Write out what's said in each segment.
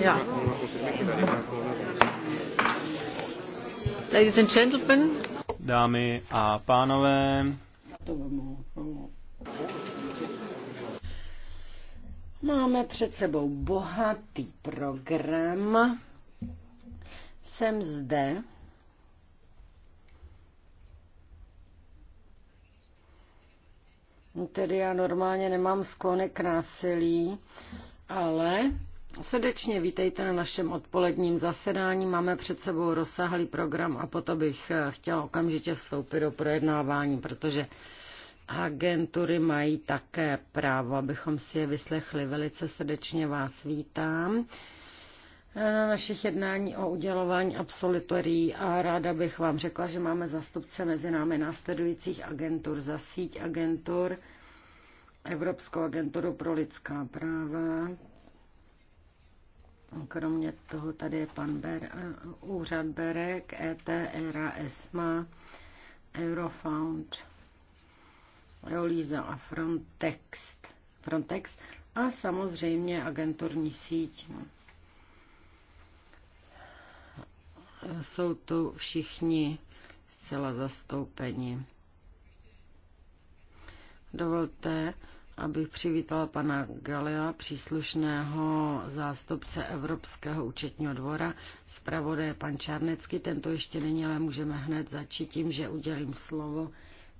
Ja. Ladies and gentlemen. Dámy a pánové. Máme před sebou bohatý program. Jsem zde. Tedy já normálně nemám sklony k násilí, ale Srdečně vítejte na našem odpoledním zasedání. Máme před sebou rozsáhlý program a potom bych eh, chtěla okamžitě vstoupit do projednávání, protože agentury mají také právo, abychom si je vyslechli. Velice srdečně vás vítám eh, na našich jednání o udělování absolutorií a ráda bych vám řekla, že máme zastupce mezi námi následujících agentur za síť agentur, Evropskou agenturu pro lidská práva, Kromě toho tady je pan Ber, úřad Berek, ET, ERA, ESMA, Eurofound, Eolíza a Frontex. Frontex a samozřejmě agenturní síť. Jsou tu všichni zcela zastoupeni. Dovolte, abych přivítala pana Galia, příslušného zástupce Evropského účetního dvora. Zpravodaj pan Čarnecký, tento ještě není, ale můžeme hned začít tím, že udělím slovo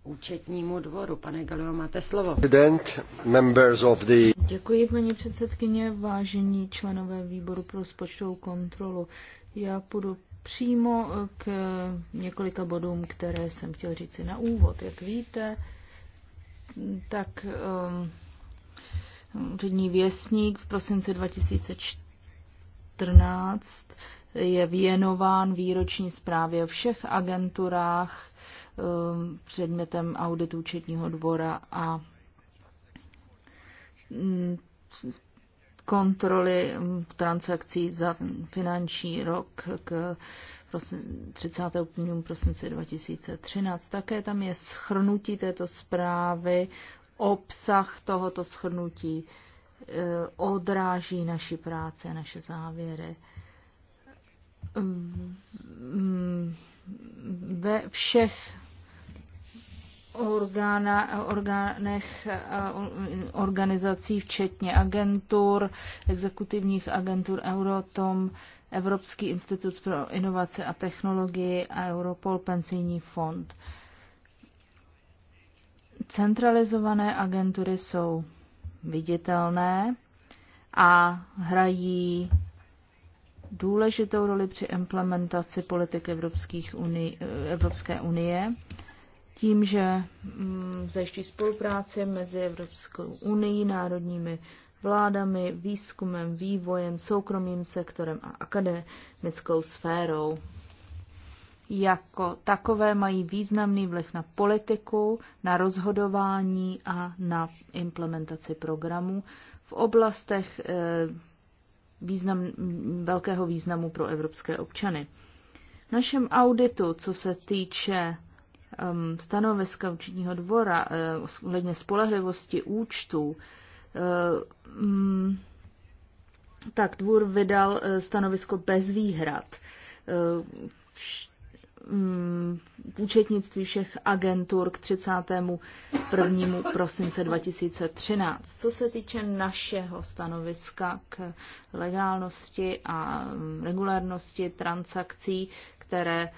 účetnímu dvoru. Pane Galio, máte slovo. Děkuji, paní předsedkyně, vážení členové výboru pro rozpočtovou kontrolu. Já půjdu přímo k několika bodům, které jsem chtěl říci na úvod. Jak víte, tak um, úřední věstník v prosinci 2014 je věnován výroční zprávě o všech agenturách um, předmětem auditu účetního dvora a um, kontroly transakcí za finanční rok k prosin, 31. prosince 2013. Také tam je schrnutí této zprávy, obsah tohoto schrnutí eh, odráží naši práce, naše závěry. Ve všech orgána, orgánech eh, organizací, včetně agentur, exekutivních agentur Eurotom, Evropský institut pro inovace a technologii a Europol penzijní fond. Centralizované agentury jsou viditelné a hrají důležitou roli při implementaci politik Evropských unii, Evropské unie tím, že mm, zajišťují spolupráci mezi Evropskou unii, národními vládami, výzkumem, vývojem, soukromým sektorem a akademickou sférou. Jako takové mají významný vliv na politiku, na rozhodování a na implementaci programů v oblastech eh, význam, velkého významu pro evropské občany. V našem auditu, co se týče ehm, stanoviska učitního dvora eh, ohledně spolehlivosti účtů, Eh, mm, tak dvůr vydal eh, stanovisko bez výhrad eh, mm, účetnictví všech agentur k 31. prosince 2013. Co se týče našeho stanoviska k legálnosti a mm, regulárnosti transakcí, které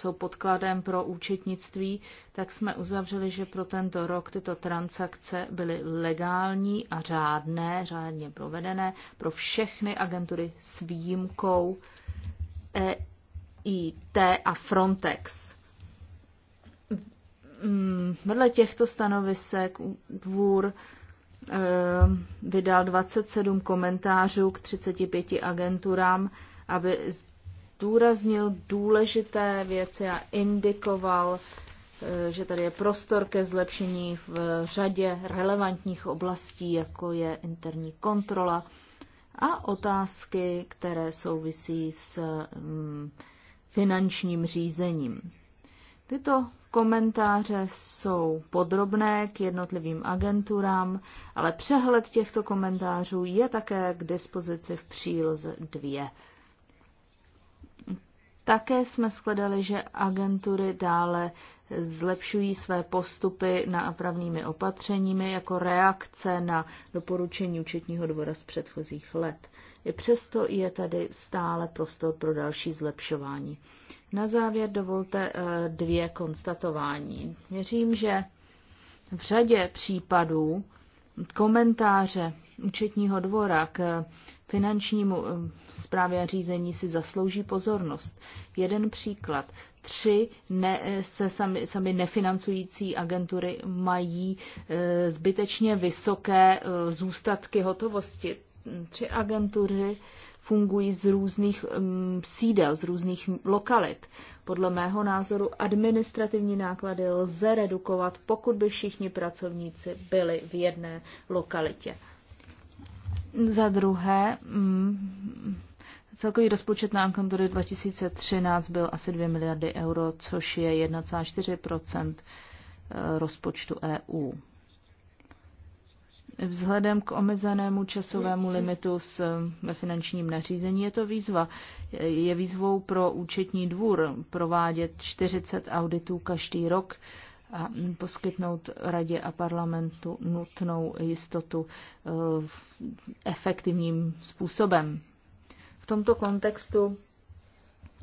jsou podkladem pro účetnictví, tak jsme uzavřeli, že pro tento rok tyto transakce byly legální a řádné, řádně provedené pro všechny agentury s výjimkou EIT a Frontex. Mm, vedle těchto stanovisek dvůr eh, vydal 27 komentářů k 35 agenturám, aby zdůraznil důležité věci a indikoval, eh, že tady je prostor ke zlepšení v řadě relevantních oblastí, jako je interní kontrola a otázky, které souvisí s mm, finančním řízením. Tyto komentáře jsou podrobné k jednotlivým agenturám, ale přehled těchto komentářů je také k dispozici v příloze 2 také jsme shledali, že agentury dále zlepšují své postupy na opravnými opatřeními jako reakce na doporučení účetního dvora z předchozích let. I přesto je tady stále prostor pro další zlepšování. Na závěr dovolte eh, dvě konstatování. Věřím, že v řadě případů komentáře účetního dvora k finančnímu zprávě um, a řízení si zaslouží pozornost. Jeden příklad. Tři ne, eh, se sami, sami nefinancující agentury mají e, zbytečně vysoké e, zůstatky hotovosti. Tři agentury fungují z různých um, sídel, z různých lokalit. Podle mého názoru administrativní náklady lze redukovat, pokud by všichni pracovníci byli v jedné lokalitě. Za druhé, mm, celkový rozpočet na Ankantory 2013 byl asi 2 miliardy euro, což je 1,4 eh, rozpočtu EU. Vzhledem k omezenému časovému limitu s, eh, ve finančním nařízení je to výzva. Je výzvou pro účetní dvůr provádět 40 auditů každý rok a poskytnout radě a parlamentu nutnou jistotu eh, efektivním způsobem. V tomto kontextu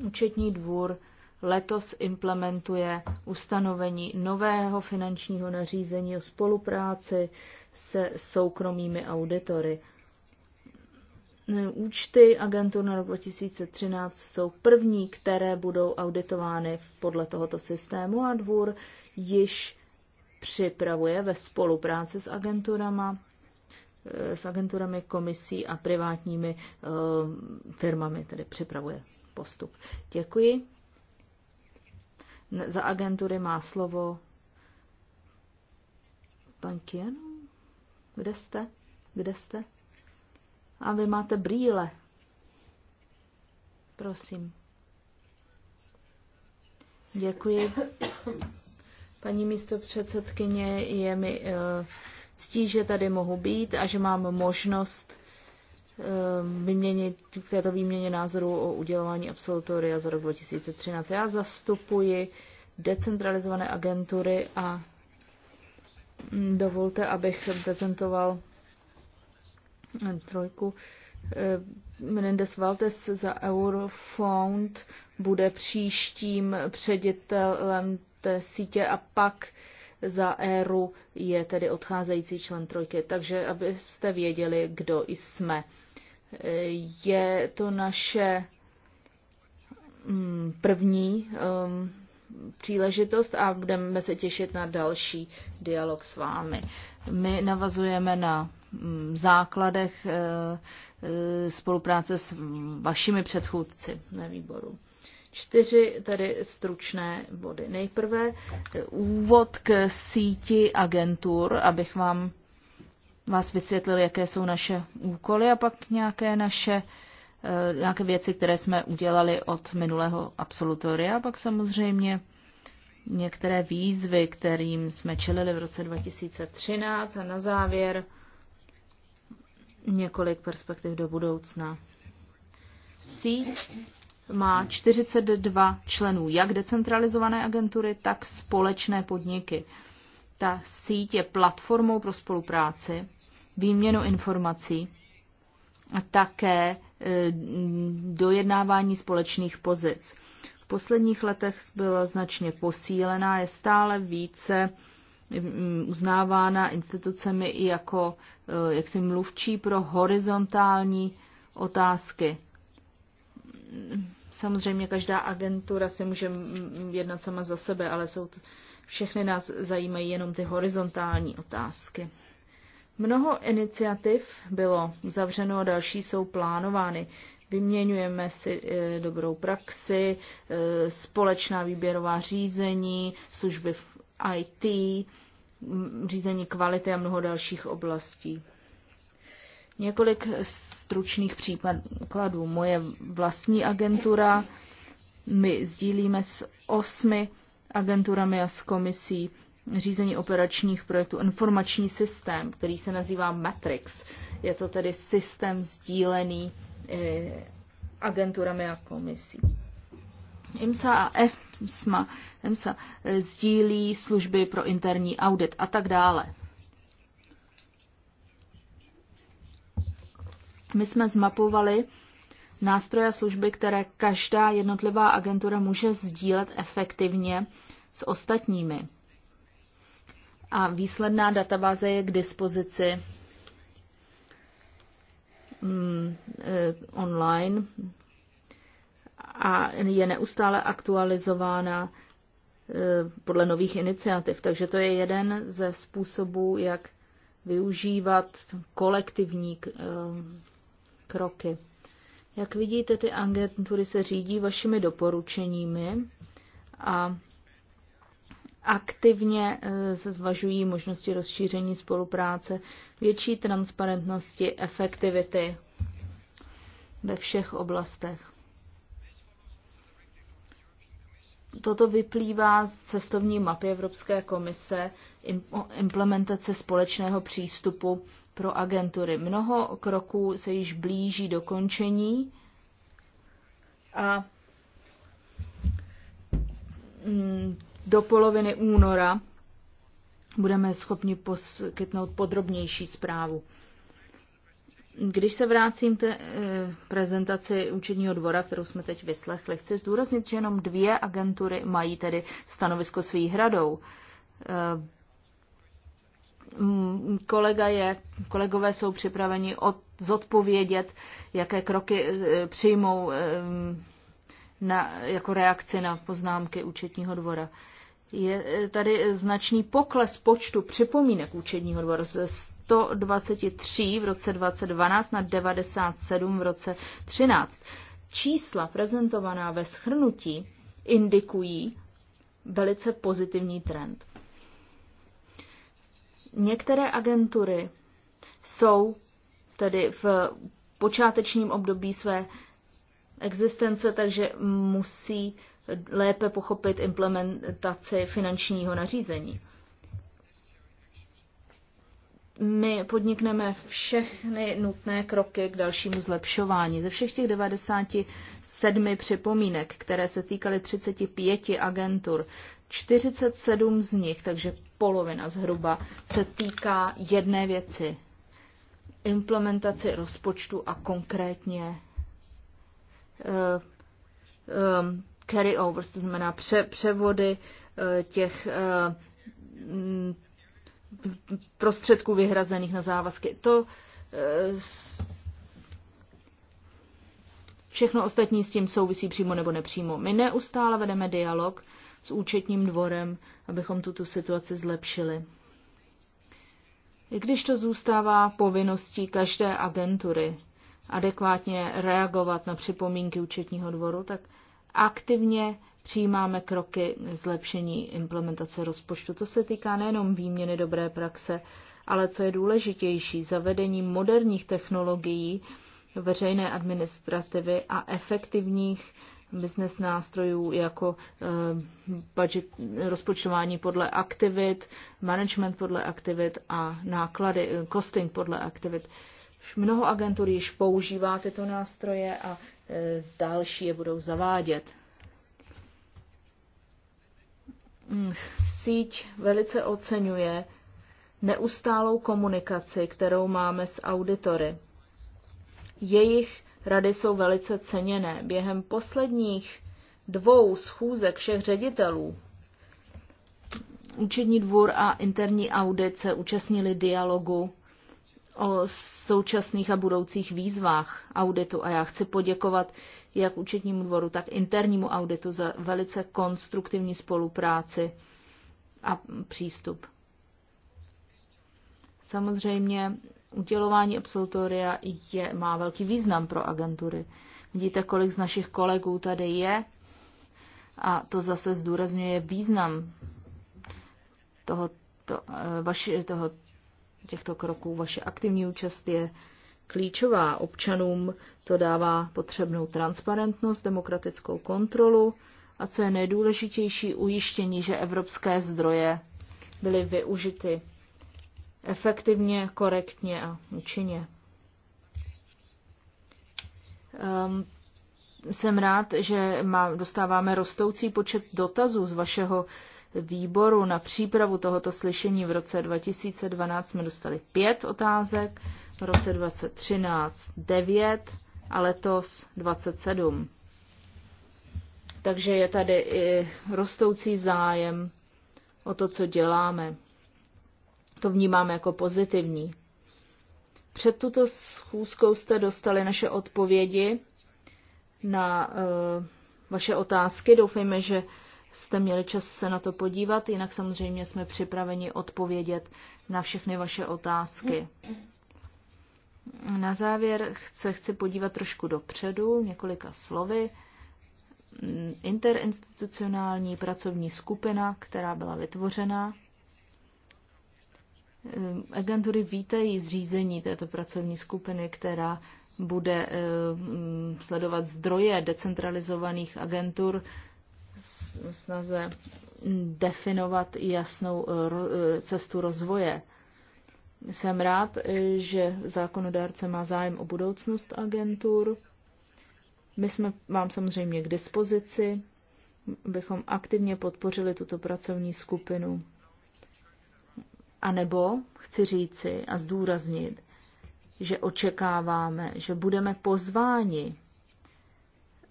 účetní dvůr letos implementuje ustanovení nového finančního nařízení o spolupráci se soukromými auditory účty agentur na rok 2013 jsou první, které budou auditovány podle tohoto systému a dvůr již připravuje ve spolupráci s agenturama, eh, s agenturami, komisí a privátními eh, firmami, tedy připravuje postup. Děkuji. Za agentury má slovo pan Kien. Kde jste? Kde jste? A vy máte brýle. Prosím. Děkuji. Paní místo předsedkyně, je mi uh, ctí, že tady mohu být a že mám možnost eh, vyměnit, k této výměně názoru o udělování absolutoria za rok 2013. Já zastupuji decentralizované agentury a mm, dovolte, abych prezentoval trojku. Eh, Menendez Valtes za Eurofond bude příštím ředitelem té sítě a pak za éru je tedy odcházející člen trojky. Takže abyste věděli, kdo jsme. Eh, je to naše mm, první um, příležitost a budeme se těšit na další dialog s vámi. My navazujeme na Mm, základech eh, eh, spolupráce s vašimi předchůdci ve výboru. Čtyři tedy stručné body. Nejprve eh, úvod k síti agentur, abych vám vás vysvětlil, jaké jsou naše úkoly a pak nějaké naše nějaké věci, které jsme udělali od minulého absolutoria a pak samozřejmě některé výzvy, kterým jsme čelili v roce 2013 a na závěr několik perspektiv do budoucna. Síť má 42 členů, jak decentralizované agentury, tak společné podniky. Ta síť je platformou pro spolupráci, výměnu informací a také e, dojednávání společných pozic. V posledních letech byla značně posílená, je stále více Mm, uznávána institucemi i jako eh, jaksi mluvčí pro horizontální otázky. Samozřejmě každá agentura si může jednat sama za sebe, ale jsou to, všechny nás zajímají jenom ty horizontální otázky. Mnoho iniciativ bylo zavřeno a další jsou plánovány. Vyměňujeme si eh, dobrou praxi, eh, společná výběrová řízení, služby v IT, řízení kvality a mnoho dalších oblastí. Několik stručných příkladů. Moje vlastní agentura, my sdílíme s osmi agenturami a s komisí řízení operačních projektů informační systém, který se nazývá Matrix. Je to tedy systém sdílený eh, agenturami a komisí. IMSA a F EMSA, EMSA eh, sdílí služby pro interní audit a tak dále. My jsme zmapovali nástroje a služby, které každá jednotlivá agentura může sdílet efektivně s ostatními. A výsledná databáze je k dispozici mm, eh, online a je neustále aktualizována e, podle nových iniciativ. Takže to je jeden ze způsobů, jak využívat kolektivní e, kroky. Jak vidíte, ty agentury se řídí vašimi doporučeními a aktivně e, se zvažují možnosti rozšíření spolupráce, větší transparentnosti, efektivity ve všech oblastech. Toto vyplývá z cestovní mapy Evropské komise implementace společného přístupu pro agentury. Mnoho kroků se již blíží dokončení a mm, do poloviny února budeme schopni poskytnout podrobnější zprávu. Když se vrátím k eh, prezentaci účetního dvora, kterou jsme teď vyslechli, chci zdůraznit, že jenom dvě agentury mají tedy stanovisko s výhradou. Eh, kolega je, kolegové jsou připraveni od, zodpovědět, jaké kroky eh, přijmou na, jako reakci na poznámky účetního dvora je eh, tady eh, značný pokles počtu připomínek účetního dvora ze 123 v roce 2012 na 97 v roce 13. Čísla prezentovaná ve schrnutí indikují velice pozitivní trend. Některé agentury jsou tedy v počátečním období své existence, takže musí lépe pochopit implementaci finančního nařízení. My podnikneme všechny nutné kroky k dalšímu zlepšování. Ze všech těch 97 připomínek, které se týkaly 35 agentur, 47 z nich, takže polovina zhruba, se týká jedné věci. Implementaci rozpočtu a konkrétně um, carryovers, to znamená pře- převody eh, těch eh, prostředků vyhrazených na závazky. To eh, všechno ostatní s tím souvisí přímo nebo nepřímo. My neustále vedeme dialog s účetním dvorem, abychom tuto situaci zlepšili. I když to zůstává povinností každé agentury adekvátně reagovat na připomínky účetního dvoru, tak aktivně přijímáme kroky zlepšení implementace rozpočtu. To se týká nejenom výměny dobré praxe, ale co je důležitější, zavedení moderních technologií, veřejné administrativy a efektivních business nástrojů jako eh, budget, rozpočtování podle aktivit, management podle aktivit a náklady, eh, costing podle aktivit. Mnoho agentur již používá tyto nástroje a e, další je budou zavádět. Mm, síť velice oceňuje neustálou komunikaci, kterou máme s auditory. Jejich rady jsou velice ceněné. Během posledních dvou schůzek všech ředitelů Účetní dvůr a interní audit se účastnili dialogu o současných a budoucích výzvách auditu a já chci poděkovat jak účetnímu dvoru, tak internímu auditu za velice konstruktivní spolupráci a přístup. Samozřejmě udělování absolutoria je, má velký význam pro agentury. Vidíte, kolik z našich kolegů tady je a to zase zdůrazňuje význam toho, to, eh, vaši, toho těchto kroků. Vaše aktivní účast je klíčová. Občanům to dává potřebnou transparentnost, demokratickou kontrolu a co je nejdůležitější, ujištění, že evropské zdroje byly využity efektivně, korektně a účinně. Um, jsem rád, že má, dostáváme rostoucí počet dotazů z vašeho výboru na přípravu tohoto slyšení v roce 2012 jsme dostali pět otázek, v roce 2013 devět a letos 27. Takže je tady i rostoucí zájem o to, co děláme. To vnímáme jako pozitivní. Před tuto schůzkou jste dostali naše odpovědi na uh, vaše otázky. Doufejme, že jste měli čas se na to podívat, jinak samozřejmě jsme připraveni odpovědět na všechny vaše otázky. Na závěr se chci podívat trošku dopředu, několika slovy. Interinstitucionální pracovní skupina, která byla vytvořena. Agentury vítají zřízení této pracovní skupiny, která bude eh, sledovat zdroje decentralizovaných agentur snaze definovat jasnou cestu rozvoje. Jsem rád, že zákonodárce má zájem o budoucnost agentur. My jsme vám samozřejmě k dispozici, bychom aktivně podpořili tuto pracovní skupinu. A nebo chci říci a zdůraznit, že očekáváme, že budeme pozváni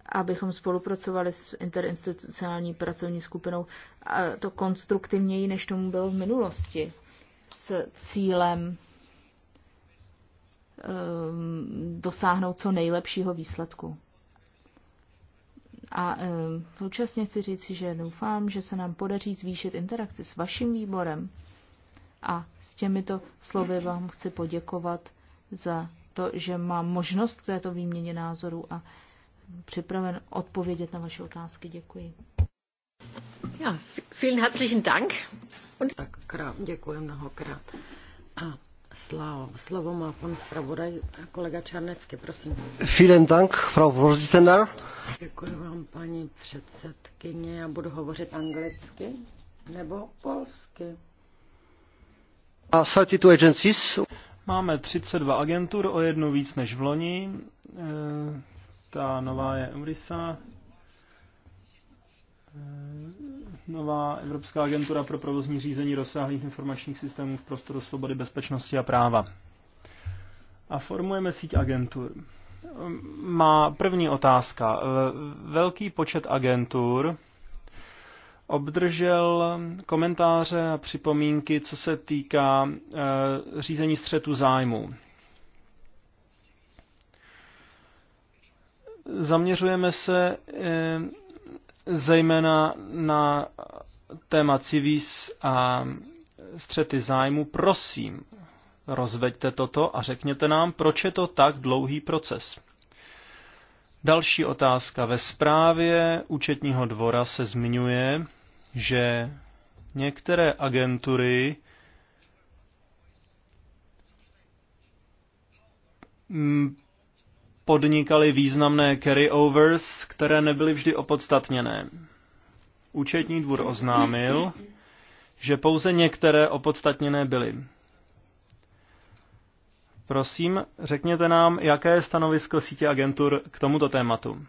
abychom spolupracovali s interinstitucionální pracovní skupinou a to konstruktivněji, než tomu bylo v minulosti, s cílem um, dosáhnout co nejlepšího výsledku. A um, současně chci říct, že doufám, že se nám podaří zvýšit interakci s vaším výborem a s těmito slovy vám chci poděkovat za to, že mám možnost k této výměně názorů a připraven odpovědět na vaše otázky. Děkuji. Ja, vielen herzlichen Dank. Und... Tak krát, děkuji mnohokrát. A slovo, slovo má pan zpravodaj, kolega Čarnecky, prosím. Vielen Dank, Frau Vorsitzender. Děkuji vám, paní předsedkyně. Já budu hovořit anglicky nebo polsky. A 32 agencies. Máme 32 agentur, o jednu víc než v loni. E ta nová je EURISA, eh, nová Evropská agentura pro provozní řízení rozsáhlých informačních systémů v prostoru svobody, bezpečnosti a práva. A formujeme síť agentur. Má první otázka. Eh, velký počet agentur obdržel komentáře a připomínky, co se týká eh, řízení střetu zájmu. Zaměřujeme se eh, zejména na téma civis a střety zájmu. Prosím, rozveďte toto a řekněte nám, proč je to tak dlouhý proces. Další otázka. Ve zprávě účetního dvora se zmiňuje, že některé agentury Podnikali významné carryovers, které nebyly vždy opodstatněné. Účetní dvůr oznámil, že pouze některé opodstatněné byly. Prosím, řekněte nám, jaké je stanovisko sítě agentur k tomuto tématu.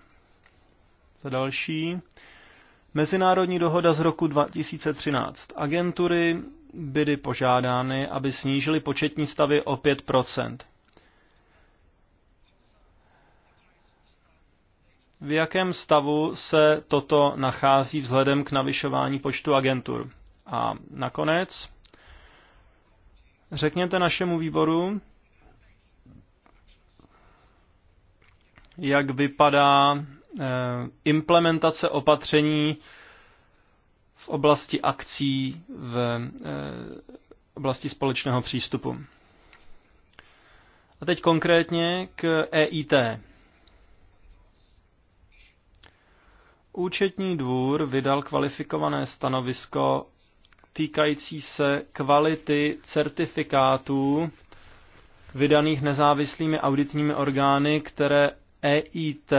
Za další, mezinárodní dohoda z roku 2013. Agentury byly požádány, aby snížily početní stavy o 5 v jakém stavu se toto nachází vzhledem k navyšování počtu agentur. A nakonec, řekněte našemu výboru, jak vypadá eh, implementace opatření v oblasti akcí v eh, oblasti společného přístupu. A teď konkrétně k EIT. Účetní dvůr vydal kvalifikované stanovisko týkající se kvality certifikátů vydaných nezávislými auditními orgány, které EIT,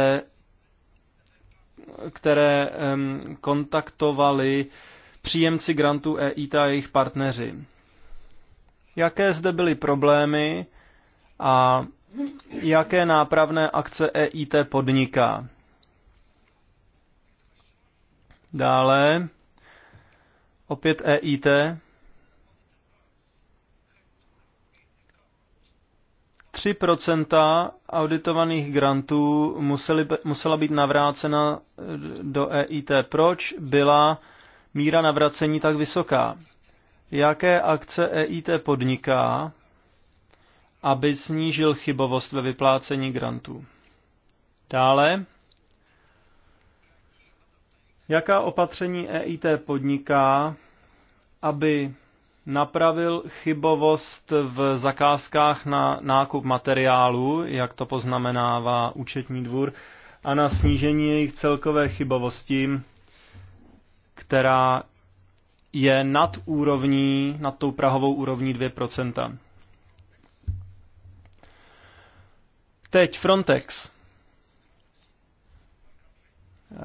které um, kontaktovali příjemci grantů EIT a jejich partneři. Jaké zde byly problémy a jaké nápravné akce EIT podniká? Dále opět EIT. Tři procenta auditovaných grantů museli, musela být navrácena eh, do EIT. Proč byla míra navracení tak vysoká? Jaké akce EIT podniká, aby snížil chybovost ve vyplácení grantů? Dále Jaká opatření EIT podniká, aby napravil chybovost v zakázkách na nákup materiálu, jak to poznamenává účetní dvůr, a na snížení jejich celkové chybovosti, která je nad úrovní, nad tou prahovou úrovní 2%. Teď Frontex.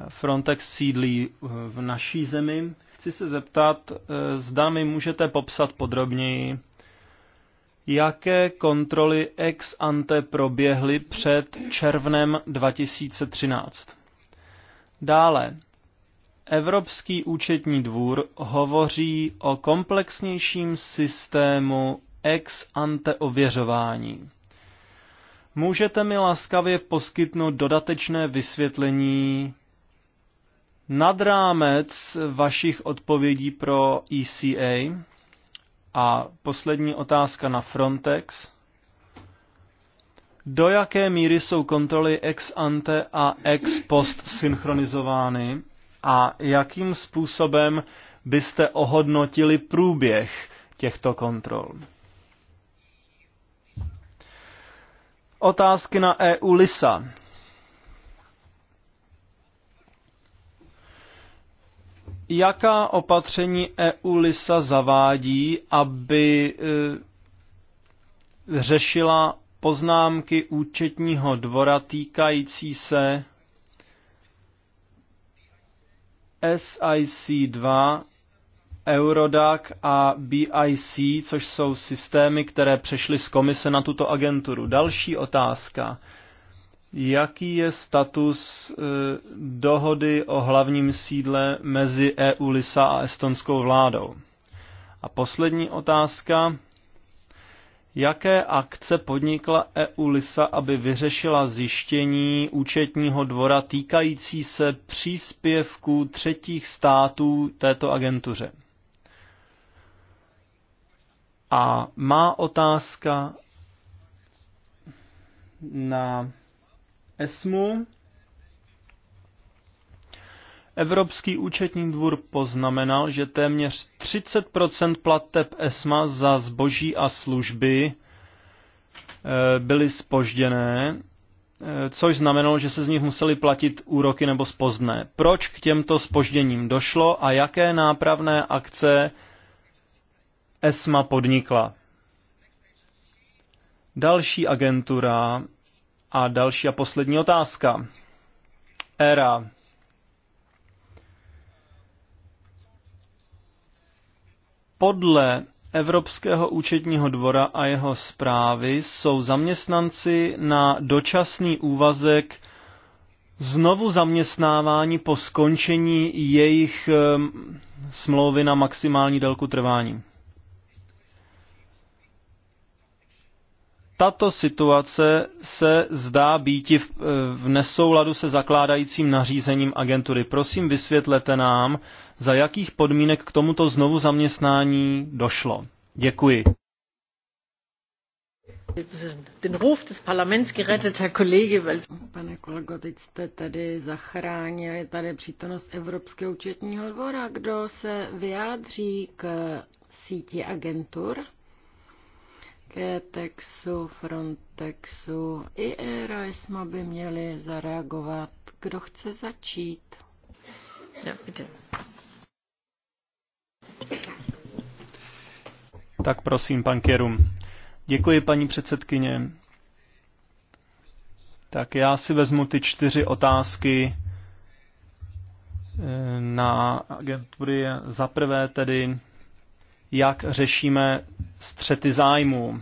Frontex sídlí v naší zemi. Chci se zeptat, eh, zda mi můžete popsat podrobněji, jaké kontroly ex ante proběhly před červnem 2013. Dále, Evropský účetní dvůr hovoří o komplexnějším systému ex ante ověřování. Můžete mi laskavě poskytnout dodatečné vysvětlení nad rámec vašich odpovědí pro ECA a poslední otázka na Frontex. Do jaké míry jsou kontroly ex ante a ex post synchronizovány a jakým způsobem byste ohodnotili průběh těchto kontrol? Otázky na EU LISA. jaká opatření EU-LISA zavádí, aby eh, řešila poznámky účetního dvora týkající se SIC2, Eurodac a BIC, což jsou systémy, které přešly z komise na tuto agenturu. Další otázka jaký je status e, dohody o hlavním sídle mezi EU Lisa a estonskou vládou. A poslední otázka. Jaké akce podnikla EU Lisa, aby vyřešila zjištění účetního dvora týkající se příspěvků třetích států této agentuře? A má otázka na ESMU. Evropský účetní dvůr poznamenal, že téměř 30 plateb ESMA za zboží a služby eh, byly spožděné, eh, což znamenalo, že se z nich museli platit úroky nebo spozdné. Proč k těmto spožděním došlo a jaké nápravné akce ESMA podnikla? Další agentura a další a poslední otázka. Era. Podle Evropského účetního dvora a jeho zprávy jsou zaměstnanci na dočasný úvazek znovu zaměstnávání po skončení jejich ehm, smlouvy na maximální délku trvání. tato situace se zdá být v, eh, v nesouladu se zakládajícím nařízením agentury. Prosím, vysvětlete nám, za jakých podmínek k tomuto znovu zaměstnání došlo. Děkuji. Äh, den Ruf des Parlaments gerettet, Herr Kollege, weil... Pane kolego, teď jste tady zachránili tady přítomnost Evropského účetního dvora. Kdo se vyjádří k síti agentur? Etexu, Frontexu i ERASMA by měli zareagovat. Kdo chce začít? Já, bitte. Tak prosím, pan Kerum. Děkuji, paní předsedkyně. Tak já si vezmu ty čtyři otázky eh, na agentury. Za prvé tedy jak řešíme střety zájmů,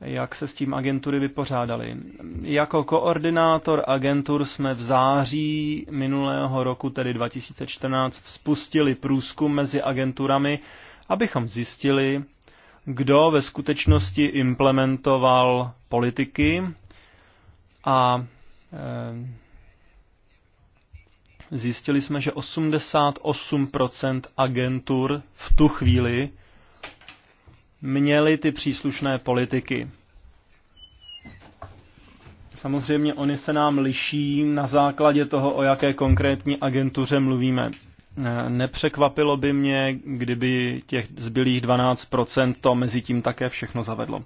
jak se s tím agentury vypořádaly. Jako koordinátor agentur jsme v září minulého roku, tedy 2014, spustili průzkum mezi agenturami, abychom zjistili, kdo ve skutečnosti implementoval politiky a eh, zjistili jsme, že 88% agentur v tu chvíli měly ty příslušné politiky. Samozřejmě oni se nám liší na základě toho, o jaké konkrétní agentuře mluvíme. Nepřekvapilo by mě, kdyby těch zbylých 12% to mezi tím také všechno zavedlo.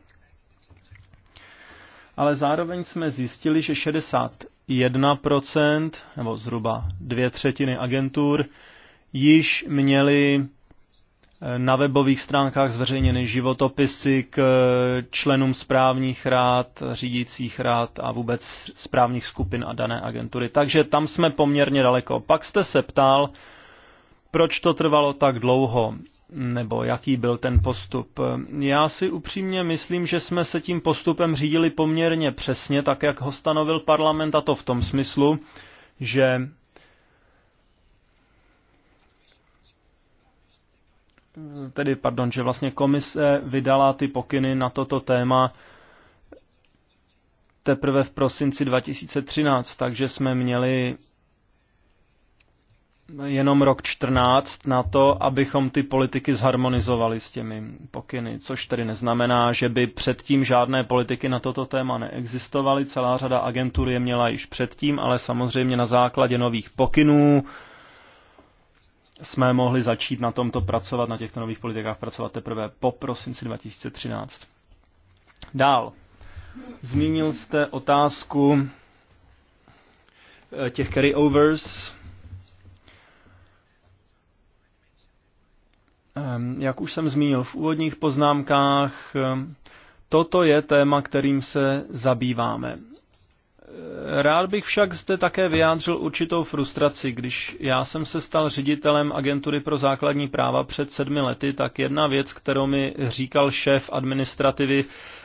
Ale zároveň jsme zjistili, že 60 1%, nebo zhruba dvě třetiny agentur, již měly eh, na webových stránkách zveřejněny životopisy k eh, členům správních rád, řídících rád a vůbec správních skupin a dané agentury. Takže tam jsme poměrně daleko. Pak jste se ptal, proč to trvalo tak dlouho nebo jaký byl ten postup. Já si upřímně myslím, že jsme se tím postupem řídili poměrně přesně, tak jak ho stanovil parlament, a to v tom smyslu, že tedy pardon, že vlastně komise vydala ty pokyny na toto téma teprve v prosinci 2013, takže jsme měli jenom rok 14 na to, abychom ty politiky zharmonizovali s těmi pokyny, což tedy neznamená, že by předtím žádné politiky na toto téma neexistovaly. Celá řada agentur je měla již předtím, ale samozřejmě na základě nových pokynů jsme mohli začít na tomto pracovat, na těchto nových politikách pracovat teprve po prosinci 2013. Dál. Zmínil jste otázku eh, těch carryovers, Ehm, jak už jsem zmínil v úvodních poznámkách, ehm, toto je téma, kterým se zabýváme. Eh, rád bych však zde také vyjádřil určitou frustraci. Když já jsem se stal ředitelem agentury pro základní práva před sedmi lety, tak jedna věc, kterou mi říkal šéf administrativy,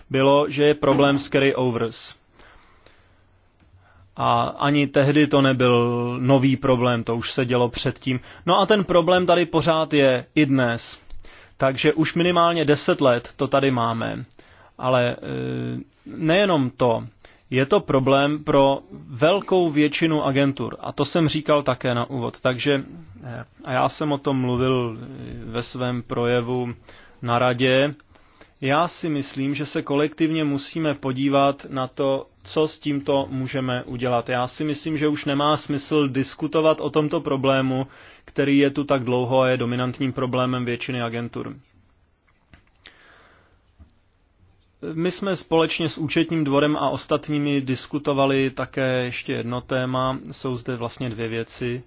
bylo, že je problém s carryovers. A ani tehdy to nebyl nový problém, to už se dělo předtím. No a ten problém tady pořád je i dnes. Takže už minimálně 10 let to tady máme. Ale e, nejenom to, je to problém pro velkou většinu agentur. A to jsem říkal také na úvod. Takže, e, a já jsem o tom mluvil e, ve svém projevu na radě, já si myslím, že se kolektivně musíme podívat na to, co s tímto můžeme udělat. Já si myslím, že už nemá smysl diskutovat o tomto problému, který je tu tak dlouho a je dominantním problémem většiny agentur. My jsme společně s účetním dvorem a ostatními diskutovali také ještě jedno téma. Jsou zde vlastně dvě věci.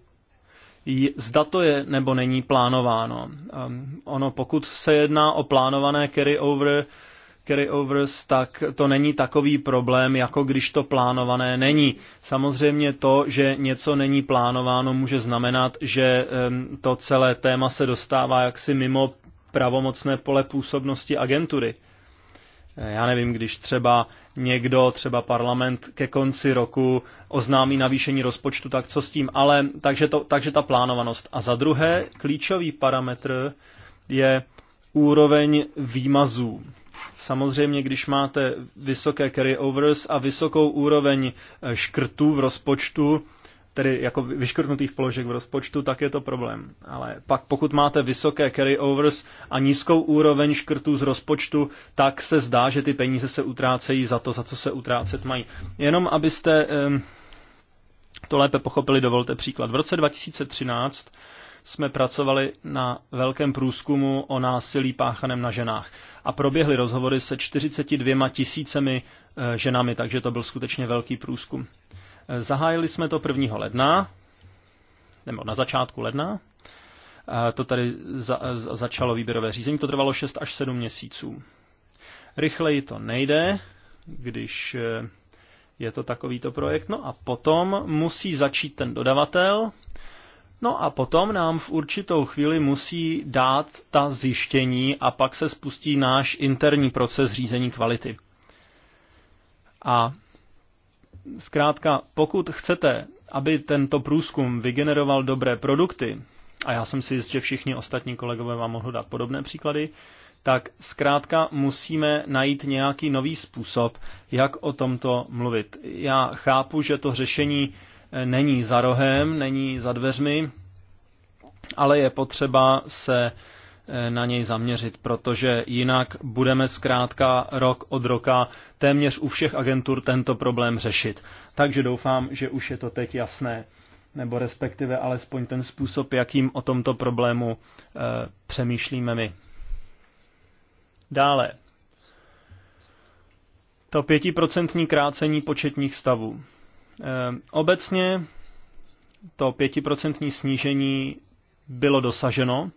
Zda to je nebo není plánováno. Um, ono, pokud se jedná o plánované carry over, carryovers, tak to není takový problém, jako když to plánované není. Samozřejmě to, že něco není plánováno, může znamenat, že to celé téma se dostává jaksi mimo pravomocné pole působnosti agentury. Já nevím, když třeba někdo, třeba parlament ke konci roku oznámí navýšení rozpočtu, tak co s tím, ale takže, to, takže ta plánovanost. A za druhé, klíčový parametr je úroveň výmazů. Samozřejmě, když máte vysoké carryovers a vysokou úroveň eh, škrtů v rozpočtu, tedy jako vyškrtnutých položek v rozpočtu, tak je to problém. Ale pak pokud máte vysoké carryovers a nízkou úroveň škrtů z rozpočtu, tak se zdá, že ty peníze se utrácejí za to, za co se utrácet mají. Jenom abyste ehm, to lépe pochopili, dovolte příklad. V roce 2013 jsme pracovali na velkém průzkumu o násilí páchaném na ženách. A proběhly rozhovory se 42 tisícemi eh, ženami, takže to byl skutečně velký průzkum. Eh, zahájili jsme to 1. ledna, nebo na začátku ledna. Eh, to tady za, za, začalo výběrové řízení, to trvalo 6 až 7 měsíců. Rychleji to nejde, když je to takovýto projekt. No a potom musí začít ten dodavatel No a potom nám v určitou chvíli musí dát ta zjištění a pak se spustí náš interní proces řízení kvality. A zkrátka, pokud chcete, aby tento průzkum vygeneroval dobré produkty, a já jsem si jist, že všichni ostatní kolegové vám mohou dát podobné příklady, tak zkrátka musíme najít nějaký nový způsob, jak o tomto mluvit. Já chápu, že to řešení není za rohem, není za dveřmi, ale je potřeba se eh, na něj zaměřit, protože jinak budeme zkrátka rok od roka téměř u všech agentur tento problém řešit. Takže doufám, že už je to teď jasné, nebo respektive alespoň ten způsob, jakým o tomto problému e, přemýšlíme my. Dále. To pětiprocentní krácení početních stavů. Ehm, obecně to pětiprocentní snížení bylo dosaženo.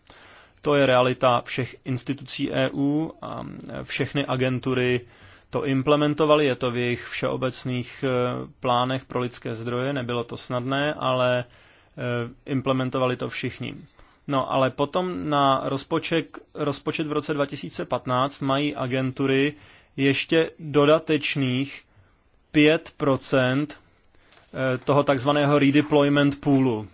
To je realita všech institucí EU a všechny agentury to implementovali, je to v jejich všeobecných eh, plánech pro lidské zdroje, nebylo to snadné, ale eh, implementovali to všichni. No ale potom na rozpočet, rozpočet v roce 2015 mají agentury ještě dodatečných 5% Eh, toho takzvaného redeployment poolu.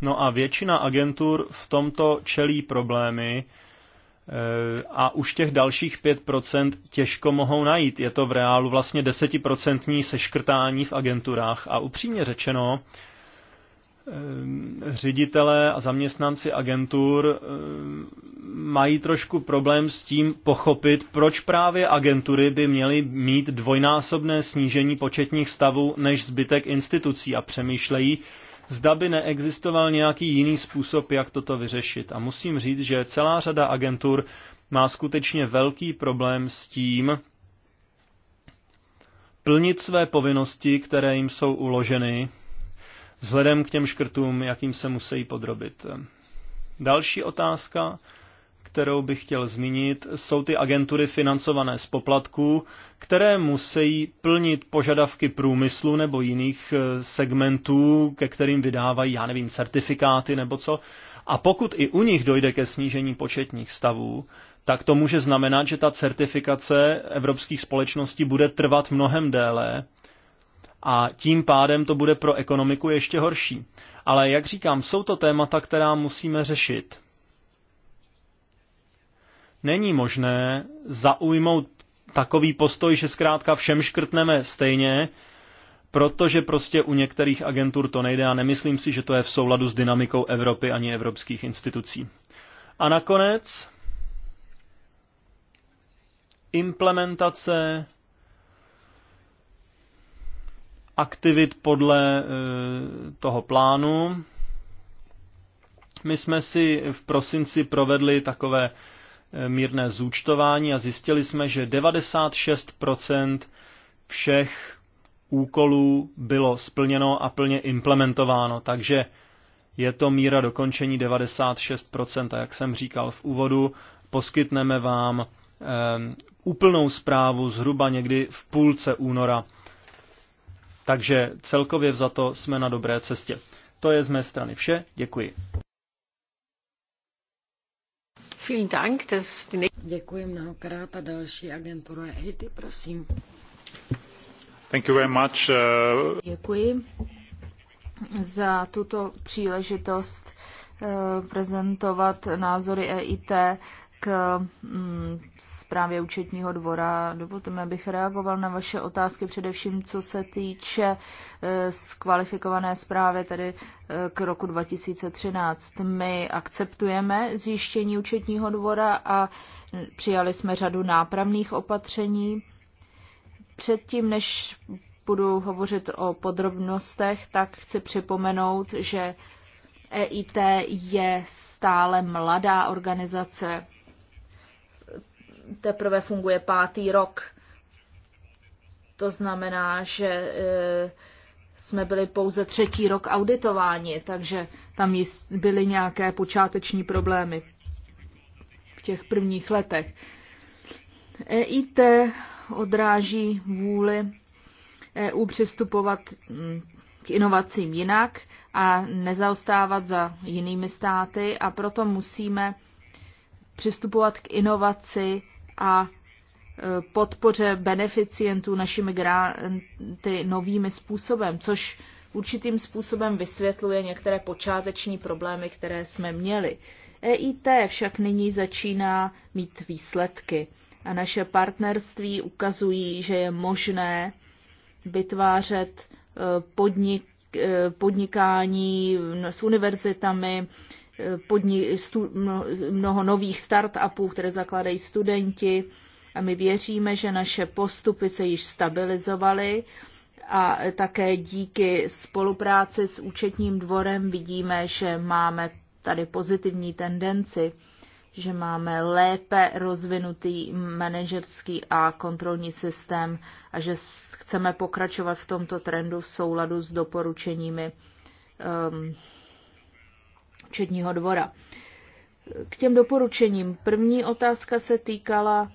No a většina agentur v tomto čelí problémy eh, a už těch dalších 5% těžko mohou najít. Je to v reálu vlastně 10% seškrtání v agenturách a upřímně řečeno, Ehm, ředitelé a zaměstnanci agentur ehm, mají trošku problém s tím pochopit, proč právě agentury by měly mít dvojnásobné snížení početních stavů než zbytek institucí a přemýšlejí, zda by neexistoval nějaký jiný způsob, jak toto vyřešit. A musím říct, že celá řada agentur má skutečně velký problém s tím, plnit své povinnosti, které jim jsou uloženy, vzhledem k těm škrtům, jakým se musí podrobit. Další otázka, kterou bych chtěl zmínit, jsou ty agentury financované z poplatků, které musí plnit požadavky průmyslu nebo jiných eh, segmentů, ke kterým vydávají, já nevím, certifikáty nebo co. A pokud i u nich dojde ke snížení početních stavů, tak to může znamenat, že ta certifikace evropských společností bude trvat mnohem déle a tím pádem to bude pro ekonomiku ještě horší. Ale jak říkám, jsou to témata, která musíme řešit. Není možné zaujmout takový postoj, že zkrátka všem škrtneme stejně, protože prostě u některých agentur to nejde a nemyslím si, že to je v souladu s dynamikou Evropy ani evropských institucí. A nakonec implementace aktivit podle eh, toho plánu. My jsme si v prosinci provedli takové eh, mírné zúčtování a zjistili jsme, že 96% všech úkolů bylo splněno a plně implementováno. Takže je to míra dokončení 96%. A jak jsem říkal v úvodu, poskytneme vám um, úplnou zprávu zhruba někdy v půlce února takže celkově za to jsme na dobré cestě. To je z mé strany vše. Děkuji. Děkuji mnohokrát a další agentura EIT, prosím. Thank you very much. Uh, Děkuji za tuto příležitost uh, prezentovat názory EIT k mm, zprávě účetního dvora. Dovolte mi, abych reagoval na vaše otázky, především co se týče e, zkvalifikované zprávy tedy e, k roku 2013. My akceptujeme zjištění účetního dvora a přijali jsme řadu nápravných opatření. Předtím, než budu hovořit o podrobnostech, tak chci připomenout, že EIT je stále mladá organizace teprve funguje pátý rok. To znamená, že e, jsme byli pouze třetí rok auditováni, takže tam byly nějaké počáteční problémy v těch prvních letech. EIT odráží vůli EU přistupovat mm, k inovacím jinak a nezaostávat za jinými státy a proto musíme přistupovat k inovaci a e, podpoře beneficientů našimi granty novými způsobem, což určitým způsobem vysvětluje některé počáteční problémy, které jsme měli. EIT však nyní začíná mít výsledky a naše partnerství ukazují, že je možné vytvářet e, podnik, e, podnikání s univerzitami, podni- stu- mnoho nových startupů, které zakládají studenti a my věříme, že naše postupy se již stabilizovaly a také díky spolupráci s účetním dvorem vidíme, že máme tady pozitivní tendenci, že máme lépe rozvinutý manažerský a kontrolní systém a že chceme pokračovat v tomto trendu v souladu s doporučeními um, Četního dvora. K těm doporučením. První otázka se týkala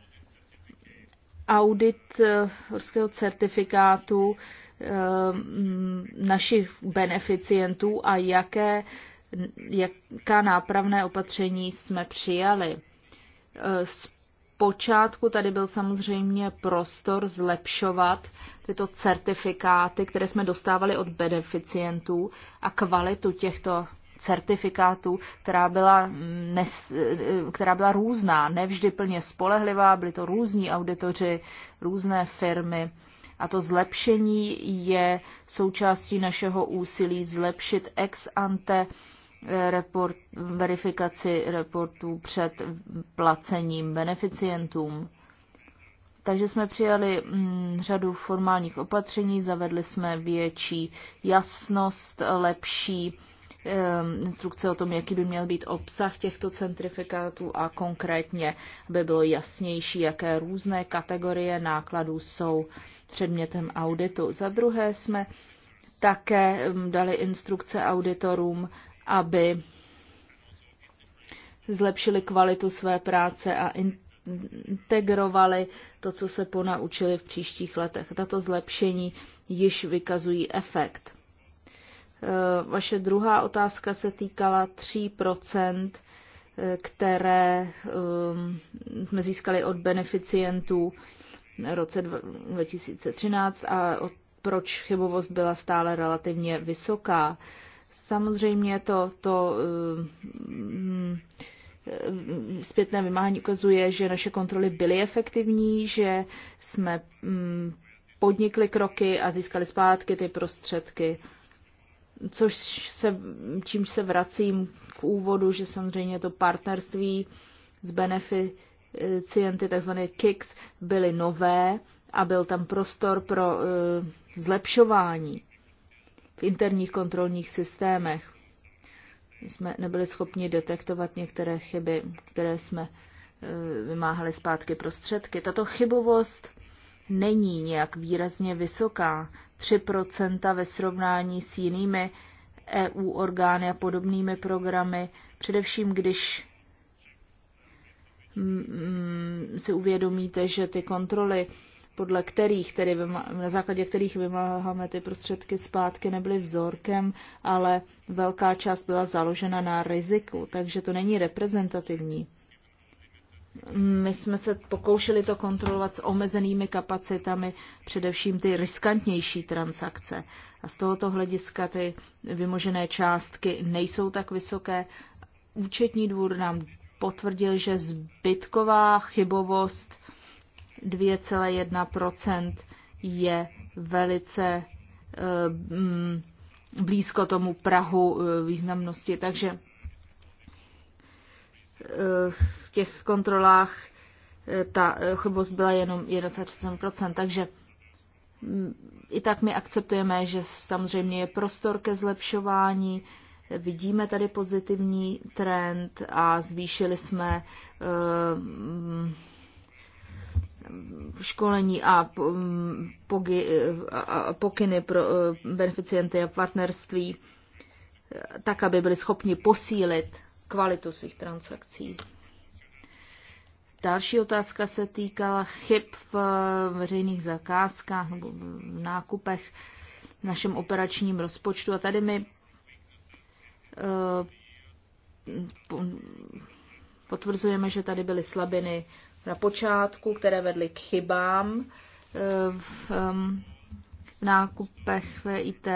audit eh, horského certifikátu eh, našich beneficientů a jaké, jaká nápravné opatření jsme přijali. Eh, z počátku tady byl samozřejmě prostor zlepšovat tyto certifikáty, které jsme dostávali od beneficientů a kvalitu těchto certifikátů, která byla, mm, nes, eh, která byla různá, nevždy plně spolehlivá, byly to různí auditoři, různé firmy. A to zlepšení je součástí našeho úsilí zlepšit ex ante eh, report, verifikaci reportů před placením beneficientům. Takže jsme přijali mm, řadu formálních opatření, zavedli jsme větší jasnost, lepší Ehm, instrukce o tom, jaký by měl být obsah těchto centrifikátů a konkrétně, aby bylo jasnější, jaké různé kategorie nákladů jsou předmětem auditu. Za druhé jsme také ehm, dali instrukce auditorům, aby zlepšili kvalitu své práce a integrovali to, co se ponaučili v příštích letech. Tato zlepšení již vykazují efekt. Eh, vaše druhá otázka se týkala 3 eh, které eh, jsme získali od beneficientů v roce 2013 a proč chybovost byla stále relativně vysoká. Samozřejmě to, to mm, zpětné vymáhání ukazuje, že naše kontroly byly efektivní, že jsme mm, podnikli kroky a získali zpátky ty prostředky což se, čímž se vracím k úvodu, že samozřejmě to partnerství s beneficienty, takzvané KICS, byly nové a byl tam prostor pro uh, zlepšování v interních kontrolních systémech. My jsme nebyli schopni detektovat některé chyby, které jsme e, vymáhali zpátky prostředky. Tato chybovost není nějak výrazně vysoká, 3% ve srovnání s jinými EU orgány a podobnými programy, především když mm, mm, si uvědomíte, že ty kontroly, podle kterých, tedy na základě kterých vymáháme ty prostředky zpátky, nebyly vzorkem, ale velká část byla založena na riziku, takže to není reprezentativní. My jsme se pokoušeli to kontrolovat s omezenými kapacitami, především ty riskantnější transakce. A z tohoto hlediska ty vymožené částky nejsou tak vysoké. Účetní dvůr nám potvrdil, že zbytková chybovost 2,1 je velice eh, mm, blízko tomu Prahu eh, významnosti. Takže v těch kontrolách eh, ta eh, chybost byla jenom 1,37%, takže mm, i tak my akceptujeme, že samozřejmě je prostor ke zlepšování, vidíme tady pozitivní trend a zvýšili jsme eh, mm, školení mm, a pokyny pro beneficienty a partnerství, tak, aby byli schopni posílit kvalitu svých transakcí. Další otázka se týkala chyb v veřejných zakázkách nebo v nákupech v našem operačním rozpočtu. A tady mi eh, potvrzujeme, že tady byly slabiny na počátku, které vedly k chybám eh, v nákupech VIT.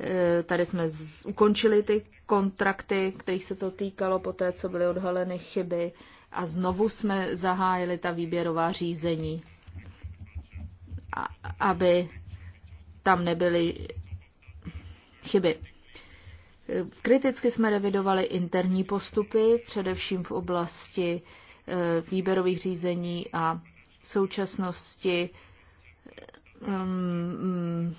Eh, tady jsme ukončili ty kontrakty, kterých se to týkalo po té, co byly odhaleny chyby a znovu jsme zahájili ta výběrová řízení, aby tam nebyly chyby. Eh, kriticky jsme revidovali interní postupy, především v oblasti eh, výběrových řízení a v současnosti mm,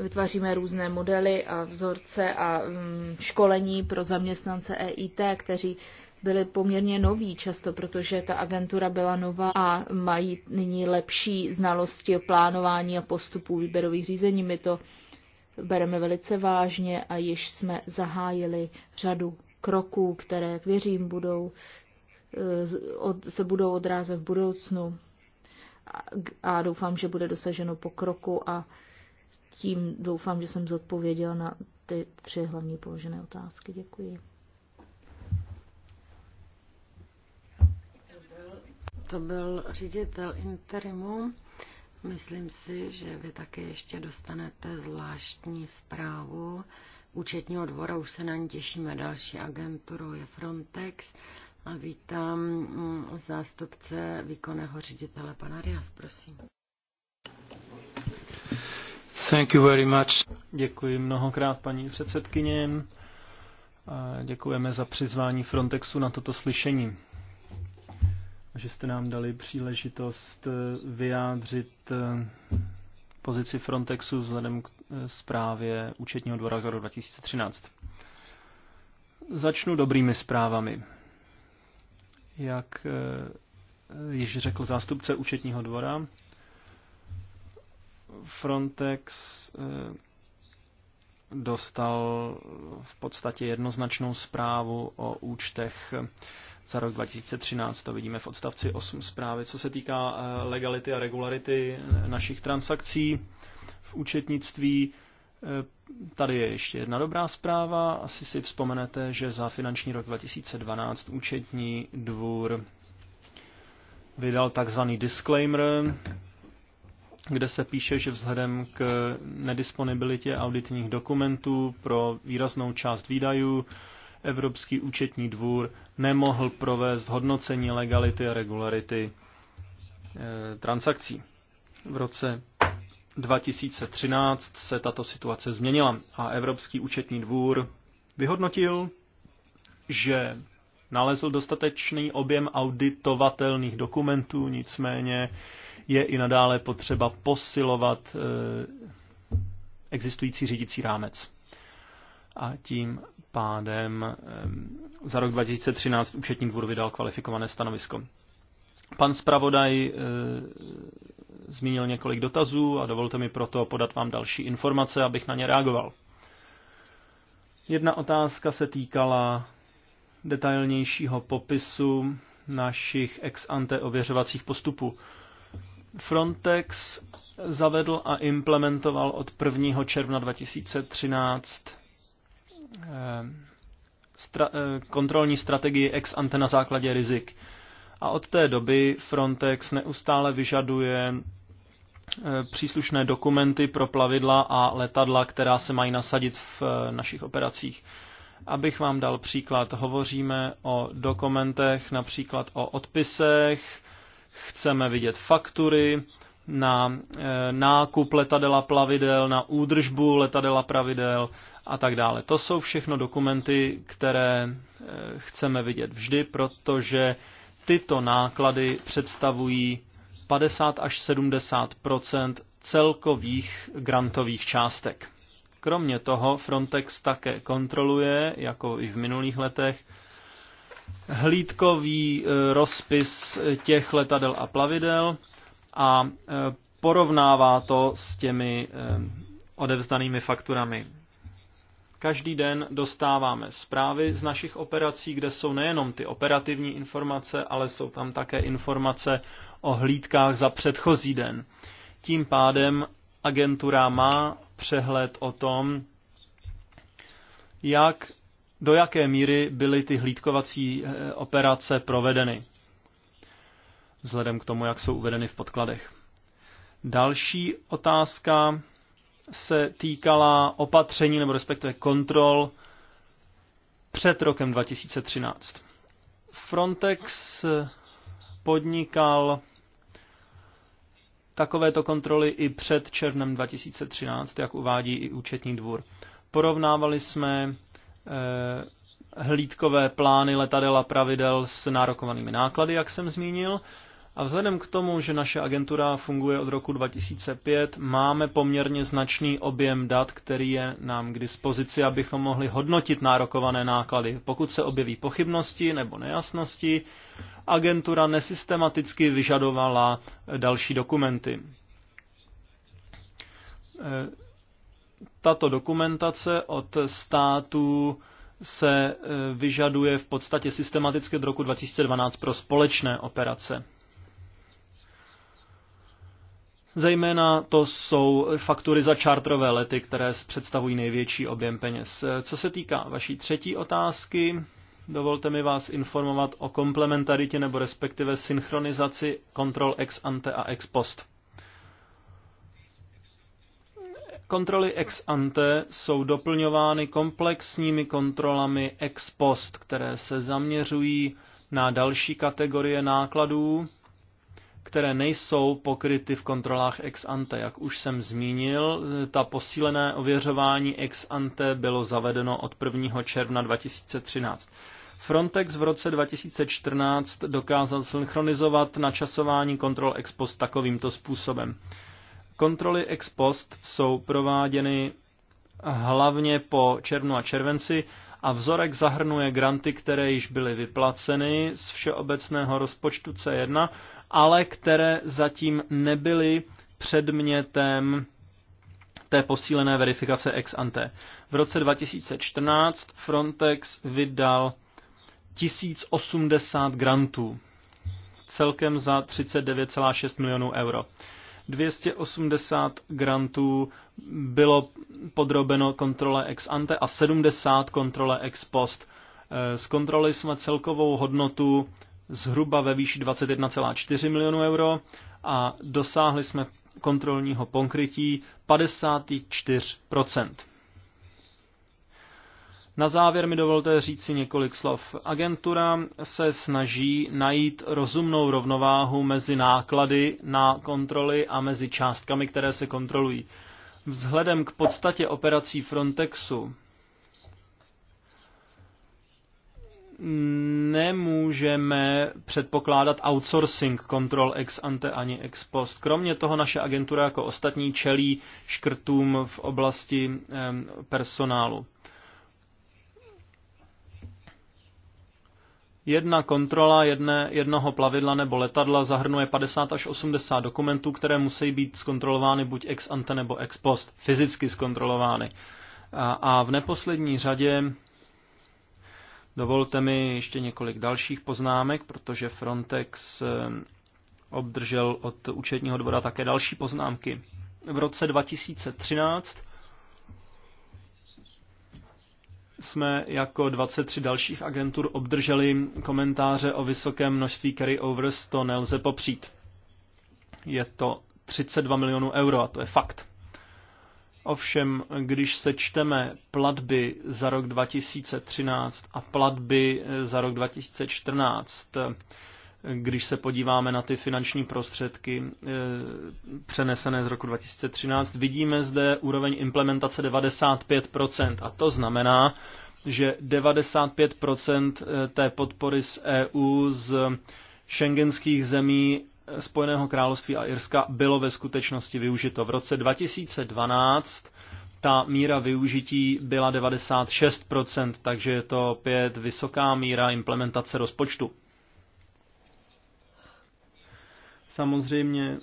Vytváříme různé modely a vzorce a mm, školení pro zaměstnance EIT, kteří byli poměrně noví často, protože ta agentura byla nová a mají nyní lepší znalosti o plánování a postupu výběrových řízení. My to bereme velice vážně a již jsme zahájili řadu kroků, které, jak věřím, budou, eh, se budou odrázet v budoucnu a, a doufám, že bude dosaženo pokroku a tím doufám, že jsem zodpověděla na ty tři hlavní položené otázky. Děkuji. To byl ředitel interimu. Myslím si, že vy také ještě dostanete zvláštní zprávu účetního dvora. Už se na ní těšíme. Další agenturu je Frontex. A vítám mm, zástupce výkonného ředitele pana Rias, prosím. Thank you very much. Děkuji mnohokrát paní předsedkyně. děkujeme za přizvání Frontexu na toto slyšení. Že jste nám dali příležitost eh, vyjádřit eh, pozici Frontexu vzhledem k eh, zprávě účetního dvora za rok 2013. Začnu dobrými zprávami. Jak již řekl zástupce účetního dvora, Frontex eh, dostal v podstatě jednoznačnou zprávu o účtech za rok 2013. To vidíme v odstavci 8 zprávy. Co se týká eh, legality a regularity našich transakcí v účetnictví, eh, tady je ještě jedna dobrá zpráva. Asi si vzpomenete, že za finanční rok 2012 účetní dvůr vydal takzvaný disclaimer, kde se píše, že vzhledem k nedisponibilitě auditních dokumentů pro výraznou část výdajů Evropský účetní dvůr nemohl provést hodnocení legality a regularity eh, transakcí. V roce 2013 se tato situace změnila a Evropský účetní dvůr vyhodnotil, že nalezl dostatečný objem auditovatelných dokumentů, nicméně je i nadále potřeba posilovat eh, existující řídící rámec. A tím pádem eh, za rok 2013 účetní dvůr vydal kvalifikované stanovisko. Pan zpravodaj eh, zmínil několik dotazů a dovolte mi proto podat vám další informace, abych na ně reagoval. Jedna otázka se týkala detailnějšího popisu našich ex ante ověřovacích postupů. Frontex zavedl a implementoval od 1. června 2013 eh, stra- eh, kontrolní strategii ex ante na základě rizik. A od té doby Frontex neustále vyžaduje eh, příslušné dokumenty pro plavidla a letadla, která se mají nasadit v našich operacích. Abych vám dal příklad, hovoříme o dokumentech, například o odpisech, chceme vidět faktury, na eh, nákup letadela plavidel, na údržbu letadela pravidel a tak dále. To jsou všechno dokumenty, které eh, chceme vidět vždy, protože tyto náklady představují 50 až 70 celkových grantových částek. Kromě toho Frontex také kontroluje, jako i v minulých letech, hlídkový e, rozpis e, těch letadel a plavidel a e, porovnává to s těmi odevzdanými fakturami. Každý den dostáváme zprávy z našich operací, kde jsou nejenom ty operativní informace, ale jsou tam také informace o hlídkách za předchozí den. Tím pádem agentura má přehled o tom, jak, do jaké míry byly ty hlídkovací eh, operace provedeny, vzhledem k tomu, jak jsou uvedeny v podkladech. Další otázka se týkala opatření nebo respektive kontrol před rokem 2013. Frontex podnikal takovéto kontroly i před červnem 2013, jak uvádí i účetní dvůr. Porovnávali jsme eh, hlídkové plány letadel a pravidel s nárokovanými náklady, jak jsem zmínil, a vzhledem k tomu, že naše agentura funguje od roku 2005, máme poměrně značný objem dat, který je nám k dispozici, abychom mohli hodnotit nárokované náklady. Pokud se objeví pochybnosti nebo nejasnosti, agentura nesystematicky vyžadovala další dokumenty. Tato dokumentace od států se e, vyžaduje v podstatě systematicky od roku 2012 pro společné operace. Zejména to jsou faktury za čártrové lety, které představují největší objem peněz. Co se týká vaší třetí otázky, dovolte mi vás informovat o komplementaritě nebo respektive synchronizaci kontrol ex ante a ex post. Kontroly ex ante jsou doplňovány komplexními kontrolami ex post, které se zaměřují na další kategorie nákladů, které nejsou pokryty v kontrolách ex ante. Jak už jsem zmínil, ta posílené ověřování ex ante bylo zavedeno od 1. června 2013. Frontex v roce 2014 dokázal synchronizovat načasování kontrol ex post takovýmto způsobem. Kontroly ex post jsou prováděny hlavně po červnu a červenci a vzorek zahrnuje granty, které již byly vyplaceny z všeobecného rozpočtu C1 ale které zatím nebyly předmětem té posílené verifikace ex ante. V roce 2014 Frontex vydal 1080 grantů, celkem za 39,6 milionů euro. 280 grantů bylo podrobeno kontrole ex ante a 70 kontrole ex post. Eh, kontroly jsme celkovou hodnotu zhruba ve výši 21,4 milionů euro a dosáhli jsme kontrolního pokrytí 54%. Na závěr mi dovolte říci několik slov. Agentura se snaží najít rozumnou rovnováhu mezi náklady na kontroly a mezi částkami, které se kontrolují. Vzhledem k podstatě operací Frontexu nemůžeme předpokládat outsourcing kontrol ex ante ani ex post. Kromě toho naše agentura jako ostatní čelí škrtům v oblasti personálu. Jedna kontrola jedné, jednoho plavidla nebo letadla zahrnuje 50 až 80 dokumentů, které musí být zkontrolovány buď ex ante nebo ex post, fyzicky zkontrolovány. A, a v neposlední řadě Dovolte mi ještě několik dalších poznámek, protože Frontex eh, obdržel od účetního dvora také další poznámky. V roce 2013 jsme jako 23 dalších agentur obdrželi komentáře o vysokém množství carryovers, to nelze popřít. Je to 32 milionů euro a to je fakt. Ovšem, když sečteme platby za rok 2013 a platby eh, za rok 2014, eh, když se podíváme na ty finanční prostředky eh, přenesené z roku 2013, vidíme zde úroveň implementace 95%. A to znamená, že 95% té podpory z EU z šengenských zemí Spojeného království a Irska bylo ve skutečnosti využito. V roce 2012 ta míra využití byla 96%, takže je to opět vysoká míra implementace rozpočtu. Samozřejmě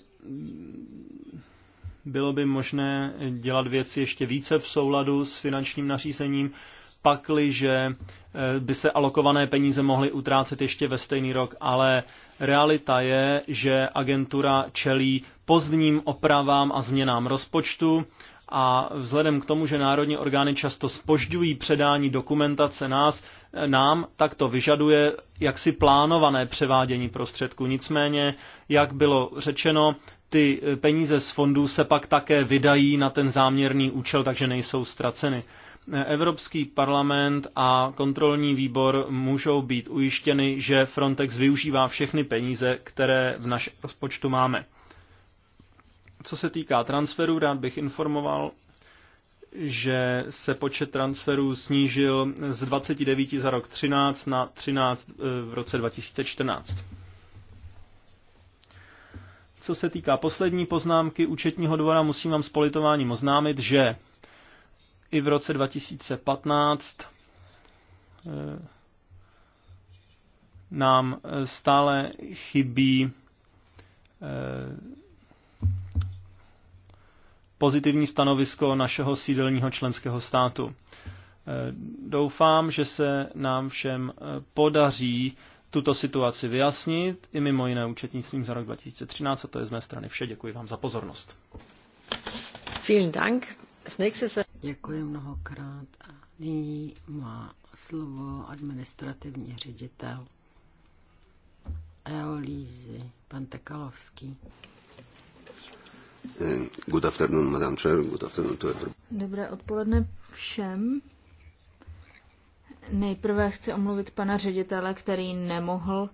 bylo by možné dělat věci ještě více v souladu s finančním nařízením, pakli, že by se alokované peníze mohly utrácet ještě ve stejný rok, ale Realita je, že agentura čelí pozdním opravám a změnám rozpočtu a vzhledem k tomu, že národní orgány často spožďují předání dokumentace nás, nám, tak to vyžaduje jaksi plánované převádění prostředků. Nicméně, jak bylo řečeno, ty peníze z fondů se pak také vydají na ten záměrný účel, takže nejsou ztraceny. Evropský parlament a kontrolní výbor můžou být ujištěny, že Frontex využívá všechny peníze, které v našem rozpočtu máme. Co se týká transferů, rád bych informoval, že se počet transferů snížil z 29 za rok 13 na 13 eh, v roce 2014. Co se týká poslední poznámky účetního dvora, musím vám s politováním oznámit, že i v roce 2015 eh, nám eh, stále chybí eh, pozitivní stanovisko našeho sídelního členského státu. Doufám, že se nám všem podaří tuto situaci vyjasnit i mimo jiné účetnictvím za rok 2013 a to je z mé strany vše. Děkuji vám za pozornost. Vielen Dank. Uh, Děkuji mnohokrát a nyní má slovo administrativní ředitel Eolízy, pan Tekalovský. Eh, good afternoon, Madam Chair. Good afternoon to everybody. Dobré odpoledne všem. Nejprve chci omluvit pana ředitele, který nemohl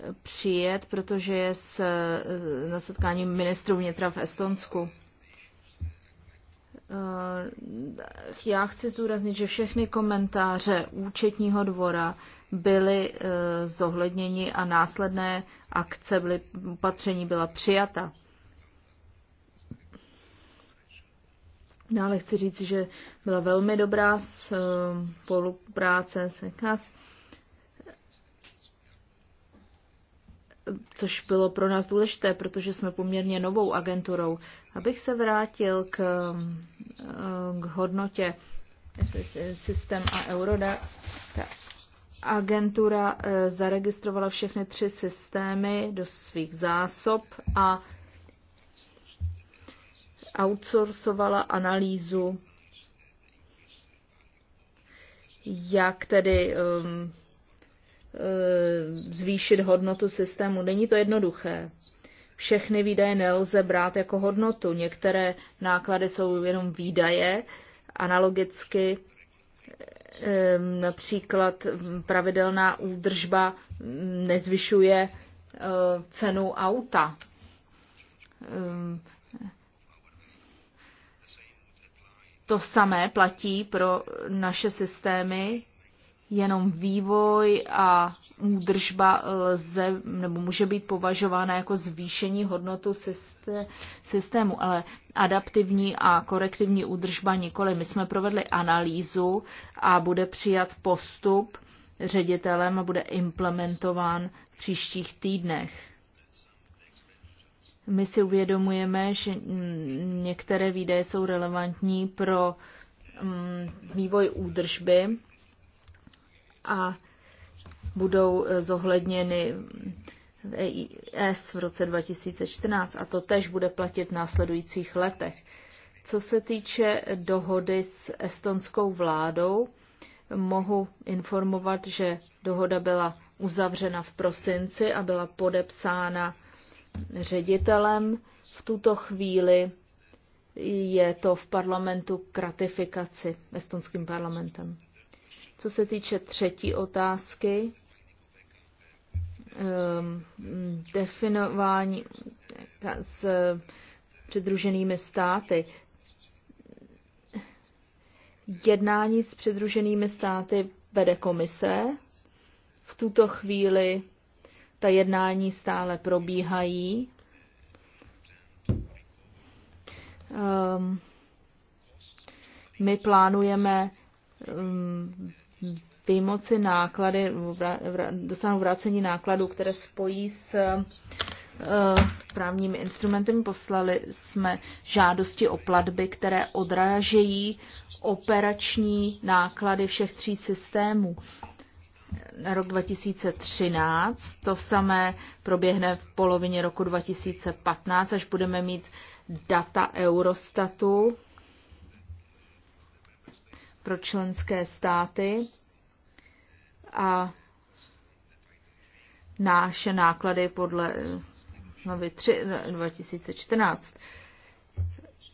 eh, přijet, protože je s, eh, na setkání ministrů vnitra v Estonsku. Eh, já chci zdůraznit, že všechny komentáře účetního dvora byly eh, zohledněni a následné akce, byly, opatření byla přijata. Dále chci říct, že byla velmi dobrá eh, spolupráce se KAS což bylo pro nás důležité, protože jsme poměrně novou agenturou. Abych se vrátil k, eh, k hodnotě systém a Euroda. ta agentura eh, zaregistrovala všechny tři systémy do svých zásob a outsourcovala analýzu, jak tedy um, Eh, zvýšit hodnotu systému. Není to jednoduché. Všechny výdaje nelze brát jako hodnotu. Některé náklady jsou jenom výdaje. Analogicky eh, například pravidelná údržba nezvyšuje eh, cenu auta. To samé platí pro naše systémy jenom vývoj a údržba lze, nebo může být považována jako zvýšení hodnotu systému, ale adaptivní a korektivní údržba nikoli. My jsme provedli analýzu a bude přijat postup ředitelem a bude implementován v příštích týdnech. My si uvědomujeme, že některé výdaje jsou relevantní pro mm, vývoj údržby a budou eh, zohledněny v EIS v roce 2014 a to tež bude platit v následujících letech. Co se týče dohody s estonskou vládou, mohu informovat, že dohoda byla uzavřena v prosinci a byla podepsána ředitelem. V tuto chvíli je to v parlamentu k ratifikaci estonským parlamentem. Co se týče třetí otázky, ehm, definování s předruženými státy. Jednání s předruženými státy vede komise. V tuto chvíli ta jednání stále probíhají. Ehm, my plánujeme ehm, vymoci náklady, dosáhnout vrácení nákladů, které spojí s eh, právními instrumenty. Poslali jsme žádosti o platby, které odrážejí operační náklady všech tří systémů. Na rok 2013, to samé proběhne v polovině roku 2015, až budeme mít data Eurostatu pro členské státy a naše náklady podle novy 3, 2014.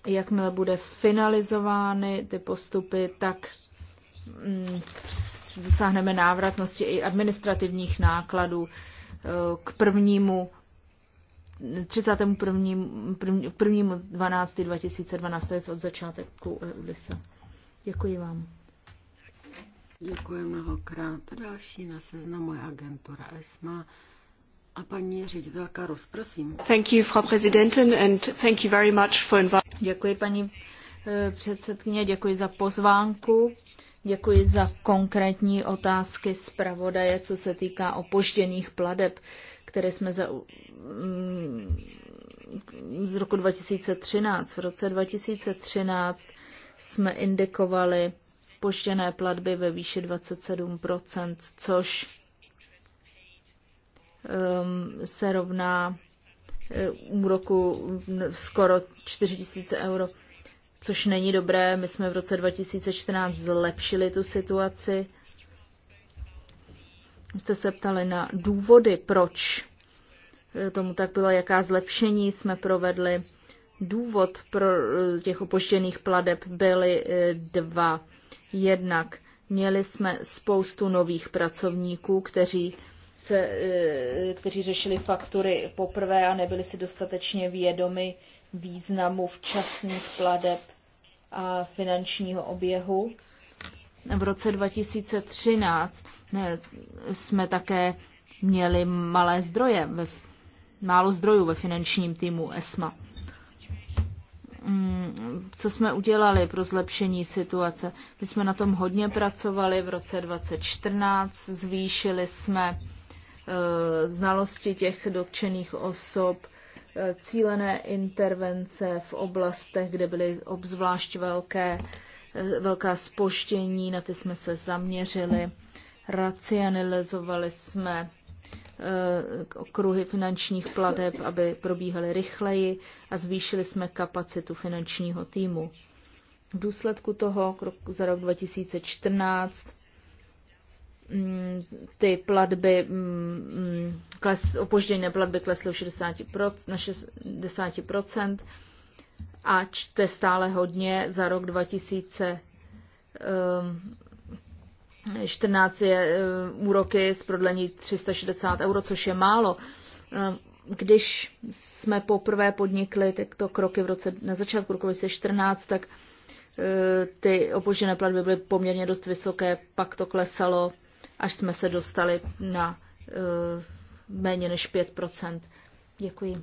Jakmile bude finalizovány ty postupy, tak mm, dosáhneme návratnosti i administrativních nákladů eh, k prvnímu 31. 1. 12. 2012, to je od začátku Uh, Děkuji vám. Děkuji mnohokrát. Další na seznamu je agentura ESMA. A paní ředitelka Rus, prosím. Thank you, Frau Präsidentin, and thank you very much for inviting. Děkuji, paní eh, předsedkyně, děkuji za pozvánku. Děkuji za konkrétní otázky zpravodaje, co se týká opožděných pladeb, které jsme za, mm, z roku 2013. V roce 2013 jsme indikovali požděné platby ve výši 27 což um, se rovná uh, úroku skoro 4000 euro, což není dobré. My jsme v roce 2014 zlepšili tu situaci. Jste se ptali na důvody, proč eh, tomu tak bylo, jaká zlepšení jsme provedli důvod pro eh, těch opožděných pladeb byly eh, dva. Jednak měli jsme spoustu nových pracovníků, kteří se, eh, kteří řešili faktury poprvé a nebyli si dostatečně vědomi významu včasných pladeb a finančního oběhu. V roce 2013 jsme také měli malé zdroje, málo zdrojů ve finančním týmu ESMA. Mm, co jsme udělali pro zlepšení situace. My jsme na tom hodně pracovali v roce 2014, zvýšili jsme eh, znalosti těch dotčených osob, eh, cílené intervence v oblastech, kde byly obzvlášť velké, eh, velká spoštění, na ty jsme se zaměřili, racionalizovali jsme Eh, okruhy finančních plateb, aby probíhaly rychleji a zvýšili jsme kapacitu finančního týmu. V důsledku toho za rok 2014 mm, ty platby, mm, mm, kles, opožděné platby klesly o 60%, na 60% a to je stále hodně za rok 2000. 14 je eh, úroky z prodlení 360 euro, což je málo. Eh, když jsme poprvé podnikli tyto kroky v roce, na začátku roku 2014, tak eh, ty opožděné platby byly poměrně dost vysoké, pak to klesalo, až jsme se dostali na méně než 5 Děkuji.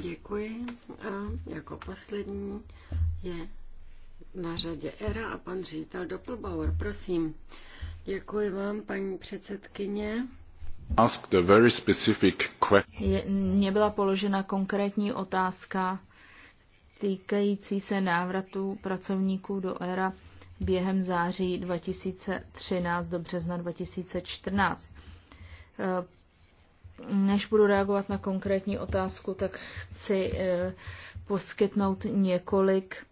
Děkuji. A jako poslední je na řadě ERA a pan ředitel Doppelbauer. Prosím. Děkuji vám, paní předsedkyně. Asked a very specific Mně byla položena konkrétní otázka týkající se návratu pracovníků do ERA během září 2013 do března 2014. Eh, než budu reagovat na konkrétní otázku, tak chci eh, poskytnout několik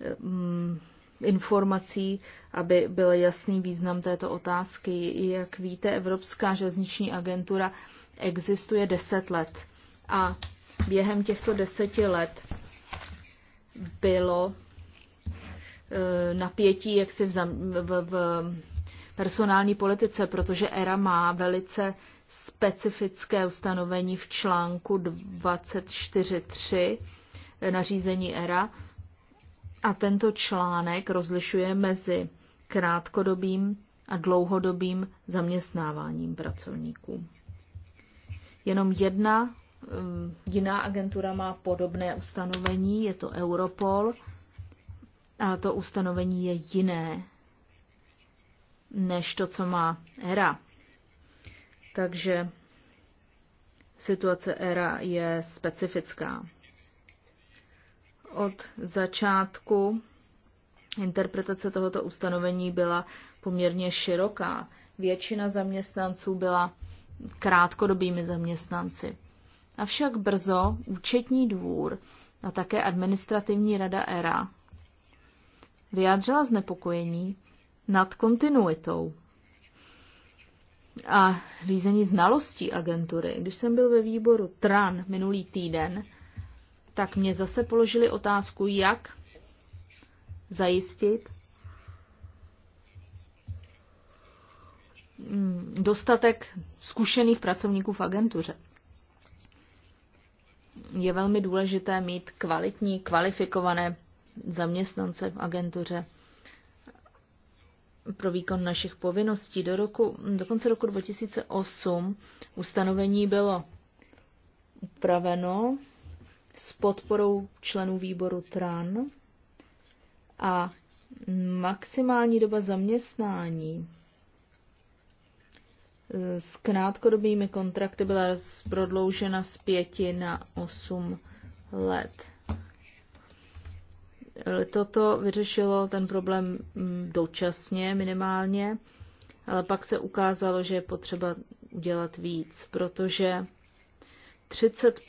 Eh, mm, informací, aby byl jasný význam této otázky. Jak víte, Evropská železniční agentura existuje deset let a během těchto deseti let bylo eh, napětí jaksi v, v, v personální politice, protože ERA má velice specifické ustanovení v článku 24.3 eh, nařízení ERA, a tento článek rozlišuje mezi krátkodobým a dlouhodobým zaměstnáváním pracovníků. Jenom jedna eh, jiná agentura má podobné ustanovení, je to Europol, ale to ustanovení je jiné než to, co má ERA. Takže situace ERA je specifická. Od začátku interpretace tohoto ustanovení byla poměrně široká. Většina zaměstnanců byla krátkodobými zaměstnanci. Avšak brzo účetní dvůr a také administrativní rada ERA vyjádřila znepokojení nad kontinuitou a řízení znalostí agentury. Když jsem byl ve výboru TRAN minulý týden, tak mě zase položili otázku, jak zajistit mm, dostatek zkušených pracovníků v agentuře. Je velmi důležité mít kvalitní, kvalifikované zaměstnance v agentuře pro výkon našich povinností. Do, roku, do konce roku 2008 ustanovení bylo upraveno s podporou členů výboru TRAN a maximální doba zaměstnání eh, s krátkodobými kontrakty byla prodloužena z pěti na osm let. Eh, toto vyřešilo ten problém mm, dočasně minimálně, ale pak se ukázalo, že je potřeba udělat víc, protože 30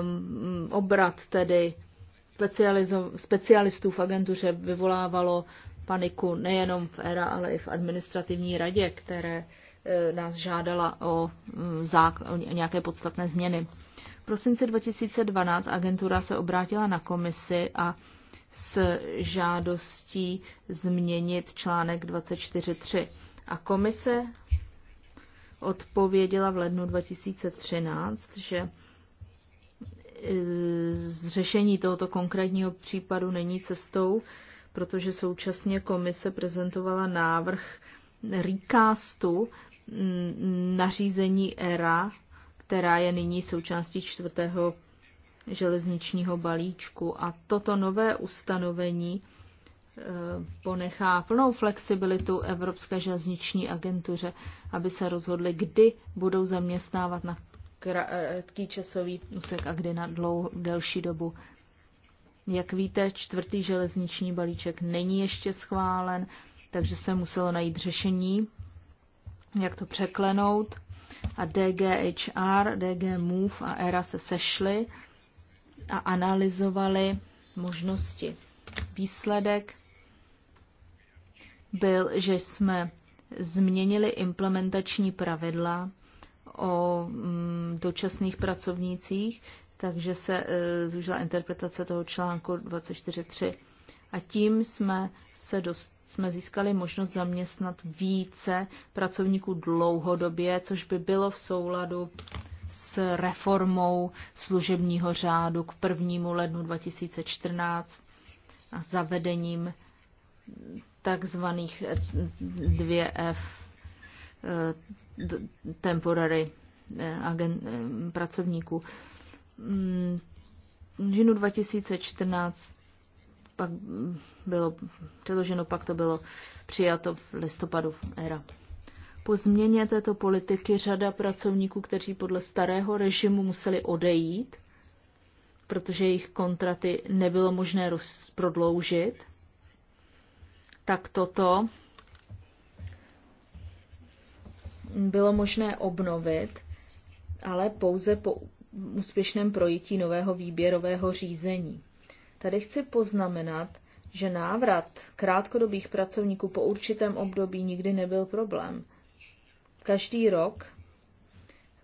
um, obrat tedy specialistů v agentuře vyvolávalo paniku nejenom v ERA, ale i v administrativní radě, které eh, nás žádala o, mm, zákl- o nějaké podstatné změny. V prosinci 2012 agentura se obrátila na komisi a s žádostí změnit článek 24.3. A komise odpověděla v lednu 2013, že řešení tohoto konkrétního případu není cestou, protože současně komise prezentovala návrh recastu mm, nařízení ERA, která je nyní součástí čtvrtého železničního balíčku. A toto nové ustanovení eh, ponechá plnou flexibilitu Evropské železniční agentuře, aby se rozhodli, kdy budou zaměstnávat, na krátký časový úsek a kdy na dlouho, delší dobu. Jak víte, čtvrtý železniční balíček není ještě schválen, takže se muselo najít řešení, jak to překlenout. A DGHR, DG Move a ERA se sešly a analyzovali možnosti. Výsledek byl, že jsme změnili implementační pravidla o mm, dočasných pracovnících, takže se e, zúžila interpretace toho článku 24.3. A tím jsme, se dost, jsme získali možnost zaměstnat více pracovníků dlouhodobě, což by bylo v souladu s reformou služebního řádu k 1. lednu 2014 a zavedením takzvaných 2F temporary eh, agent, eh, pracovníků. Mm, v říjnu 2014 pak bylo předloženo, pak to bylo přijato v listopadu era. Po změně této politiky řada pracovníků, kteří podle starého režimu museli odejít, protože jejich kontraty nebylo možné prodloužit, tak toto bylo možné obnovit, ale pouze po úspěšném projití nového výběrového řízení. Tady chci poznamenat, že návrat krátkodobých pracovníků po určitém období nikdy nebyl problém. Každý rok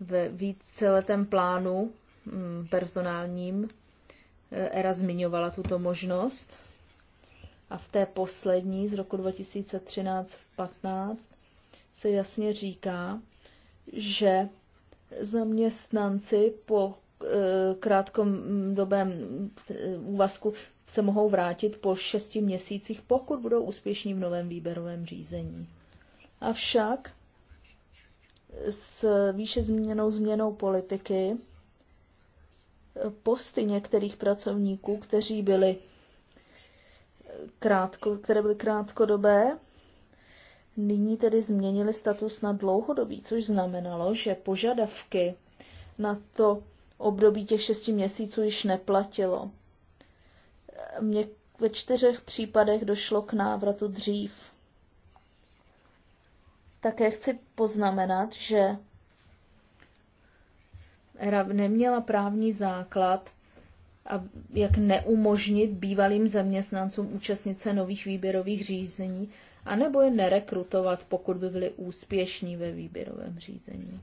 ve víceletém plánu mm, personálním eh, ERA zmiňovala tuto možnost a v té poslední z roku 2013-15 se jasně říká, že zaměstnanci po e, krátkom dobem e, úvazku se mohou vrátit po šesti měsících, pokud budou úspěšní v novém výběrovém řízení. Avšak s výše změnou změnou politiky posty některých pracovníků, kteří byli krátko, které byly krátkodobé, nyní tedy změnili status na dlouhodobý, což znamenalo, že požadavky na to období těch šesti měsíců již neplatilo. Mě ve čtyřech případech došlo k návratu dřív. Také chci poznamenat, že RAV neměla právní základ, jak neumožnit bývalým zaměstnancům účastnit se nových výběrových řízení, anebo je nerekrutovat, pokud by byli úspěšní ve výběrovém řízení.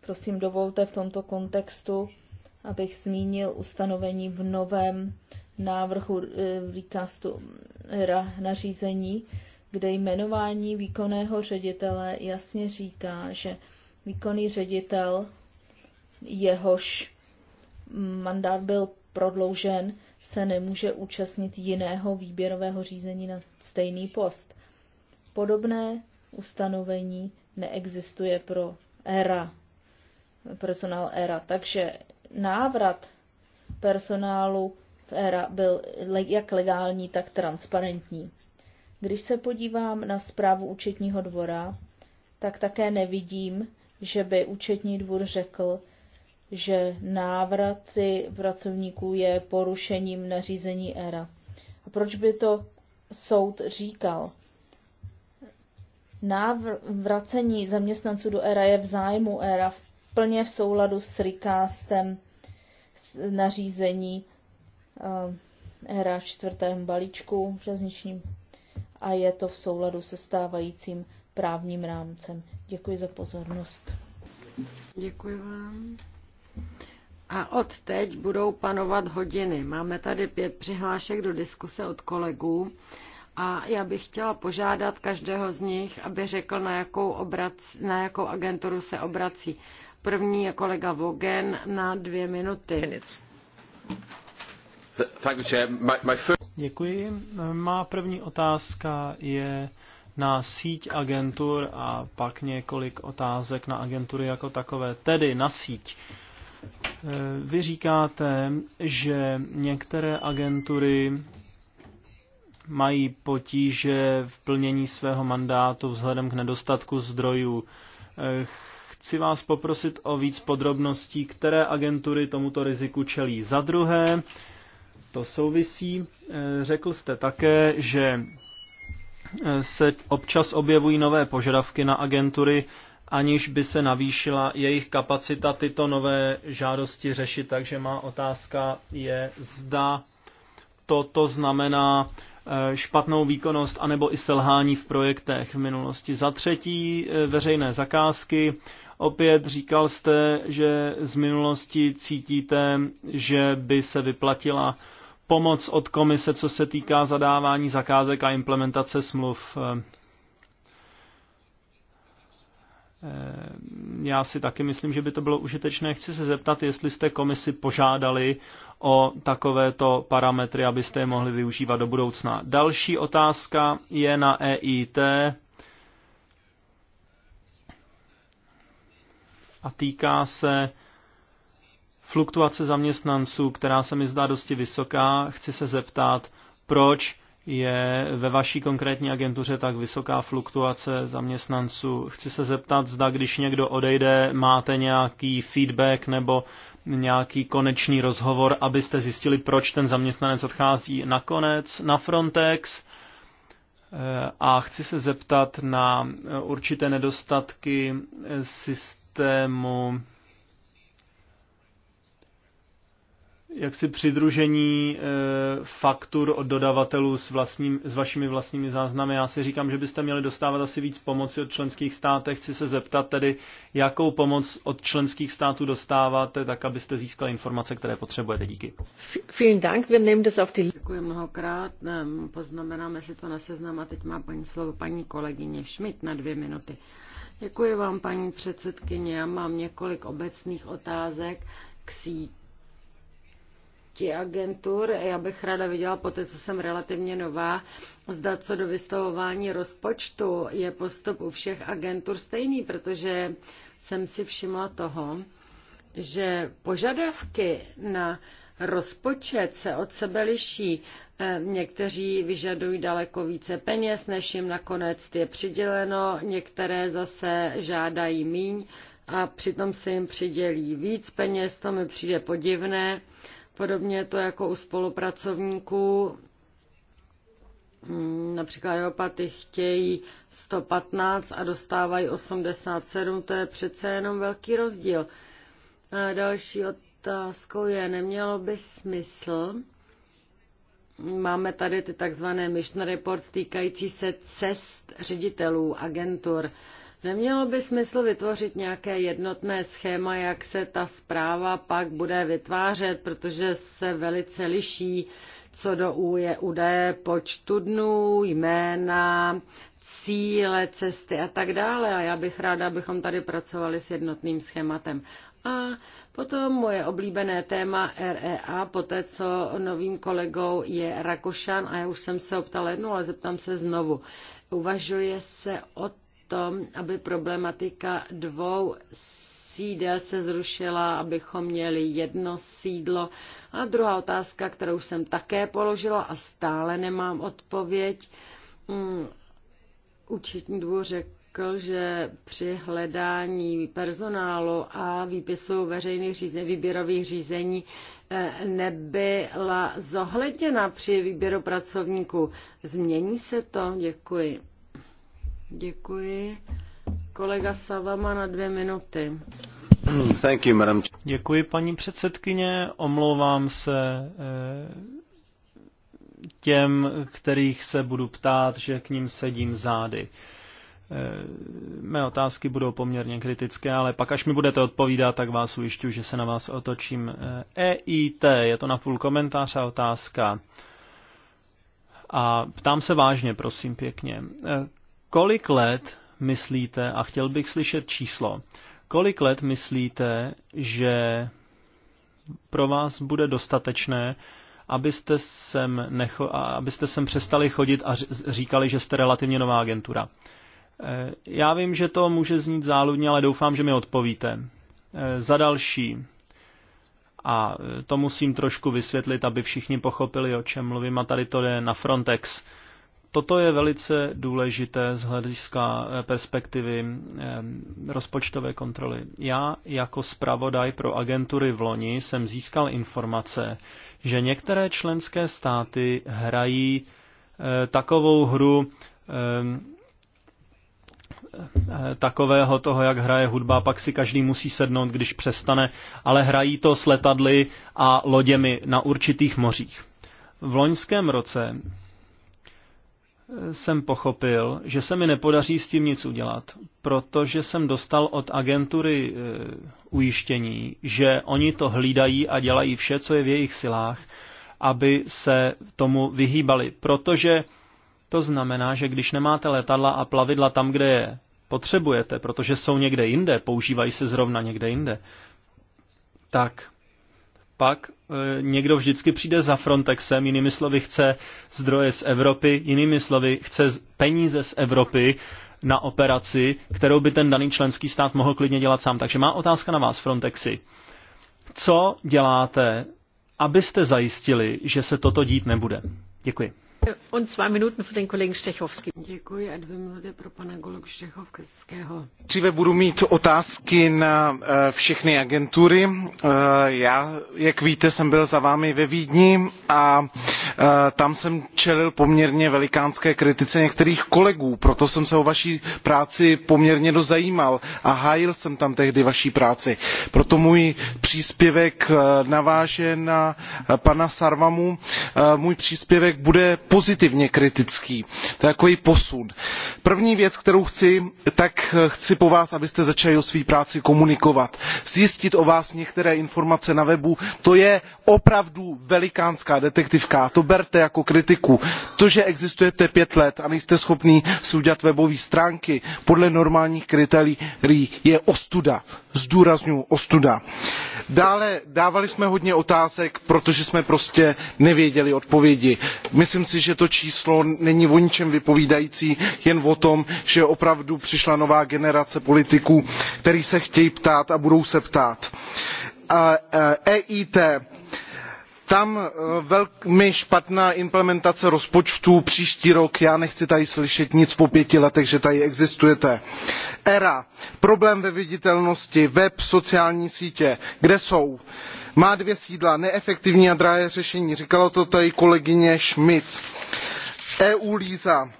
Prosím, dovolte v tomto kontextu, abych zmínil ustanovení v novém návrhu eh, výkastu eh, nařízení, kde jmenování výkonného ředitele jasně říká, že výkonný ředitel, jehož mandát byl prodloužen, se nemůže účastnit jiného výběrového řízení na stejný post. Podobné ustanovení neexistuje pro ERA, personál ERA. Takže návrat personálu v ERA byl jak legální, tak transparentní. Když se podívám na zprávu účetního dvora, tak také nevidím, že by účetní dvůr řekl, že návraty pracovníků je porušením nařízení ERA. A proč by to soud říkal? Návracení zaměstnanců do ERA je v zájmu ERA v plně v souladu s rikástem nařízení eh, ERA v čtvrtém balíčku železničním a je to v souladu se stávajícím právním rámcem. Děkuji za pozornost. Děkuji vám. A od teď budou panovat hodiny. Máme tady pět přihlášek do diskuse od kolegů a já bych chtěla požádat každého z nich, aby řekl, na jakou, obrac, na jakou agenturu se obrací. První je kolega Vogen na dvě minuty. Děkuji. Má první otázka je na síť agentur a pak několik otázek na agentury jako takové, tedy na síť. Uh, vy říkáte, že některé agentury mají potíže v plnění svého mandátu vzhledem k nedostatku zdrojů. Chci vás poprosit o víc podrobností, které agentury tomuto riziku čelí. Za druhé, to souvisí, řekl jste také, že se občas objevují nové požadavky na agentury aniž by se navýšila jejich kapacita tyto nové žádosti řešit. Takže má otázka je, zda toto znamená eh, špatnou výkonnost anebo i selhání v projektech v minulosti. Za třetí eh, veřejné zakázky. Opět říkal jste, že z minulosti cítíte, že by se vyplatila pomoc od komise, co se týká zadávání zakázek a implementace smluv. Eh, Eh, já si taky myslím, že by to bylo užitečné. Chci se zeptat, jestli jste komisi požádali o takovéto parametry, abyste je mohli využívat do budoucna. Další otázka je na EIT a týká se fluktuace zaměstnanců, která se mi zdá dosti vysoká. Chci se zeptat, proč je ve vaší konkrétní agentuře tak vysoká fluktuace zaměstnanců. Chci se zeptat, zda když někdo odejde, máte nějaký feedback nebo nějaký konečný rozhovor, abyste zjistili, proč ten zaměstnanec odchází nakonec na Frontex. Eh, a chci se zeptat na eh, určité nedostatky systému jaksi přidružení eh, faktur od dodavatelů s, vlastním, s vašimi vlastními záznamy. Já si říkám, že byste měli dostávat asi víc pomoci od členských států. Chci se zeptat tedy, jakou pomoc od členských států dostáváte, tak abyste získali informace, které potřebujete. Díky. Vielen Dank, wir nehmen das auf die... Děkuji mnohokrát, ehm, poznamenáme si to na seznam a teď má paní slovo paní kolegyně Schmidt na dvě minuty. Děkuji vám, paní předsedkyně. Já mám několik obecných otázek k síti činnosti agentur. Já bych ráda viděla, po té, co jsem relativně nová, zda co do vystavování rozpočtu je postup u všech agentur stejný, protože jsem si všimla toho, že požadavky na rozpočet se od sebe liší. Eh, někteří vyžadují daleko více peněz, než jim nakonec je přiděleno, některé zase žádají míň a přitom se jim přidělí víc peněz, to mi přijde podivné. Podobně je to jako u spolupracovníků. Mm, například Jopaty chtějí 115 a dostávají 87, to je přece jenom velký rozdíl. A další otázkou je, nemělo by smysl, máme tady ty takzvané mission reports týkající se cest ředitelů agentur, Nemělo by smysl vytvořit nějaké jednotné schéma, jak se ta zpráva pak bude vytvářet, protože se velice liší co do úje údaje počtu dnů, jména, cíle, cesty a tak dále. A já bych ráda, abychom tady pracovali s jednotným schématem. A potom moje oblíbené téma REA, poté co novým kolegou je Rakošan, a já už jsem se optala jednou, ale zeptám se znovu. Uvažuje se o tom, aby problematika dvou sídel se zrušila, abychom měli jedno sídlo. A druhá otázka, kterou jsem také položila a stále nemám odpověď. Učitní hmm, dvůr řekl, že při hledání personálu a výpisu veřejných řízení, výběrových řízení eh, nebyla zohledněna při výběru pracovníků. Změní se to? Děkuji. Děkuji. Kolega má na dvě minuty. Thank you, madam. Děkuji, paní předsedkyně. Omlouvám se eh, těm, kterých se budu ptát, že k ním sedím zády. Eh, mé otázky budou poměrně kritické, ale pak, až mi budete odpovídat, tak vás ujišťuji, že se na vás otočím. EIT, eh, e je to na půl komentář a otázka. A ptám se vážně, prosím pěkně. Kolik let myslíte, a chtěl bych slyšet číslo, kolik let myslíte, že pro vás bude dostatečné, abyste sem, necho, abyste sem přestali chodit a říkali, že jste relativně nová agentura. Eh, já vím, že to může znít záludně, ale doufám, že mi odpovíte. Eh, za další, a eh, to musím trošku vysvětlit, aby všichni pochopili, o čem mluvím, a tady to jde na Frontex toto je velice důležité z hlediska eh, perspektivy eh, rozpočtové kontroly. Já jako zpravodaj pro agentury v Loni jsem získal informace, že některé členské státy hrají eh, takovou hru takového toho, jak hraje hudba, pak si každý musí sednout, když přestane, ale hrají to s letadly a loděmi na určitých mořích. V loňském roce jsem pochopil, že se mi nepodaří s tím nic udělat, protože jsem dostal od agentury e, ujištění, že oni to hlídají a dělají vše, co je v jejich silách, aby se tomu vyhýbali. Protože to znamená, že když nemáte letadla a plavidla tam, kde je potřebujete, protože jsou někde jinde, používají se zrovna někde jinde, tak pak Eh, někdo vždycky přijde za Frontexem, jinými slovy chce zdroje z Evropy, jinými slovy chce peníze z Evropy na operaci, kterou by ten daný členský stát mohl klidně dělat sám. Takže má otázka na vás, Frontexy. Co děláte, abyste zajistili, že se toto dít nebude? Děkuji nejdříve pro budu mít otázky na eh, všechny agentury. Eh, já, jak víte, jsem byl za vámi ve Vídni a eh, tam jsem čelil poměrně velikánské kritice některých kolegů, proto jsem se o vaší práci poměrně dost zajímal a hájil jsem tam tehdy vaší práci. Proto můj příspěvek naváže na pana sarvamaa. Můj příspěvek bude pozitivně kritický. to je takový posun. první věc kterou chci tak chci po vás abyste začali o své práci komunikovat zjistit o vás některé informace na webu to je opravdu velikánská detektivka to berte jako kritiku. to že existujete pět let a nejste schopni si udělat webové stránky podle normálních kritérií je ostuda zdůrazňuji ostuda. dále dávali jsme hodně otázek protože jsme prostě nevěděli odpovědi. myslím si si že to číslo není o ničem vypovídající jen o tom že opravdu přišla nová generace politiků kteří se chtějí ptát a budou se ptát. eit tam e, velmi špatná implementace rozpočtu příští rok já nechci tady slyšet nic po pěti letech že tady existujete. era problém ve viditelnosti web sociální sítě kde jsou? má dvě sídla neefektivní a drahé řešení říkala to tady kolegyně schmidt. eu lisa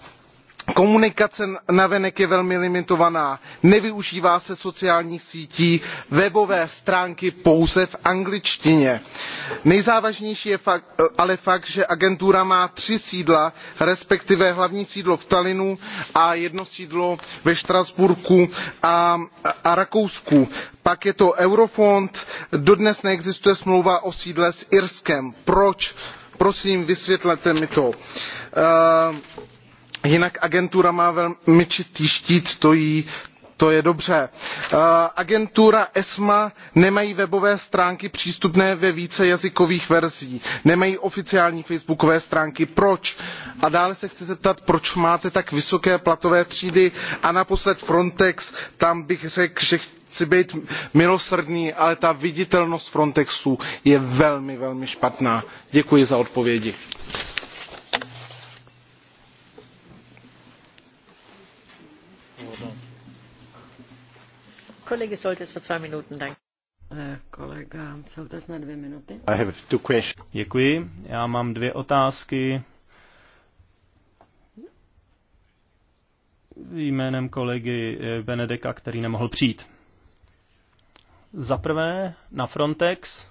komunikace navenek je velmi limitovaná nevyužívá se sociálních sítí webové stránky pouze v angličtině. nejzávažnější je ale fakt že agentura má tři sídla respektive hlavní sídlo v tallinnu a jedno sídlo ve štrasburku a, rakousku pak je to eurofond dodnes neexistuje smlouva o sídle s irskem. proč? prosím vysvětlete mi to. Eh, jinak agentura má velmi čistý štít to to je dobře. Eh, agentura esma nemá webové stránky přístupné ve více jazykových verzích nemá oficiální facebookové stránky proč? a dále se chci zeptat proč máte tak vysoké platové třídy a naposled frontex tam bych řekl že chci být milosrdný ale ta viditelnost frontexu je velmi velmi špatná. děkuji za odpovědi. Eh, Děkuji. Já mám dvě otázky. Jménem kolegy eh, Benedeka, který nemohl přijít. Za prvé na Frontex.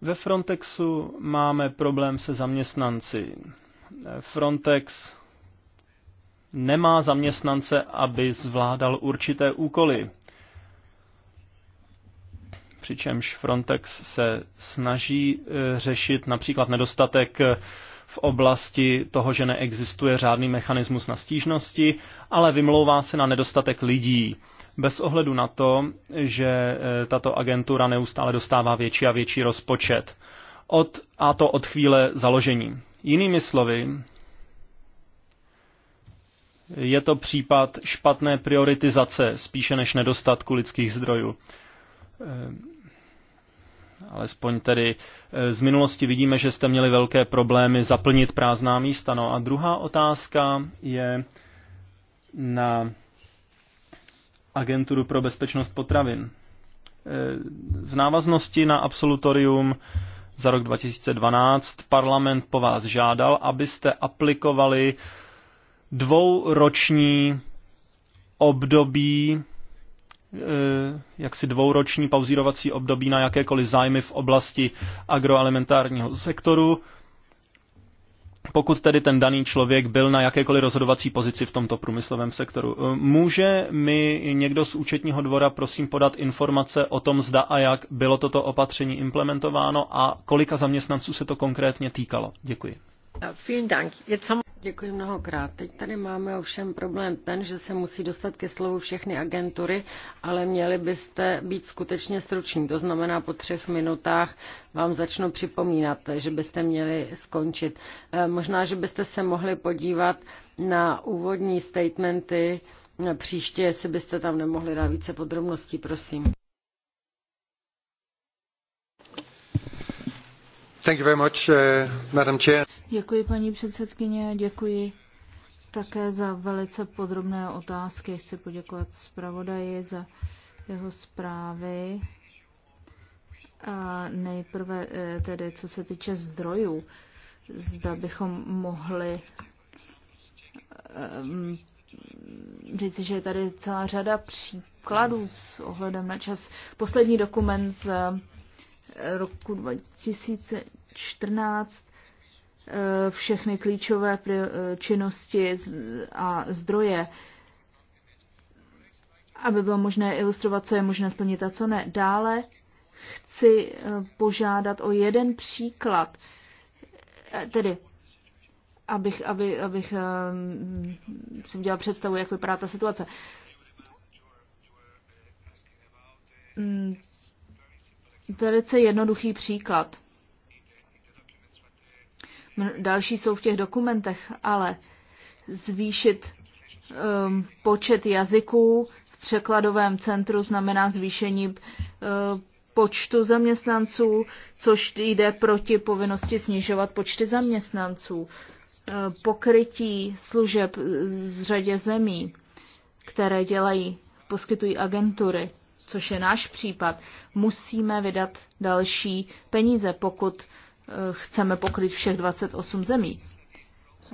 Ve Frontexu máme problém se zaměstnanci. Eh, Frontex nemá zaměstnance, aby zvládal určité úkoly. Přičemž Frontex se snaží e, řešit například nedostatek e, v oblasti toho, že neexistuje řádný mechanismus na stížnosti, ale vymlouvá se na nedostatek lidí. Bez ohledu na to, že e, tato agentura neustále dostává větší a větší rozpočet. Od, a to od chvíle založení. Jinými slovy, je to případ špatné prioritizace spíše než nedostatku lidských zdrojů. Eh, alespoň tedy eh, z minulosti vidíme, že jste měli velké problémy zaplnit prázdná místa. No a druhá otázka je na agenturu pro bezpečnost potravin. Eh, v návaznosti na absolutorium za rok 2012 parlament po vás žádal, abyste aplikovali dvouroční období, eh, jaksi dvouroční pauzírovací období na jakékoliv zájmy v oblasti agroalimentárního sektoru, pokud tedy ten daný člověk byl na jakékoliv rozhodovací pozici v tomto průmyslovém sektoru. Eh, může mi někdo z účetního dvora prosím podat informace o tom, zda a jak bylo toto opatření implementováno a kolika zaměstnanců se to konkrétně týkalo? Děkuji. Děkuji mnohokrát. Teď tady máme ovšem problém ten, že se musí dostat ke slovu všechny agentury, ale měli byste být skutečně struční. To znamená, po třech minutách vám začnu připomínat, že byste měli skončit. Eh, možná, že byste se mohli podívat na úvodní statementy příště, jestli byste tam nemohli dát více podrobností, prosím. Uh, děkuji, paní předsedkyně, děkuji také za velice podrobné otázky. Chci poděkovat zpravodaji za jeho zprávy. A nejprve eh, tedy, co se týče zdrojů, zda bychom mohli um, říci, že je tady celá řada příkladů s ohledem na čas. Poslední dokument z roku 2014 eh, všechny klíčové eh, činnosti a zdroje, aby bylo možné ilustrovat, co je možné splnit a co ne. Dále chci eh, požádat o jeden příklad, tedy abych, aby, abych ehm, si udělal představu, jak vypadá ta situace hmm, Velice jednoduchý příklad. Další jsou v těch dokumentech, ale zvýšit um, počet jazyků v překladovém centru znamená zvýšení um, počtu zaměstnanců, což jde proti povinnosti snižovat počty zaměstnanců. Um, pokrytí služeb z řadě zemí, které dělají, poskytují agentury což je náš případ, musíme vydat další peníze, pokud eh, chceme pokryt všech 28 zemí.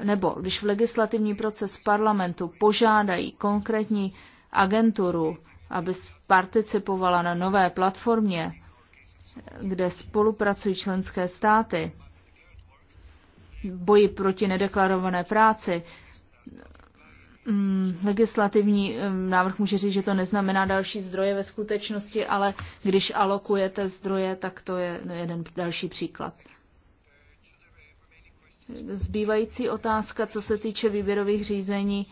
Nebo když v legislativní proces parlamentu požádají konkrétní agenturu, aby participovala na nové platformě, kde spolupracují členské státy, boji proti nedeklarované práci, Mm, legislativní mm, návrh může říct, že to neznamená další zdroje ve skutečnosti, ale když alokujete zdroje, tak to je jeden další příklad. Zbývající otázka, co se týče výběrových řízení,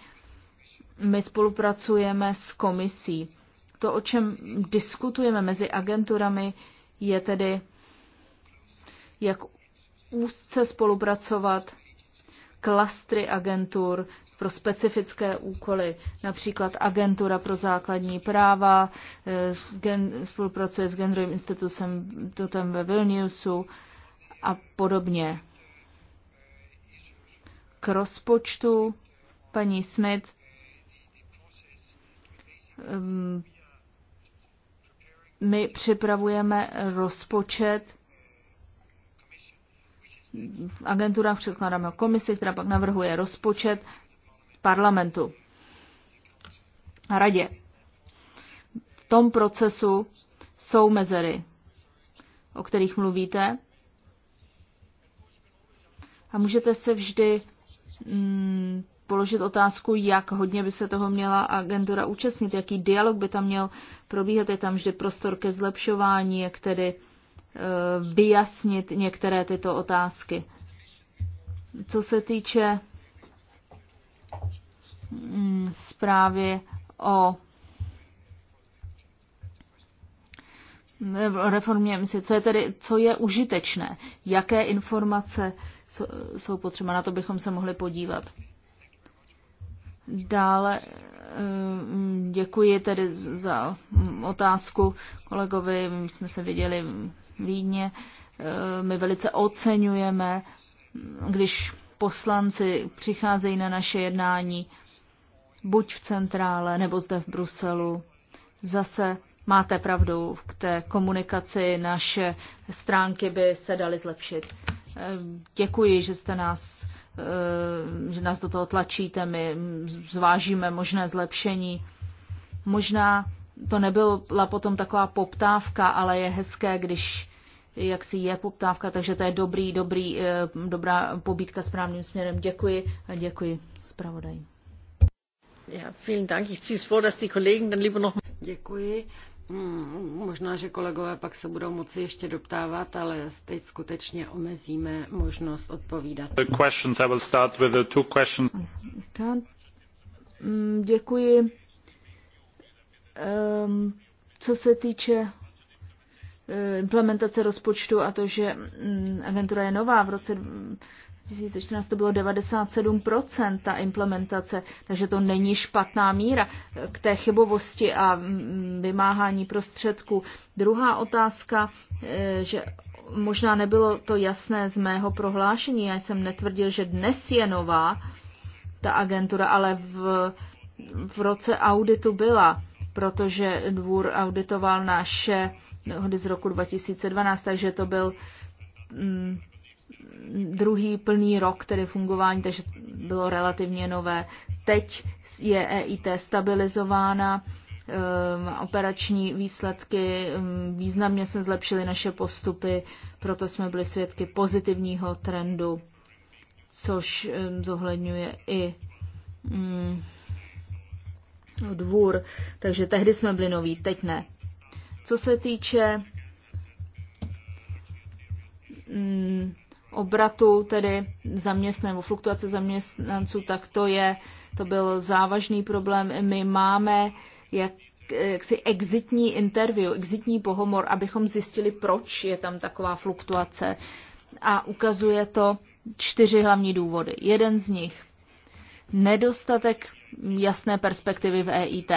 my spolupracujeme s komisí. To, o čem diskutujeme mezi agenturami, je tedy, jak úzce spolupracovat klastry agentur, pro specifické úkoly, například Agentura pro základní práva, eh, gen, spolupracuje s Genderovým institutem ve Vilniusu a podobně. K rozpočtu paní Smith ehm, my připravujeme rozpočet v agenturách předkládáme komisi, která pak navrhuje rozpočet parlamentu a radě. V tom procesu jsou mezery, o kterých mluvíte. A můžete se vždy mm, položit otázku, jak hodně by se toho měla agentura účastnit, jaký dialog by tam měl probíhat. Je tam vždy prostor ke zlepšování, jak tedy e, vyjasnit některé tyto otázky. Co se týče Mm, zprávě o reformě emise, co je tedy, co je užitečné, jaké informace jsou potřeba, na to bychom se mohli podívat. Dále mm, děkuji tedy za otázku kolegovi, my jsme se viděli v Vídně, e, my velice oceňujeme, když poslanci přicházejí na naše jednání, buď v centrále nebo zde v Bruselu. Zase máte pravdu, v té komunikaci naše stránky by se daly zlepšit. Eh, děkuji, že jste nás, eh, že nás do toho tlačíte, my zvážíme možné zlepšení. Možná to nebyla potom taková poptávka, ale je hezké, když jak si je poptávka, takže to je dobrý, dobrý, eh, dobrá pobídka správným směrem. Děkuji a děkuji zpravodaj. Ja, vielen Dank. Ich ziehe es vor, dass die Kollegen dann lieber noch... Děkuji. Hmm, možná, že kolegové pak se budou moci ještě doptávat, ale teď skutečně omezíme možnost odpovídat. The questions, I will start with the two questions. Mm, děkuji. Um, co se týče Eh, implementace rozpočtu a to, že mm, agentura je nová v roce 2014 to bylo 97% ta implementace, takže to není špatná míra k té chybovosti a mm, vymáhání prostředků. Druhá otázka, eh, že možná nebylo to jasné z mého prohlášení, já jsem netvrdil, že dnes je nová ta agentura, ale v, v roce auditu byla, protože dvůr auditoval naše dohody z roku 2012, takže to byl mm, druhý plný rok tedy fungování, takže bylo relativně nové. Teď je EIT stabilizována, ehm, operační výsledky, ehm, významně se zlepšily naše postupy, proto jsme byli svědky pozitivního trendu, což ehm, zohledňuje i mm, dvůr. Takže tehdy jsme byli noví, teď ne. Co se týče mm, obratu, tedy zaměstnanců, fluktuace zaměstnanců, tak to je, to byl závažný problém. My máme jak, jaksi exitní interview, exitní pohomor, abychom zjistili, proč je tam taková fluktuace. A ukazuje to čtyři hlavní důvody. Jeden z nich nedostatek jasné perspektivy v EIT.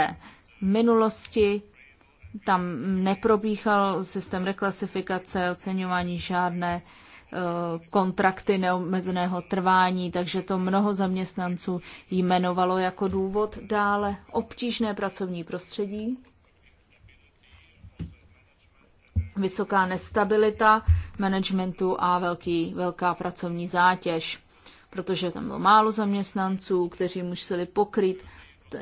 V minulosti tam neprobíhal systém reklasifikace, oceňování žádné eh, kontrakty neomezeného trvání, takže to mnoho zaměstnanců jmenovalo jako důvod. Dále obtížné pracovní prostředí, vysoká nestabilita managementu a velký, velká pracovní zátěž, protože tam bylo málo zaměstnanců, kteří museli pokryt eh,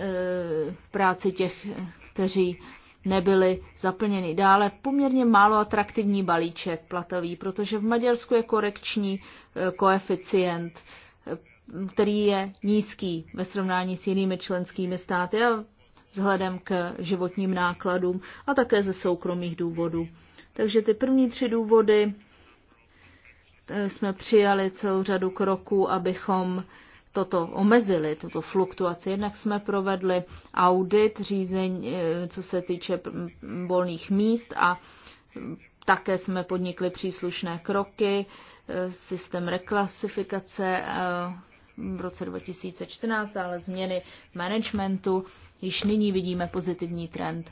práci těch, kteří nebyly zaplněny. Dále poměrně málo atraktivní balíček platový, protože v Maďarsku je korekční eh, koeficient, eh, který je nízký ve srovnání s jinými členskými státy a vzhledem k životním nákladům a také ze soukromých důvodů. Takže ty první tři důvody eh, jsme přijali celou řadu kroků, abychom toto omezili, tuto fluktuaci. Jednak jsme provedli audit řízení, eh, co se týče volných míst a také jsme podnikli příslušné kroky, eh, systém reklasifikace eh, v roce 2014, dále změny managementu. Již nyní vidíme pozitivní trend.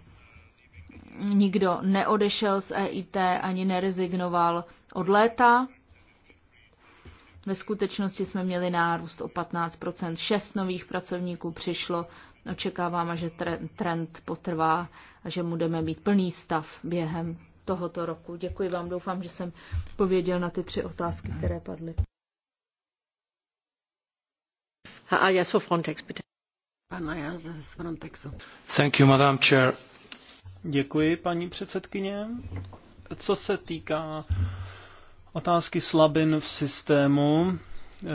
Nikdo neodešel z EIT ani nerezignoval od léta. Ve skutečnosti jsme měli nárůst o 15 6 nových pracovníků přišlo. Očekáváme, že trend potrvá a že budeme mít plný stav během tohoto roku. Děkuji vám, doufám, že jsem pověděl na ty tři otázky, které padly. Herr Alias von Frontex, bitte. Pan z Frontexu. Thank you, Madam Chair. Děkuji, paní předsedkyně. Co se týká uh, Otázky slabin v systému eh,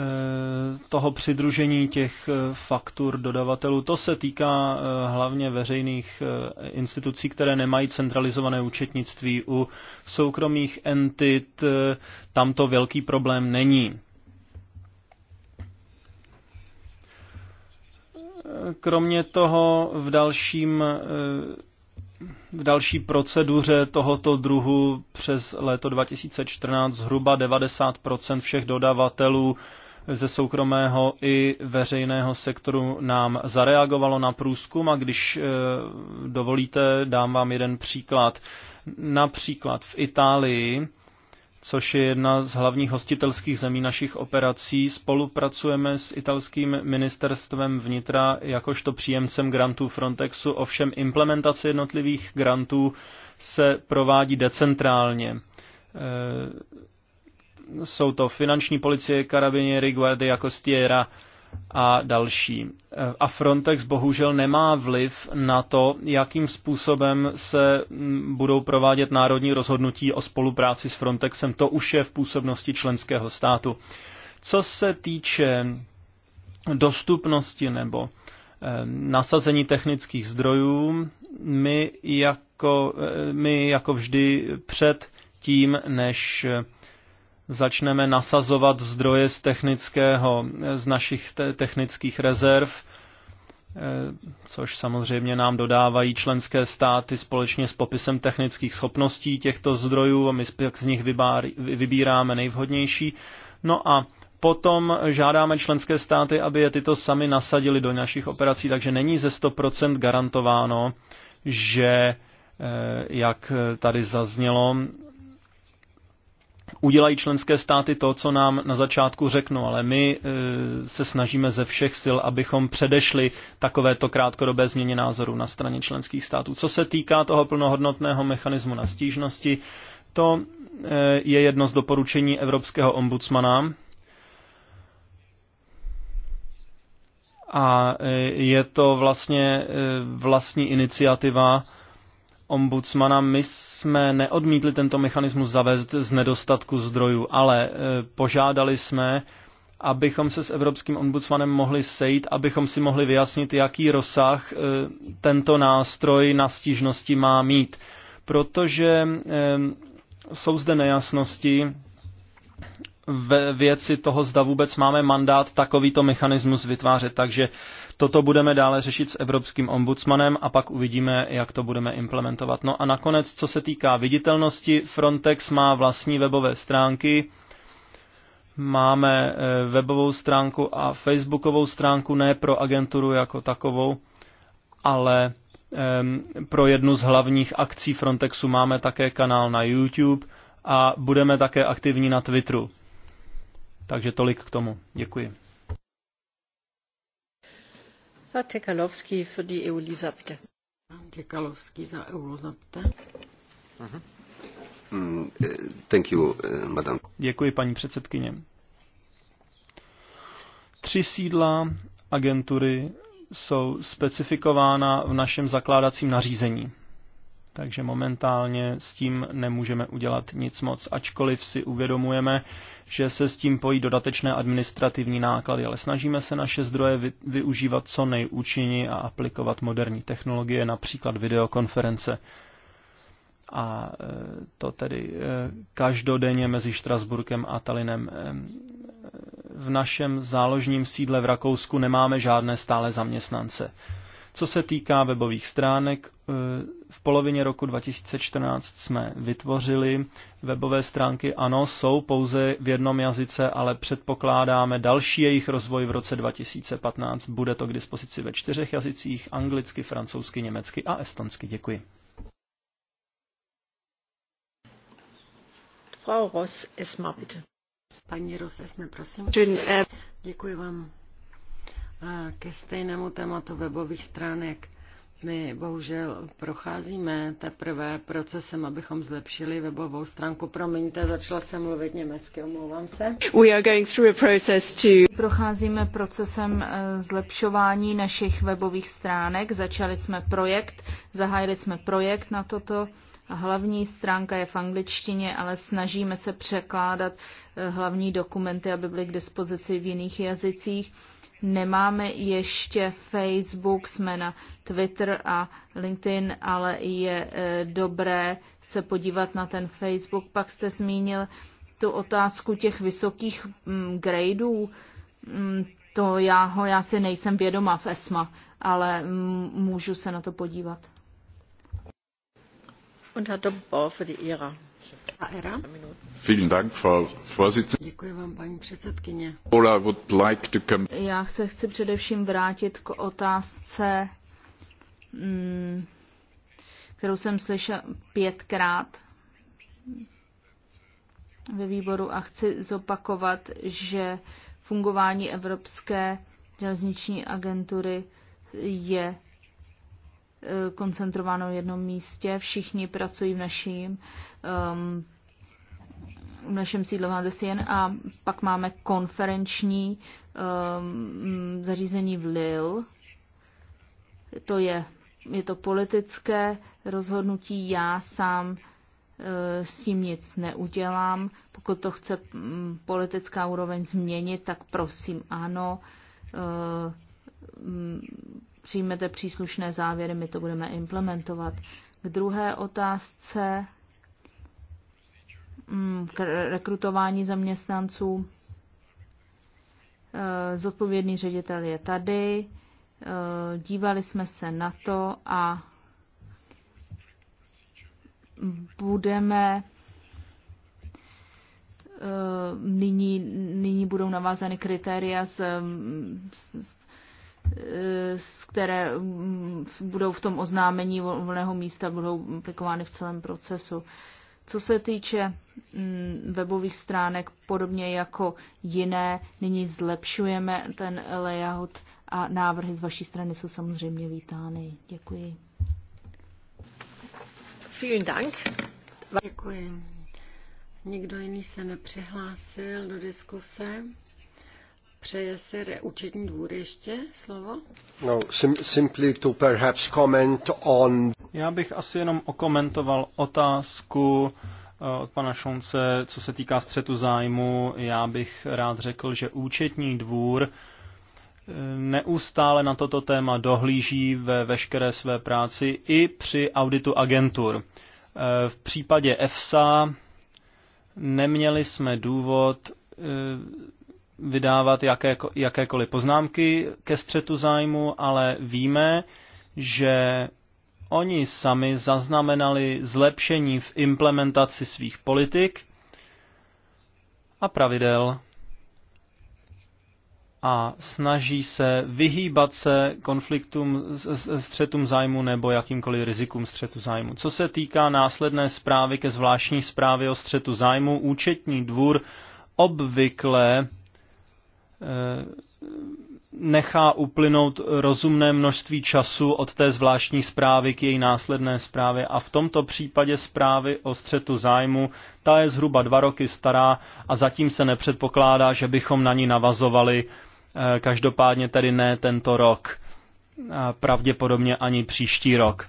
toho přidružení těch eh, faktur dodavatelů. To se týká eh, hlavně veřejných institucí, které nemají centralizované účetnictví. U soukromých entit tam to velký problém není. Kromě toho v dalším v další proceduře tohoto druhu přes léto 2014 zhruba 90% všech dodavatelů ze soukromého i veřejného sektoru nám zareagovalo na průzkum a když eh, dovolíte, dám vám jeden příklad. Například v Itálii což je jedna z hlavních hostitelských zemí našich operací. Spolupracujeme s italským ministerstvem vnitra jakožto příjemcem grantů Frontexu, ovšem implementace jednotlivých grantů se provádí decentrálně. E, jsou to finanční policie, karabiněry, guardia, costiera, a další. Eh, a Frontex bohužel nemá vliv na to, jakým způsobem se mm, budou provádět národní rozhodnutí o spolupráci s Frontexem. To už je v působnosti členského státu. Co se týče dostupnosti nebo eh, nasazení technických zdrojů, my jako, eh, my jako vždy před tím, než začneme nasazovat zdroje z technického, z našich te- technických rezerv, eh, což samozřejmě nám dodávají členské státy společně s popisem technických schopností těchto zdrojů a my z nich vybíráme nejvhodnější. No a potom žádáme členské státy, aby je tyto sami nasadili do našich operací, takže není ze 100% garantováno, že eh, jak tady zaznělo, udělají členské státy to, co nám na začátku řeknou, ale my e, se snažíme ze všech sil, abychom předešli takovéto krátkodobé změně názoru na straně členských států. Co se týká toho plnohodnotného mechanismu na stížnosti, to e, je jedno z doporučení Evropského ombudsmana. A e, je to vlastně vlastní iniciativa, ombudsmana, my jsme neodmítli tento mechanismus zavést z nedostatku zdrojů, ale eh, požádali jsme, abychom se s Evropským ombudsmanem mohli sejít, abychom si mohli vyjasnit, jaký rozsah eh, tento nástroj na stížnosti má mít. Protože eh, jsou zde nejasnosti ve věci toho, zda vůbec máme mandát takovýto mechanismus vytvářet. Takže Toto budeme dále řešit s evropským ombudsmanem a pak uvidíme, jak to budeme implementovat. No a nakonec, co se týká viditelnosti, Frontex má vlastní webové stránky. Máme eh, webovou stránku a facebookovou stránku, ne pro agenturu jako takovou, ale pro jednu z hlavních akcí Frontexu máme také kanál na YouTube a budeme také aktivní na Twitteru. Takže tolik k tomu. Děkuji die eu za eu mhm. mm, eh, eh, Děkuji, paní předsedkyně. Tři sídla agentury jsou specifikována v našem zakládacím nařízení takže momentálně s tím nemůžeme udělat nic moc, ačkoliv si uvědomujeme, že se s tím pojí dodatečné administrativní náklady, ale snažíme se naše zdroje využívat co nejúčinněji a aplikovat moderní technologie, například videokonference. A e, to tedy e, každodenně mezi Štrasburkem a Talinem. E, v našem záložním sídle v Rakousku nemáme žádné stále zaměstnance. Co se týká webových stránek, v polovině roku 2014 jsme vytvořili webové stránky. Ano, jsou pouze v jednom jazyce, ale předpokládáme další jejich rozvoj v roce 2015. Bude to k dispozici ve čtyřech jazycích, anglicky, francouzsky, německy a estonsky. Děkuji. Frau Ross, Esma, bitte. Paní Ross, Esma, prosím. Eh. Děkuji vám. Eh, ke stejnému tématu webových stránek my bohužel procházíme teprve procesem, abychom zlepšili webovou stránku. Promiňte, začala jsem mluvit německy, omlouvám se. We are going through a process to... Procházíme procesem eh, zlepšování našich webových stránek. Začali jsme projekt, zahájili jsme projekt na toto. Hlavní stránka je v angličtině, ale snažíme se překládat eh, hlavní dokumenty, aby byly k dispozici v jiných jazycích Nemáme ještě Facebook, jsme na Twitter a LinkedIn, ale je e, dobré se podívat na ten Facebook. Pak jste zmínil tu otázku těch vysokých mm, gradeů. Mm, to já ho, já si nejsem vědoma v ESMA, ale mm, můžu se na to podívat. Und Herr Bau für die Ära vám, paní předsedkyně. Já se chci především vrátit k otázce, mm, kterou jsem slyšel pětkrát ve výboru a chci zopakovat, že fungování Evropské železniční agentury je Eh, koncentrováno v jednom místě. Všichni pracují v naším um, v našem sídle Andesien a pak máme konferenční um, zařízení v Lille. To je, je to politické rozhodnutí, já sám eh, s tím nic neudělám. Pokud to chce mm, politická úroveň změnit, tak prosím ano. Eh, mm, přijmete příslušné závěry, my to budeme implementovat. K druhé otázce mm, k rekrutování zaměstnanců. E, zodpovědný ředitel je tady. E, dívali jsme se na to a budeme e, nyní, nyní budou navázány kritéria z, z, z které mm, budou v tom oznámení volného místa, budou aplikovány v celém procesu. Co se týče mm, webových stránek, podobně jako jiné, nyní zlepšujeme ten layout a návrhy z vaší strany jsou samozřejmě vítány. Děkuji. Vielen Dank. Děkuji. Nikdo jiný se nepřihlásil do diskuse. Přeje si re, účetní dvůr ještě slovo? No, sim, simply to perhaps comment on... Já bych asi jenom okomentoval otázku eh, od pana Šonce, co se týká střetu zájmu. Já bych rád řekl, že účetní dvůr eh, neustále na toto téma dohlíží ve veškeré své práci i při auditu agentur. Eh, v případě EFSA neměli jsme důvod vydávat jaké, jakékoliv poznámky ke střetu zájmu, ale víme, že oni sami zaznamenali zlepšení v implementaci svých politik a pravidel a snaží se vyhýbat se konfliktům, střetům zájmu nebo jakýmkoliv rizikům střetu zájmu. Co se týká následné zprávy ke zvláštní zprávě o střetu zájmu, účetní dvůr obvykle Eh, nechá uplynout rozumné množství času od té zvláštní zprávy k její následné zprávě a v tomto případě zprávy o střetu zájmu, ta je zhruba dva roky stará a zatím se nepředpokládá, že bychom na ní navazovali, eh, každopádně tedy ne tento rok, pravděpodobně ani příští rok.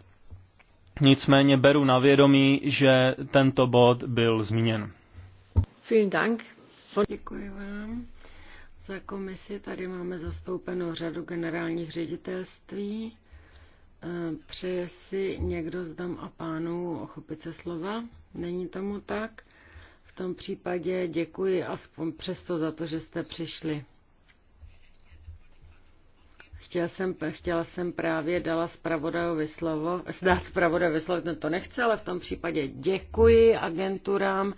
Nicméně beru na vědomí, že tento bod byl zmíněn. Vielen Dank. Děkuji vám za komisi. Tady máme zastoupenou řadu generálních ředitelství. Eh, přeje si někdo z dam a pánů ochopit se slova? Není tomu tak? V tom případě děkuji aspoň přesto za to, že jste přišli. Chtěl jsem, chtěla jsem právě dala zpravodajovi slovo, dát zpravodajovi slovo, ten to nechce, ale v tom případě děkuji agenturám,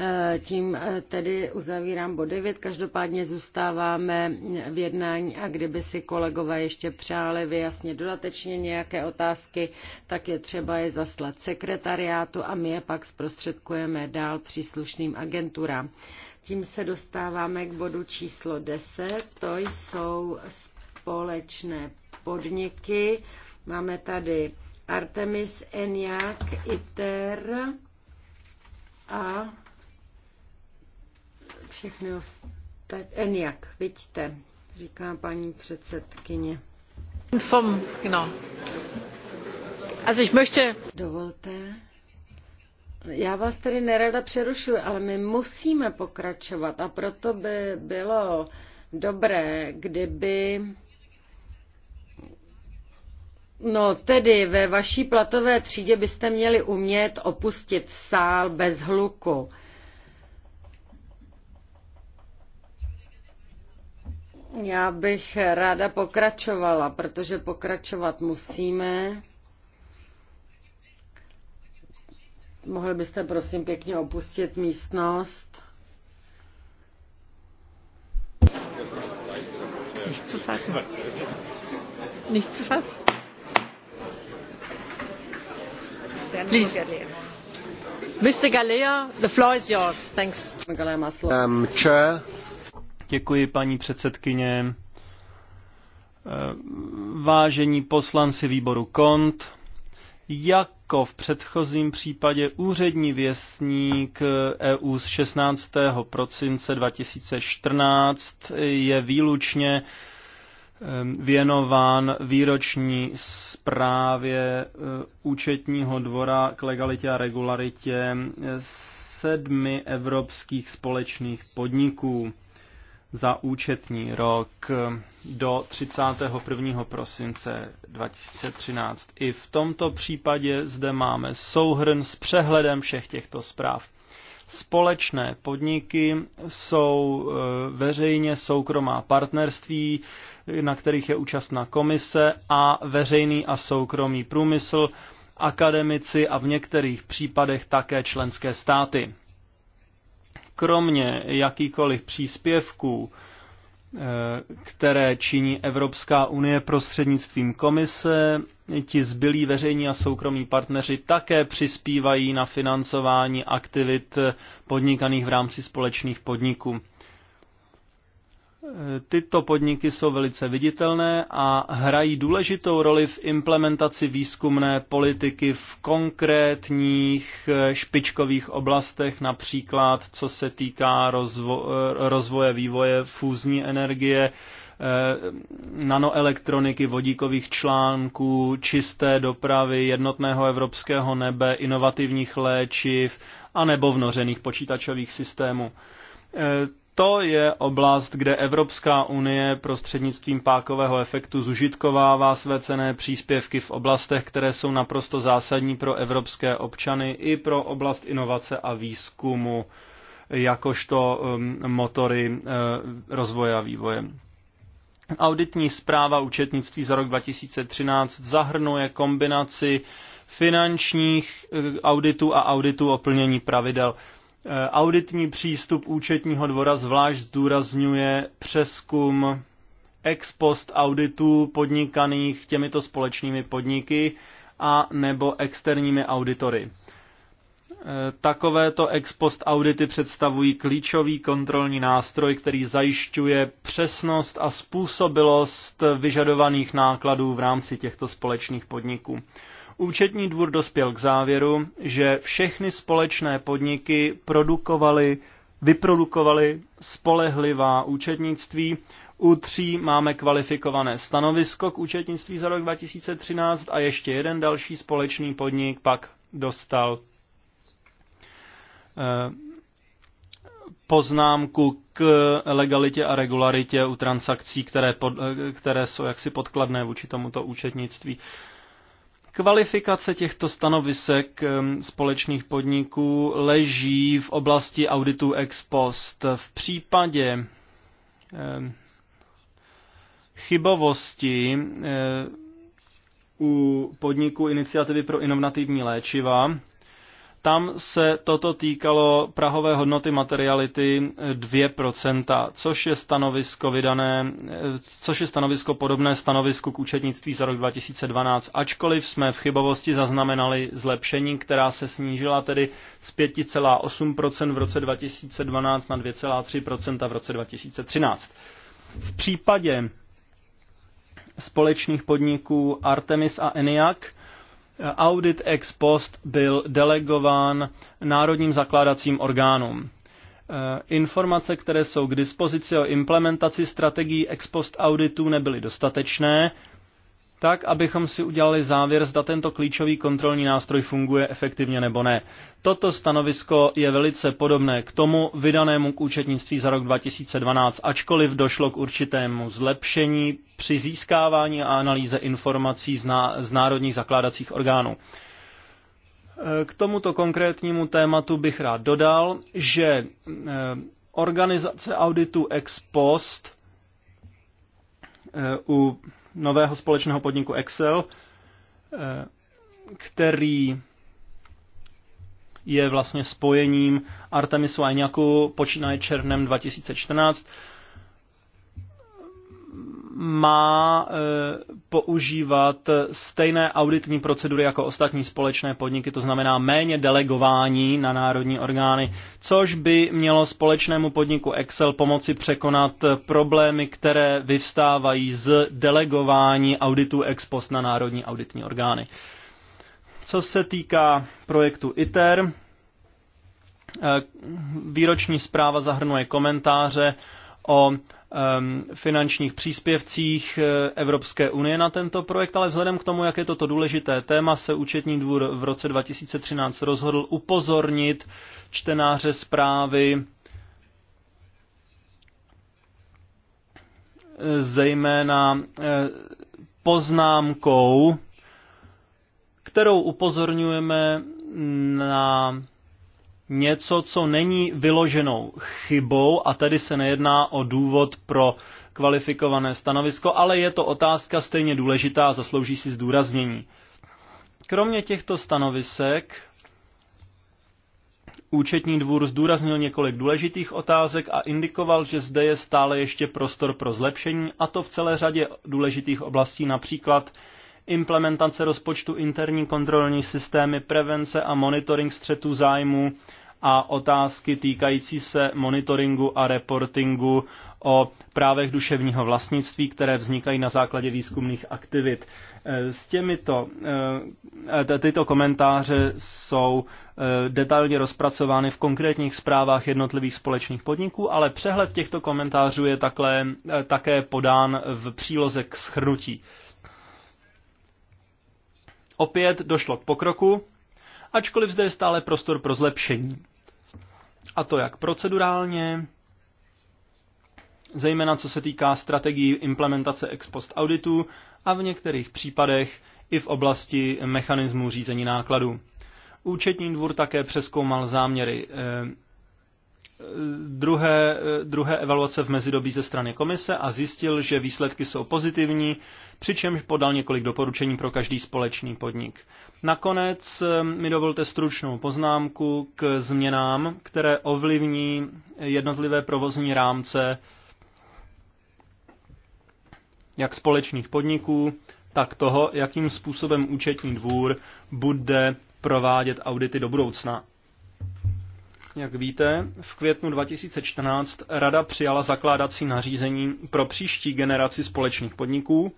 eh, tím eh, tedy uzavírám bod 9, každopádně zůstáváme v jednání a kdyby si kolegové ještě přáli vyjasnit dodatečně nějaké otázky, tak je třeba je zaslat sekretariátu a my je pak zprostředkujeme dál příslušným agenturám. Tím se dostáváme k bodu číslo 10, to jsou společné podniky. Máme tady Artemis, Eniak, ITER a všechny ostatní. Eniak, vidíte, říká paní předsedkyně. Vom, no. Also ich möchte... Dovolte. Já vás tady nerada přerušuji, ale my musíme pokračovat a proto by bylo dobré, kdyby No tedy ve vaší platové třídě byste měli umět opustit sál bez hluku. Já bych ráda pokračovala, protože pokračovat musíme. Mohli byste prosím pěkně opustit místnost? Nicht zu fassen. Nicht zu fassen. Um, Děkuji, paní předsedkyně. Eh, vážení poslanci výboru KONT, jako v předchozím případě úřední věstník EU z 16. prosince 2014 je výlučně věnován výroční zprávě eh, účetního dvora k legalitě a regularitě eh, sedmi evropských společných podniků za účetní rok eh, do 31. prosince 2013. I v tomto případě zde máme souhrn s přehledem všech těchto zpráv společné podniky jsou e, veřejně soukromá partnerství, na kterých je účastná komise a veřejný a soukromý průmysl, akademici a v některých případech také členské státy. Kromě jakýkoliv příspěvků, které činí Evropská unie prostřednictvím komise. Ti zbylí veřejní a soukromí partneři také přispívají na financování aktivit podnikaných v rámci společných podniků. Tyto podniky jsou velice viditelné a hrají důležitou roli v implementaci výzkumné politiky v konkrétních eh, špičkových oblastech, například co se týká rozvo- eh, rozvoje vývoje fúzní energie, eh, nanoelektroniky, vodíkových článků, čisté dopravy, jednotného evropského nebe, inovativních léčiv a nebo vnořených počítačových systémů to je oblast, kde Evropská unie prostřednictvím pákového efektu zužitkovává své cené příspěvky v oblastech, které jsou naprosto zásadní pro evropské občany i pro oblast inovace a výzkumu jakožto um, motory uh, rozvoje a vývoje. Auditní zpráva účetnictví za rok 2013 zahrnuje kombinaci finančních uh, auditů a auditů o plnění pravidel. Eh, auditní přístup účetního dvora zvlášť zdůrazňuje přeskum ex post auditů podnikaných těmito společnými podniky a nebo externími auditory. Eh, takovéto ex post audity představují klíčový kontrolní nástroj, který zajišťuje přesnost a způsobilost vyžadovaných nákladů v rámci těchto společných podniků. Účetní dvůr dospěl k závěru, že všechny společné podniky produkovaly, vyprodukovaly spolehlivá účetnictví. U tří máme kvalifikované stanovisko k účetnictví za rok 2013 a ještě jeden další společný podnik pak dostal eh, poznámku k legalitě a regularitě u transakcí, které, pod, eh, které jsou jaksi podkladné vůči tomuto účetnictví. Kvalifikace těchto stanovisek společných podniků leží v oblasti auditu ex post. V případě chybovosti u podniku iniciativy pro inovativní léčiva tam se toto týkalo prahové hodnoty materiality 2%, eh, což je stanovisko vydané, eh, což je stanovisko podobné stanovisku k účetnictví za rok 2012, ačkoliv jsme v chybovosti zaznamenali zlepšení, která se snížila tedy z 5,8% v roce 2012 na 2,3% v roce 2013. V případě společných podniků Artemis a Eniak audit ex post byl delegován národním zakládacím orgánům. Eh, informace, které jsou k dispozici o implementaci strategií ex post auditů, nebyly dostatečné tak, abychom si udělali závěr, zda tento klíčový kontrolní nástroj funguje efektivně nebo ne. Toto stanovisko je velice podobné k tomu vydanému k účetnictví za rok 2012, ačkoliv došlo k určitému zlepšení při získávání a analýze informací z, ná, z národních zakládacích orgánů. K tomuto konkrétnímu tématu bych rád dodal, že eh, organizace auditu ex post eh, u nového společného podniku Excel, eh, který je vlastně spojením Artemisu a Ajňaku, počínaje černem 2014 má e, používat stejné auditní procedury jako ostatní společné podniky, to znamená méně delegování na národní orgány, což by mělo společnému podniku Excel pomoci překonat problémy, které vyvstávají z delegování auditů ex post na národní auditní orgány. Co se týká projektu ITER, e, výroční zpráva zahrnuje komentáře, o finančních příspěvcích eh, Evropské unie na tento projekt, ale vzhledem k tomu, jak je toto důležité téma, se účetní dvůr v roce 2013 rozhodl upozornit čtenáře zprávy eh, zejména eh, poznámkou, kterou upozorňujeme na něco, co není vyloženou chybou a tedy se nejedná o důvod pro kvalifikované stanovisko, ale je to otázka stejně důležitá a zaslouží si zdůraznění. Kromě těchto stanovisek Účetní dvůr zdůraznil několik důležitých otázek a indikoval, že zde je stále ještě prostor pro zlepšení, a to v celé řadě důležitých oblastí, například implementace rozpočtu, interní kontrolní systémy, prevence a monitoring střetu zájmu a otázky týkající se monitoringu a reportingu o právech duševního vlastnictví, které vznikají na základě výzkumných aktivit. Eh, s těmito, eh, tyto komentáře jsou eh, detailně rozpracovány v konkrétních zprávách jednotlivých společných podniků, ale přehled těchto komentářů je takhle, také podán v příloze k schrnutí. Opět došlo k pokroku, ačkoliv zde je stále prostor pro zlepšení. A to jak procedurálně, zejména co se týká strategií implementace ex post auditu a v některých případech i v oblasti mechanismů řízení nákladů. Účetní dvůr také přeskoumal záměry eh, druhé, druhé evaluace v mezidobí ze strany komise a zjistil, že výsledky jsou pozitivní, přičemž podal několik doporučení pro každý společný podnik. Nakonec eh, mi dovolte stručnou poznámku k změnám, které ovlivní jednotlivé provozní rámce jak společných podniků, tak toho, jakým způsobem účetní dvůr bude provádět audity do budoucna. Jak víte, v květnu 2014 Rada přijala zakládací nařízení pro příští generaci společných podniků.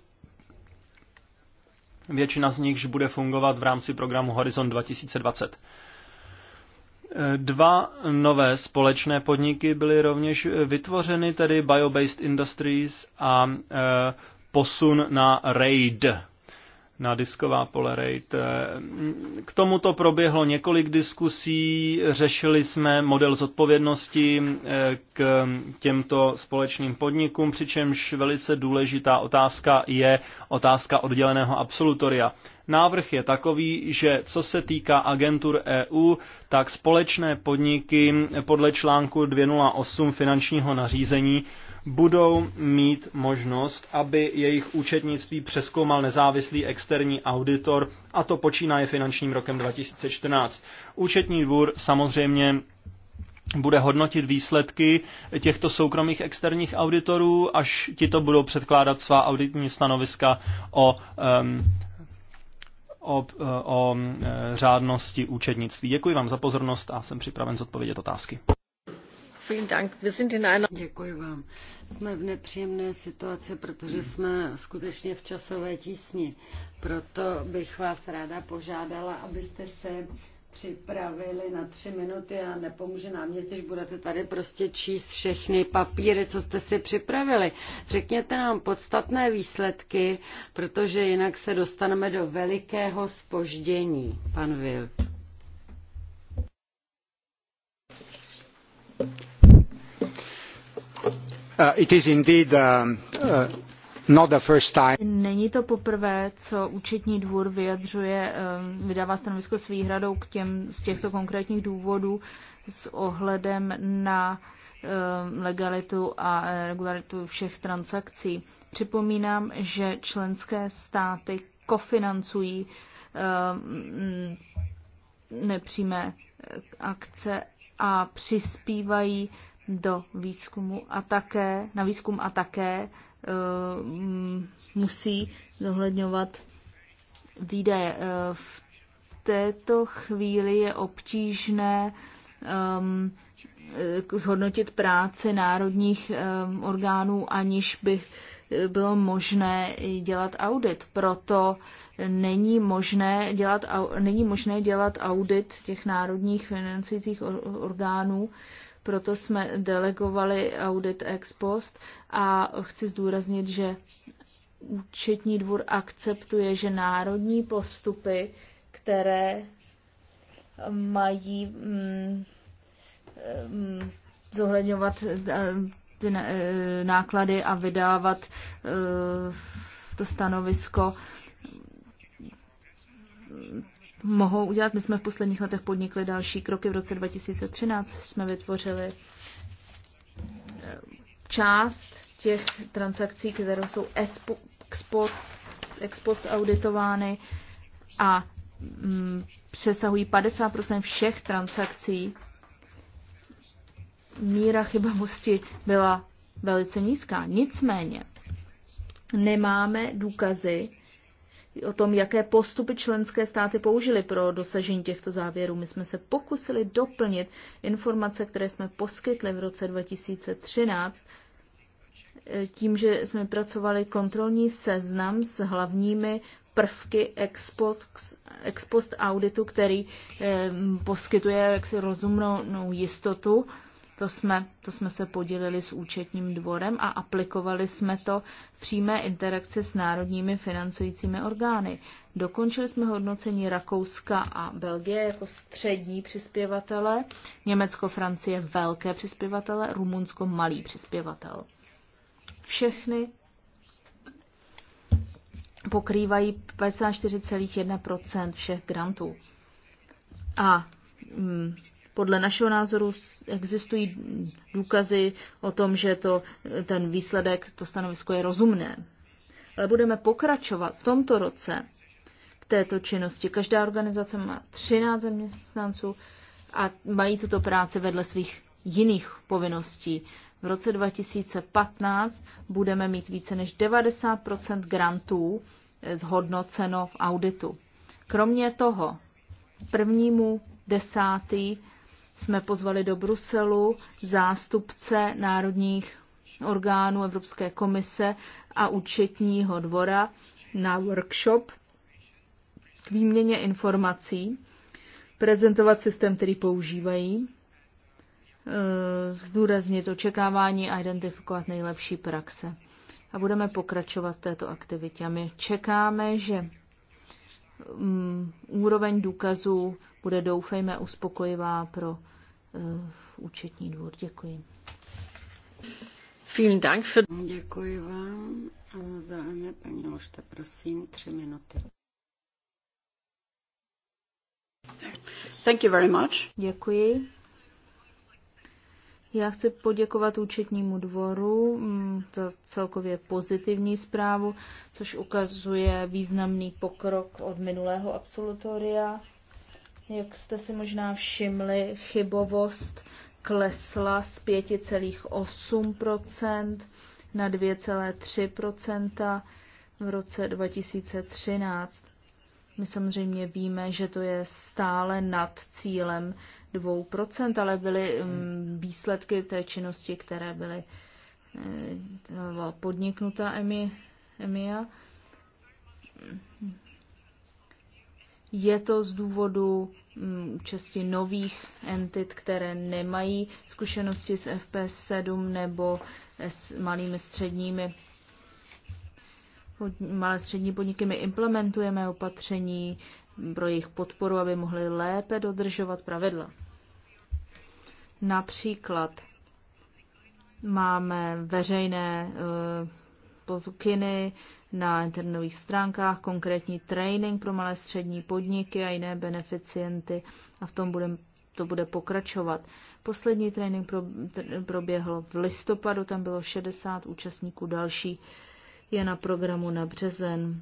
Většina z nichž bude fungovat v rámci programu Horizon 2020. Dva nové společné podniky byly rovněž vytvořeny, tedy Biobased Industries a e, posun na RAID, na disková Polarade. Eh, k tomuto proběhlo několik diskusí, řešili jsme model zodpovědnosti eh, k těmto společným podnikům, přičemž velice důležitá otázka je otázka odděleného absolutoria. Návrh je takový, že co se týká agentur EU, tak společné podniky podle článku 208 finančního nařízení budou mít možnost, aby jejich účetnictví přeskoumal nezávislý externí auditor, a to počínaje finančním rokem 2014. Účetní dvůr samozřejmě bude hodnotit výsledky těchto soukromých externích auditorů, až ti to budou předkládat svá auditní stanoviska o, um, o, o, o řádnosti účetnictví. Děkuji vám za pozornost a jsem připraven zodpovědět otázky. Děkuji vám. Jsme v nepříjemné situaci, protože jsme skutečně v časové tísni. Proto bych vás ráda požádala, abyste se připravili na tři minuty a nepomůže nám nic, když budete tady prostě číst všechny papíry, co jste si připravili. Řekněte nám podstatné výsledky, protože jinak se dostaneme do velikého spoždění, pan Wild. Není to poprvé, co účetní dvůr vyjadřuje, um, vydává stanovisko s výhradou k těm z těchto konkrétních důvodů s ohledem na um, legalitu a regularitu všech transakcí. Připomínám, že členské státy kofinancují um, nepřímé akce a přispívají do výzkumu a také, na výzkum a také eh, musí zohledňovat výdaje. Eh, v této chvíli je obtížné um, zhodnotit práci národních um, orgánů, aniž by bylo možné dělat audit. Proto není možné dělat, není možné dělat audit těch národních financujících orgánů proto jsme delegovali audit ex post a chci zdůraznit, že účetní dvůr akceptuje, že národní postupy, které um, mají mm, mm, zohledňovat uh, ty eh, náklady a vydávat eh, to stanovisko, mohou udělat. My jsme v posledních letech podnikli další kroky. V roce 2013 jsme vytvořili eh, část těch transakcí, které jsou ex post auditovány a mm, přesahují 50 všech transakcí. Míra chybavosti byla velice nízká. Nicméně nemáme důkazy, o tom, jaké postupy členské státy použily pro dosažení těchto závěrů. My jsme se pokusili doplnit informace, které jsme poskytli v roce 2013 eh, tím, že jsme pracovali kontrolní seznam s hlavními prvky ex post, ex post auditu, který eh, poskytuje jaksi rozumnou jistotu to jsme, to jsme se podělili s účetním dvorem a aplikovali jsme to v přímé interakci s národními financujícími orgány. Dokončili jsme hodnocení Rakouska a Belgie jako střední přispěvatele, Německo, Francie velké přispěvatele, Rumunsko malý přispěvatel. Všechny pokrývají 54,1 všech grantů. A mm, podle našeho názoru existují důkazy o tom, že to, ten výsledek, to stanovisko je rozumné. Ale budeme pokračovat v tomto roce v této činnosti. Každá organizace má 13 zaměstnanců a mají tuto práci vedle svých jiných povinností. V roce 2015 budeme mít více než 90 grantů eh, zhodnoceno v auditu. Kromě toho, prvnímu desátý jsme pozvali do Bruselu zástupce národních orgánů Evropské komise a účetního dvora na workshop k výměně informací, prezentovat systém, který používají, e, zdůraznit očekávání a identifikovat nejlepší praxe. A budeme pokračovat v této aktivitě. A my čekáme, že um, úroveň důkazů bude, doufejme, uspokojivá pro uh, účetní dvůr. Děkuji. Vielen Dank für... Děkuji vám. Za paní Lošte, prosím, tři minuty. Thank you very much. Děkuji. Já chci poděkovat účetnímu dvoru mm, za celkově pozitivní zprávu, což ukazuje významný pokrok od minulého absolutoria. Jak jste si možná všimli, chybovost klesla z 5,8 na 2,3 v roce 2013. My samozřejmě víme, že to je stále nad cílem 2%, ale byly mm, výsledky té činnosti, které byly eh, no, podniknuta EMIA. Je to z důvodu mm, účasti nových entit, které nemají zkušenosti s FP7 nebo s malými středními malé střední podniky, my implementujeme opatření pro jejich podporu, aby mohly lépe dodržovat pravidla. Například máme veřejné eh, pokyny na internetových stránkách, konkrétní training pro malé střední podniky a jiné beneficienty a v tom budeme to bude pokračovat. Poslední trénink proběhl v listopadu, tam bylo 60 účastníků, další je na programu na březen.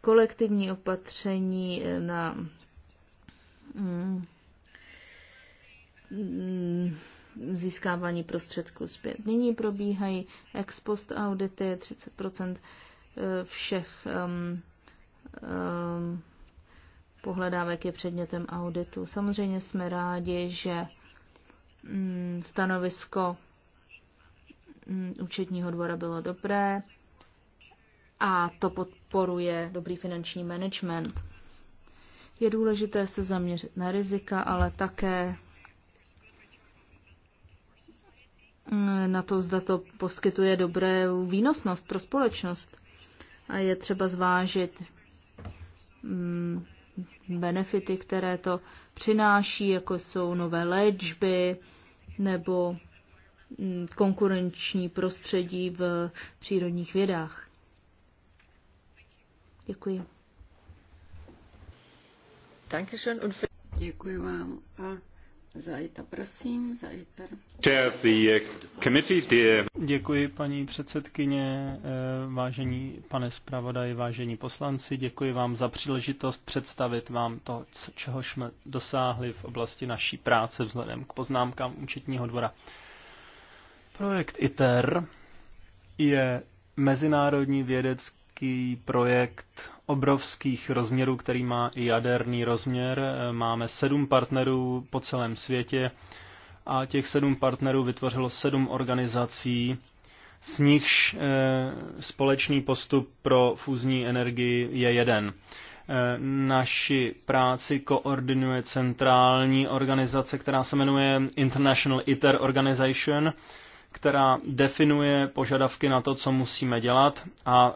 Kolektivní opatření na mm, mm, získávání prostředků zpět. Nyní probíhají ex post audity 30 eh, všech um, um, pohledávek je předmětem auditu. Samozřejmě jsme rádi, že um, stanovisko um, účetního dvora bylo dobré a to podporuje dobrý finanční management. Je důležité se zaměřit na rizika, ale také mm, na to, zda to poskytuje dobré výnosnost pro společnost. A je třeba zvážit mm, benefity, které to přináší, jako jsou nové léčby nebo mm, konkurenční prostředí v přírodních vědách. Děkuji. Děkuji vám. A Zajita, prosím, Zajta. Uh, děkuji, paní předsedkyně, eh, vážení pane zpravodaj, vážení poslanci, děkuji vám za příležitost představit vám to, čeho jsme dosáhli v oblasti naší práce vzhledem k poznámkám účetního dvora. Projekt ITER je mezinárodní vědecký obrovský projekt obrovských rozměrů, který má i jaderný rozměr. Máme sedm partnerů po celém světě a těch sedm partnerů vytvořilo sedm organizací, z nichž eh, společný postup pro fúzní energii je jeden. Eh, naši práci koordinuje centrální organizace, která se jmenuje International ITER Organization, která definuje požadavky na to, co musíme dělat a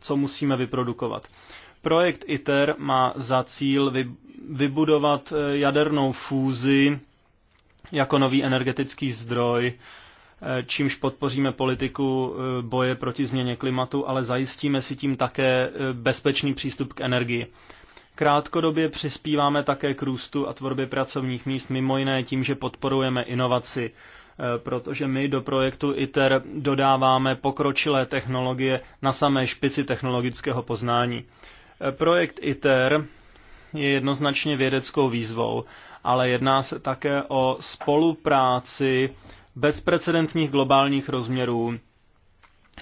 co musíme vyprodukovat. Projekt ITER má za cíl vybudovat eh, jadernou fúzi jako nový energetický zdroj, eh, čímž podpoříme politiku eh, boje proti změně klimatu, ale zajistíme si tím také bezpečný přístup k energii. Krátkodobě přispíváme také k růstu a tvorbě pracovních míst, mimo jiné tím, že podporujeme inovaci. Eh, protože my do projektu ITER dodáváme pokročilé technologie na samé špici technologického poznání. Eh, projekt ITER je jednoznačně vědeckou výzvou, ale jedná se také o spolupráci bezprecedentních globálních rozměrů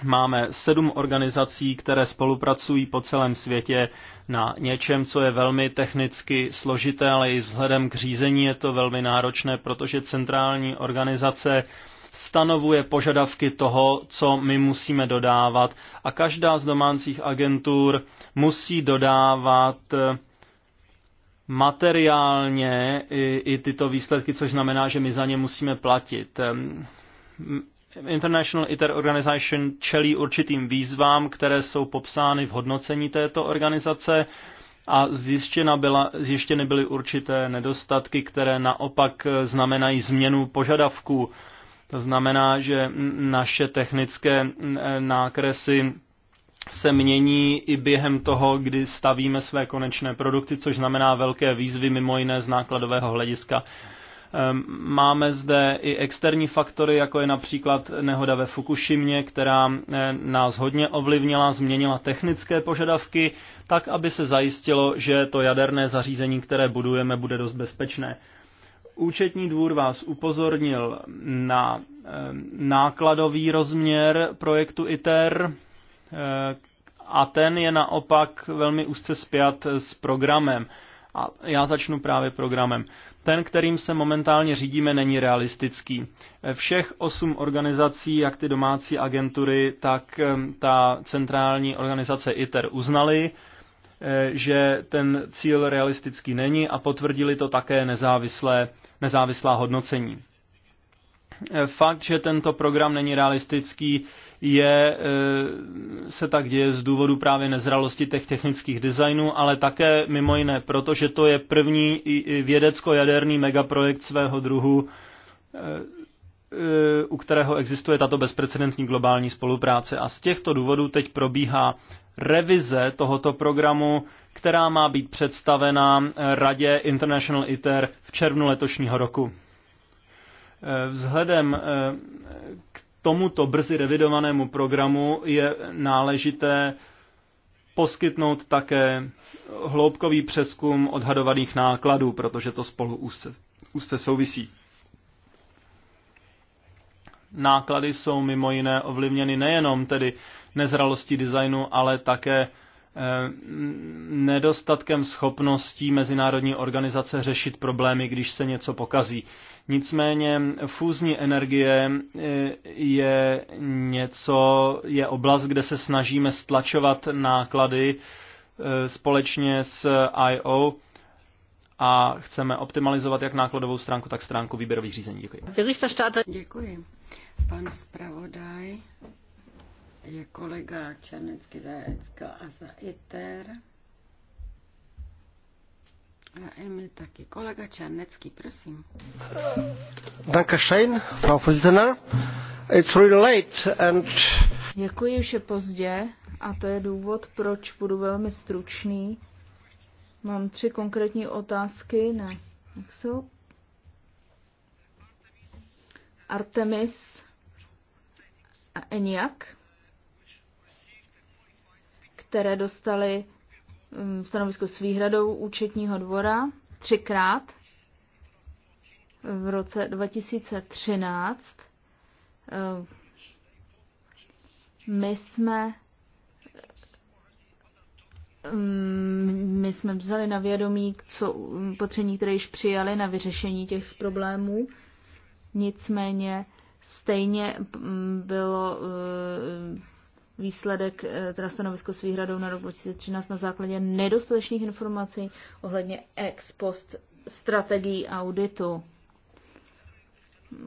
Máme sedm organizací, které spolupracují po celém světě na něčem, co je velmi technicky složité, ale i vzhledem k řízení je to velmi náročné, protože centrální organizace stanovuje požadavky toho, co my musíme dodávat a každá z domácích agentur musí dodávat eh, materiálně i, i tyto výsledky, což znamená, že my za ně musíme platit ehm, International ITER Organization čelí určitým výzvám, které jsou popsány v hodnocení této organizace a zjištěna byla, zjištěny byly určité nedostatky, které naopak znamenají změnu požadavků. To znamená, že naše technické nákresy se mění i během toho, kdy stavíme své konečné produkty, což znamená velké výzvy mimo jiné z nákladového hlediska Ehm, máme zde i externí faktory, jako je například nehoda ve Fukushimě, která eh, nás hodně ovlivnila, změnila technické požadavky, tak aby se zajistilo, že to jaderné zařízení, které budujeme, bude dost bezpečné. Účetní dvůr vás upozornil na ehm, nákladový rozměr projektu ITER eh, a ten je naopak velmi úzce spjat s programem. A já začnu právě programem. Ten, kterým se momentálně řídíme, není realistický. Všech osm organizací, jak ty domácí agentury, tak ta centrální organizace ITER uznali, eh, že ten cíl realistický není a potvrdili to také nezávislé, nezávislá hodnocení. Eh, fakt, že tento program není realistický, je, eh, se tak děje z důvodu právě nezralosti těch technických designů, ale také mimo jiné, protože to je první vědecko-jaderný megaprojekt svého druhu, eh, u kterého existuje tato bezprecedentní globální spolupráce. A z těchto důvodů teď probíhá revize tohoto programu, která má být představena eh, Radě International ITER v červnu letošního roku. Vzhledem k tomuto brzy revidovanému programu je náležité poskytnout také hloubkový přeskum odhadovaných nákladů, protože to spolu úzce, úzce souvisí. Náklady jsou mimo jiné ovlivněny nejenom tedy nezralostí designu, ale také eh, nedostatkem schopností mezinárodní organizace řešit problémy, když se něco pokazí. Nicméně fúzní energie eh, je něco, je oblast, kde se snažíme stlačovat náklady eh, společně s IO a chceme optimalizovat jak nákladovou stránku, tak stránku výběrových řízení. Děkuji. Děkuji. Pan zpravodaj je kolega Černecky za a za ITER. Emil taky. Kolega Čarnecký, prosím. Danke schön, Frau Vorsitzender. It's really late and... Děkuji, už je pozdě a to je důvod, proč budu velmi stručný. Mám tři konkrétní otázky na Excel. Artemis a Eniak, které dostali Mm, stanovisko s výhradou účetního dvora třikrát v roce 2013. Eh, my jsme mm, my jsme vzali na vědomí co, potření, které již přijali na vyřešení těch problémů. Nicméně stejně mm, bylo eh, výsledek, eh, teda stanovisko s výhradou na rok 2013 na základě nedostatečných informací ohledně ex post strategií auditu.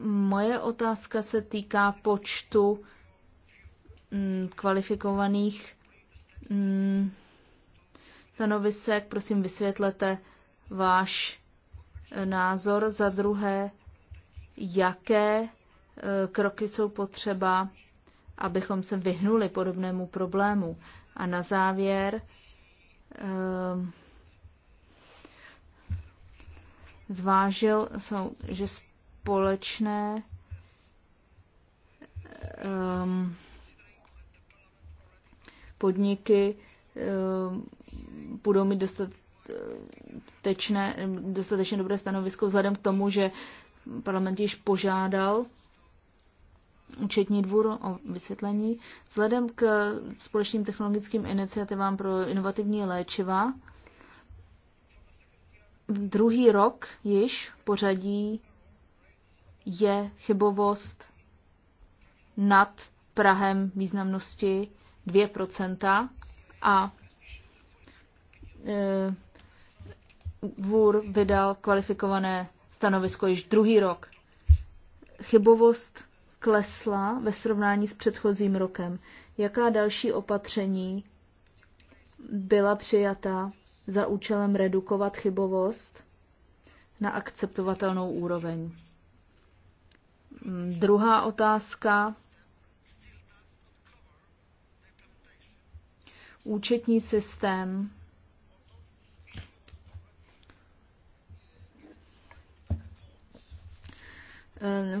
Moje otázka se týká počtu mm, kvalifikovaných mm, stanovisek. Prosím, vysvětlete váš eh, názor. Za druhé, jaké eh, kroky jsou potřeba abychom se vyhnuli podobnému problému. A na závěr ehm, zvážil, že společné ehm, podniky ehm, budou mít dostatečné, dostatečně dobré stanovisko vzhledem k tomu, že parlament již požádal účetní dvůr o vysvětlení. Vzhledem k společným technologickým iniciativám pro inovativní léčiva, druhý rok již pořadí je chybovost nad Prahem významnosti 2% a e, dvůr vydal kvalifikované stanovisko již druhý rok. Chybovost klesla ve srovnání s předchozím rokem. Jaká další opatření byla přijata za účelem redukovat chybovost na akceptovatelnou úroveň? Hmm, druhá otázka. Účetní systém eh,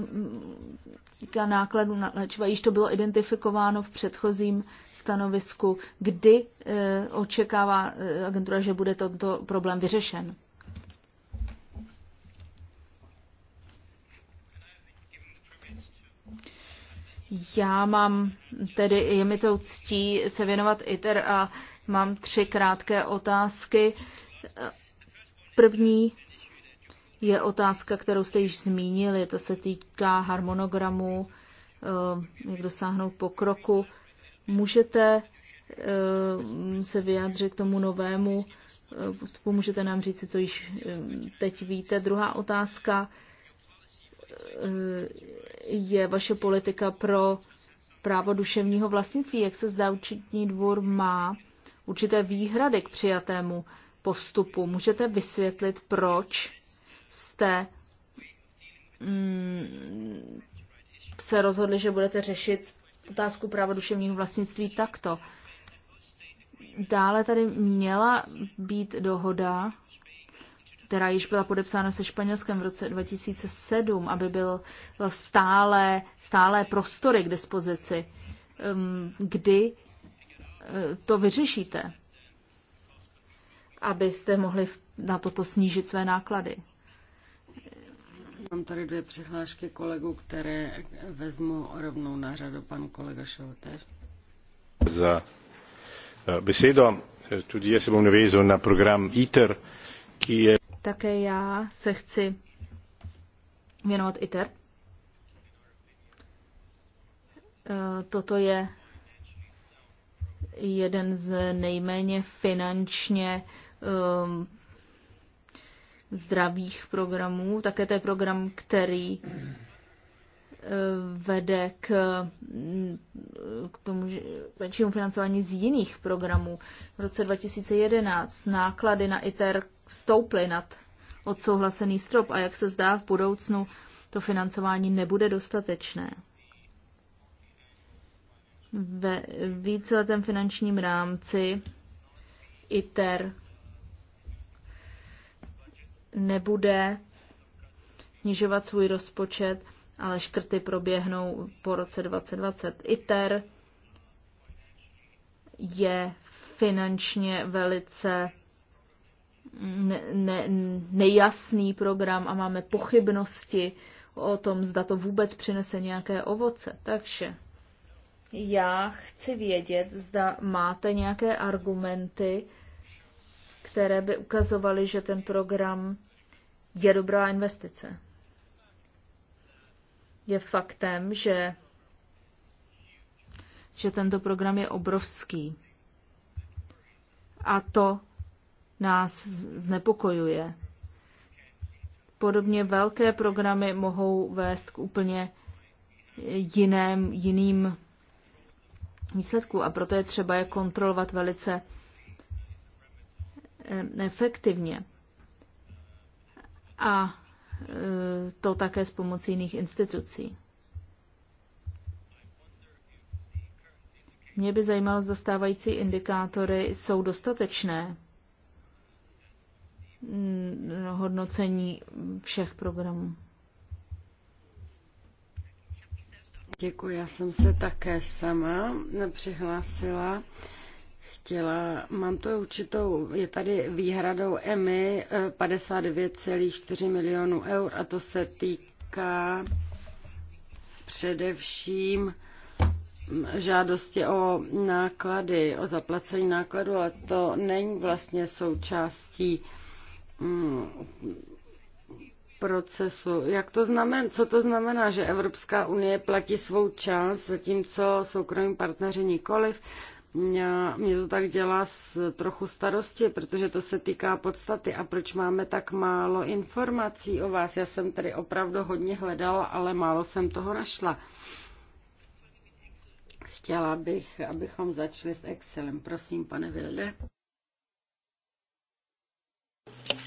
týká nákladů na léčiva, již to bylo identifikováno v předchozím stanovisku, kdy e, očekává eh, agentura, že bude tento problém vyřešen. Já mám, tedy je mi to ctí se věnovat ITER a mám tři krátké otázky. První je otázka, kterou jste již zmínili, to se týká harmonogramu, eh, jak dosáhnout pokroku. Můžete eh, se vyjádřit k tomu novému eh, postupu, můžete nám říct, co již teď víte. Druhá otázka je vaše politika pro právo duševního vlastnictví. Jak se zdá, účetní dvůr má určité výhrady k přijatému postupu. Můžete vysvětlit, proč jste mm, se rozhodli, že budete řešit otázku práva duševního vlastnictví takto. Dále tady měla být dohoda, která již byla podepsána se Španělskem v roce 2007, aby byl stále, stále prostory k dispozici. Ehm, kdy e, to vyřešíte, abyste mohli na toto snížit své náklady? Mám tady dvě přihlášky kolegů, které vezmu rovnou na řadu pan kolega Šolteř. Za eh, besedo. Eh, tudi jsem se bom navezal na program ITER, ki je... Také já se chci věnovat ITER. Eh, toto je jeden z nejméně finančně um, zdravých programů. Také to je program, který eh, vede k, mm, k tomu že většímu financování z jiných programů. V roce 2011 náklady na ITER stouply nad odsouhlasený strop a jak se zdá v budoucnu, to financování nebude dostatečné. Ve víceletém finančním rámci ITER nebude snižovat svůj rozpočet, ale škrty proběhnou po roce 2020. ITER je finančně velice ne, ne, nejasný program a máme pochybnosti o tom, zda to vůbec přinese nějaké ovoce. Takže já chci vědět, zda máte nějaké argumenty, které by ukazovaly, že ten program je dobrá investice. Je faktem, že, že tento program je obrovský. A to nás znepokojuje. Podobně velké programy mohou vést k úplně jiném, jiným výsledků a proto je třeba je kontrolovat velice eh, efektivně a e, to také s pomocí jiných institucí. Mě by zajímalo, zda stávající indikátory jsou dostatečné hodnocení všech programů. Děkuji, já jsem se také sama přihlásila chtěla, mám to určitou, je tady výhradou EMI 59,4 eh, milionů eur a to se týká především mm, žádosti o náklady, o zaplacení nákladu, ale to není vlastně součástí mm, procesu. Jak to znamená, co to znamená, že Evropská unie platí svou část, zatímco soukromí partneři nikoliv? já, mě to tak dělá s trochu starosti, protože to se týká podstaty a proč máme tak málo informací o vás. Já jsem tady opravdu hodně hledala, ale málo jsem toho našla. Chtěla bych, abychom začali s Excelem. Prosím, pane Vilde.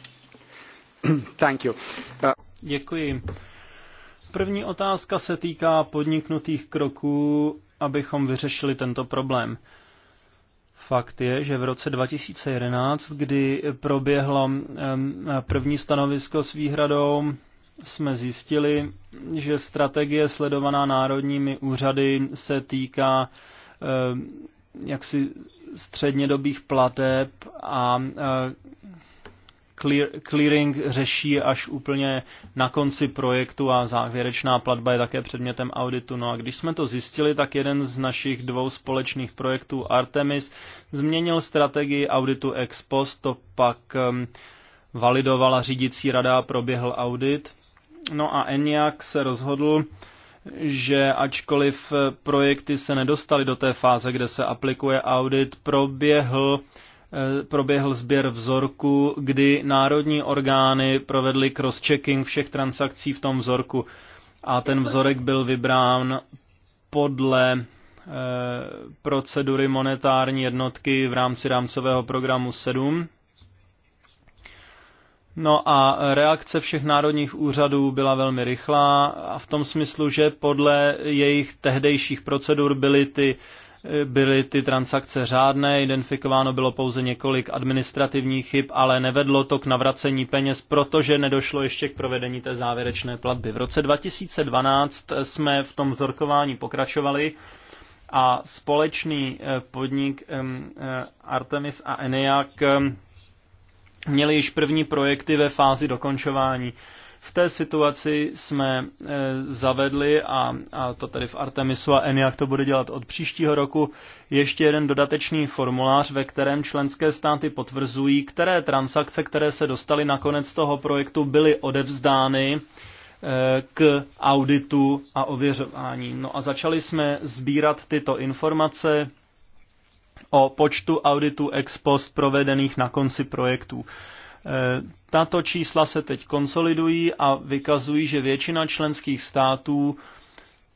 Thank you. Uh... Děkuji. První otázka se týká podniknutých kroků, abychom vyřešili tento problém. Uh, Fakt je, že v roce 2011, kdy proběhlo první stanovisko s výhradou, jsme zjistili, že strategie sledovaná národními úřady se týká jaksi střednědobých plateb a Clear, clearing řeší až úplně na konci projektu a závěrečná platba je také předmětem auditu. No a když jsme to zjistili, tak jeden z našich dvou společných projektů Artemis změnil strategii auditu ex post, to pak um, validovala řídící rada a proběhl audit. No a ENIAC se rozhodl, že ačkoliv projekty se nedostaly do té fáze, kde se aplikuje audit, proběhl Eh, proběhl sběr vzorku, kdy národní orgány provedly cross-checking všech transakcí v tom vzorku a ten vzorek byl vybrán podle eh, procedury monetární jednotky v rámci rámcového programu 7. No a reakce všech národních úřadů byla velmi rychlá a v tom smyslu, že podle jejich tehdejších procedur byly ty byly ty transakce řádné, identifikováno bylo pouze několik administrativních chyb, ale nevedlo to k navracení peněz, protože nedošlo ještě k provedení té závěrečné platby. V roce 2012 jsme v tom vzorkování pokračovali a společný eh, podnik eh, Artemis a Eneak měli již první projekty ve fázi dokončování. V té situaci jsme e, zavedli, a, a to tedy v Artemisu a Eniak to bude dělat od příštího roku, ještě jeden dodatečný formulář, ve kterém členské státy potvrzují, které transakce, které se dostaly na konec toho projektu, byly odevzdány e, k auditu a ověřování. No a začali jsme sbírat tyto informace o počtu auditů ex post provedených na konci projektů. Tato čísla se teď konsolidují a vykazují, že většina členských států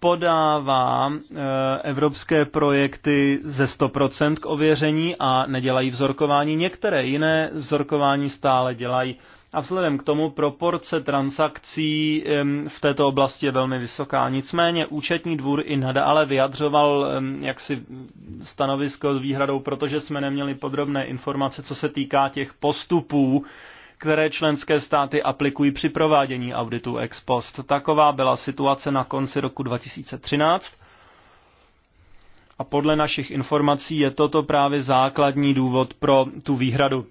podává eh, evropské projekty ze 100% k ověření a nedělají vzorkování. Některé jiné vzorkování stále dělají. A vzhledem k tomu proporce transakcí v této oblasti je velmi vysoká. Nicméně účetní dvůr i nadále vyjadřoval jaksi stanovisko s výhradou, protože jsme neměli podrobné informace, co se týká těch postupů které členské státy aplikují při provádění auditu ex post. Taková byla situace na konci roku 2013. A podle našich informací je toto právě základní důvod pro tu výhradu.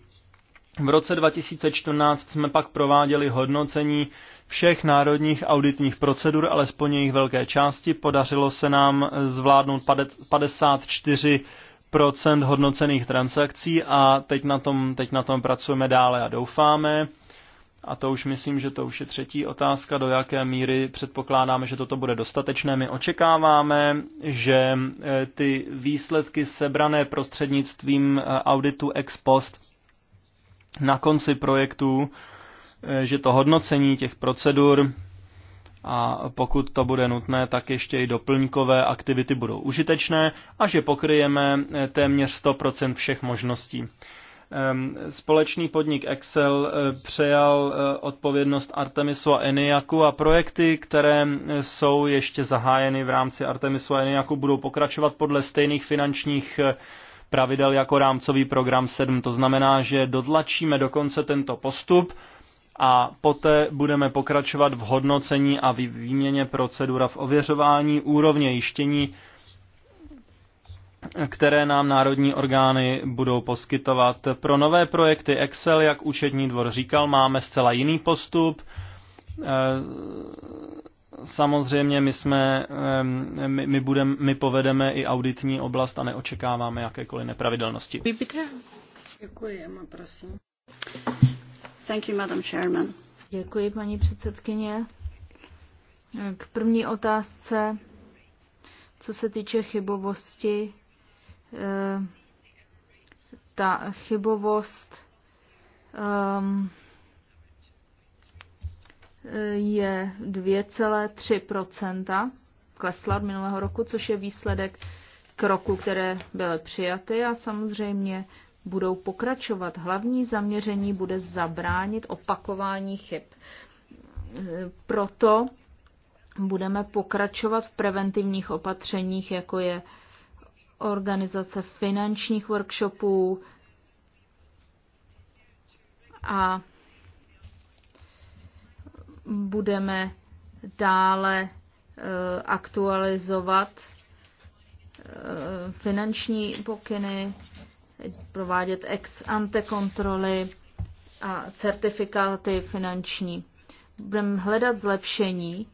V roce 2014 jsme pak prováděli hodnocení všech národních auditních procedur, alespoň jejich velké části. Podařilo se nám zvládnout 54 procent hodnocených transakcí a teď na, tom, teď na tom pracujeme dále a doufáme. A to už myslím, že to už je třetí otázka, do jaké míry předpokládáme, že toto bude dostatečné. My očekáváme, že e, ty výsledky sebrané prostřednictvím e, auditu ex post na konci projektu, e, že to hodnocení těch procedur a pokud to bude nutné, tak ještě i doplňkové aktivity budou užitečné a že pokryjeme eh, téměř 100% všech možností. Ehm, společný podnik Excel eh, přejal eh, odpovědnost Artemisu a Eniaku a projekty, které jsou ještě zahájeny v rámci Artemisu a Eniaku, budou pokračovat podle stejných finančních pravidel jako rámcový program 7. To znamená, že dotlačíme dokonce tento postup a poté budeme pokračovat v hodnocení a výměně procedura v ověřování úrovně jištění, které nám národní orgány budou poskytovat. Pro nové projekty Excel, jak účetní dvor říkal, máme zcela jiný postup. Eh, samozřejmě my, jsme, eh, my, my, budem, my povedeme i auditní oblast a neočekáváme jakékoliv nepravidelnosti. Děkuji, prosím. Děkuji, paní předsedkyně. K první otázce, co se týče chybovosti, eh, ta chybovost ehm, je 2,3 klesla od minulého roku, což je výsledek kroku, které byly přijaty a samozřejmě budou pokračovat. Hlavní zaměření bude zabránit opakování chyb. Proto budeme pokračovat v preventivních opatřeních, jako je organizace finančních workshopů a budeme dále eh, aktualizovat eh, finanční pokyny provádět ex ante kontroly a certifikáty finanční. Budeme hledat zlepšení,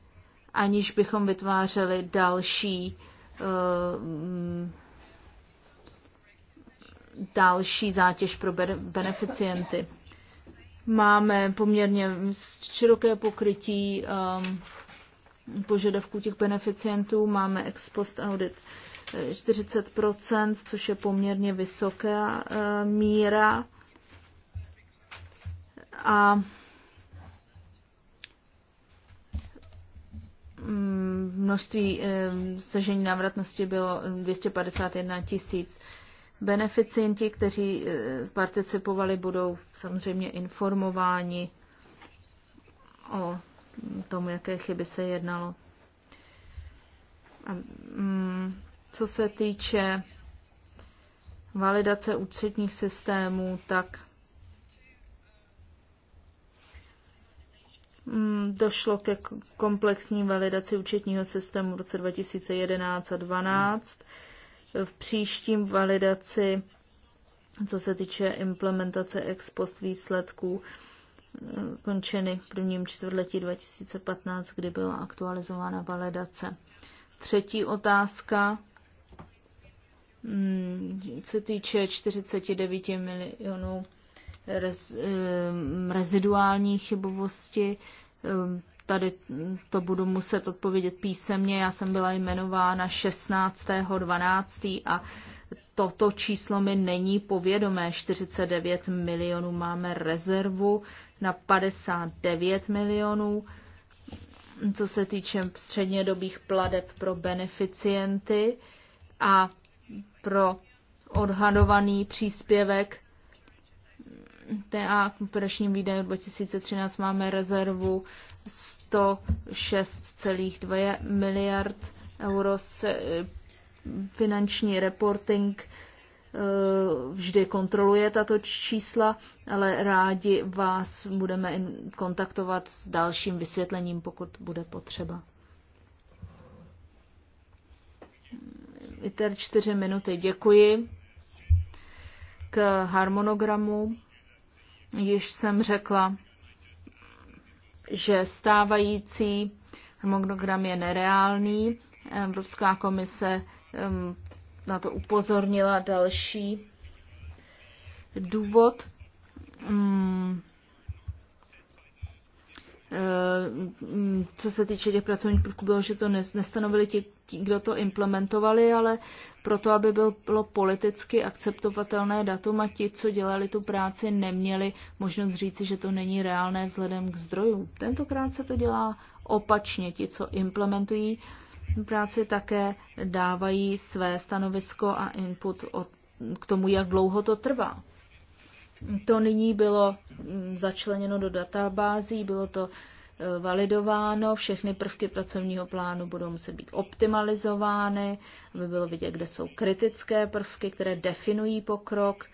aniž bychom vytvářeli další uh, další zátěž pro beneficienty. Máme poměrně široké pokrytí um, požadavků těch beneficientů, máme ex post audit 40 což je poměrně vysoká e, míra. A mm, množství e, sežení návratnosti bylo 251 tisíc. Beneficienti, kteří e, participovali, budou samozřejmě informováni o tom, jaké chyby se jednalo. Mm, co se týče validace účetních systémů, tak mm, došlo ke komplexní validaci účetního systému v roce 2011 a 2012. V příštím validaci, co se týče implementace ex post výsledků, mm, končeny v prvním čtvrtletí 2015, kdy byla aktualizována validace. Třetí otázka Mm, se týče 49 milionů rez, mm, reziduální chybovosti, mm, tady to budu muset odpovědět písemně. Já jsem byla jmenována 16.12. a toto číslo mi není povědomé. 49 milionů máme rezervu na 59 milionů. Co se týče střednědobých pladeb pro beneficienty a pro odhadovaný příspěvek TA k operačním výdajům 2013 máme rezervu 106,2 miliard euro. Se, finanční reporting e, vždy kontroluje tato čísla, ale rádi vás budeme kontaktovat s dalším vysvětlením, pokud bude potřeba. ITER čtyři minuty. Děkuji. K harmonogramu již jsem řekla, že stávající harmonogram je nereálný. Evropská komise na to upozornila další důvod. Hmm, Eh, mm, co se týče těch pracovních prvků, bylo, že to nestanovili ti, ti, kdo to implementovali, ale proto, aby bylo politicky akceptovatelné datum a ti, co dělali tu práci, neměli možnost říci, že to není reálné vzhledem k zdrojům. Tentokrát se to dělá opačně. Ti, co implementují práci, také dávají své stanovisko a input od, k tomu, jak dlouho to trvá. To nyní bylo začleněno do databází, bylo to e, validováno, všechny prvky pracovního plánu budou muset být optimalizovány, aby bylo vidět, kde jsou kritické prvky, které definují pokrok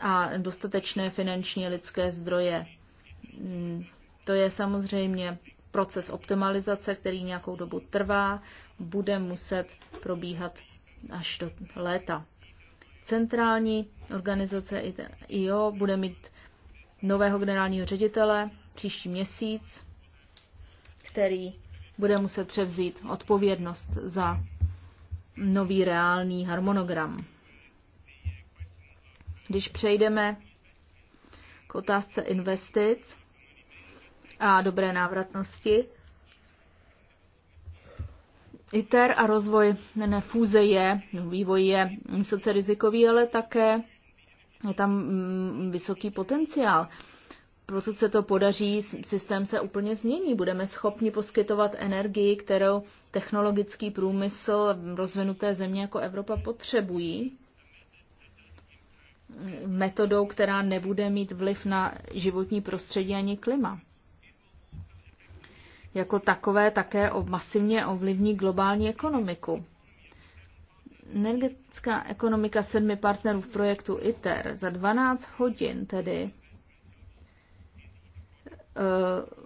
a dostatečné finanční lidské zdroje. Mm, to je samozřejmě proces optimalizace, který nějakou dobu trvá, bude muset probíhat až do léta. Centrální organizace IO bude mít nového generálního ředitele příští měsíc, který bude muset převzít odpovědnost za nový reálný harmonogram. Když přejdeme k otázce investic a dobré návratnosti, ITER a rozvoj nefůze je, vývoj je vysoce rizikový, ale také je tam mm, vysoký potenciál. Proto se to podaří, systém se úplně změní. Budeme schopni poskytovat energii, kterou technologický průmysl rozvinuté země jako Evropa potřebují, metodou, která nebude mít vliv na životní prostředí ani klima. Jako takové také masivně ovlivní globální ekonomiku. Energetická ekonomika sedmi partnerů v projektu ITER za 12 hodin tedy eh,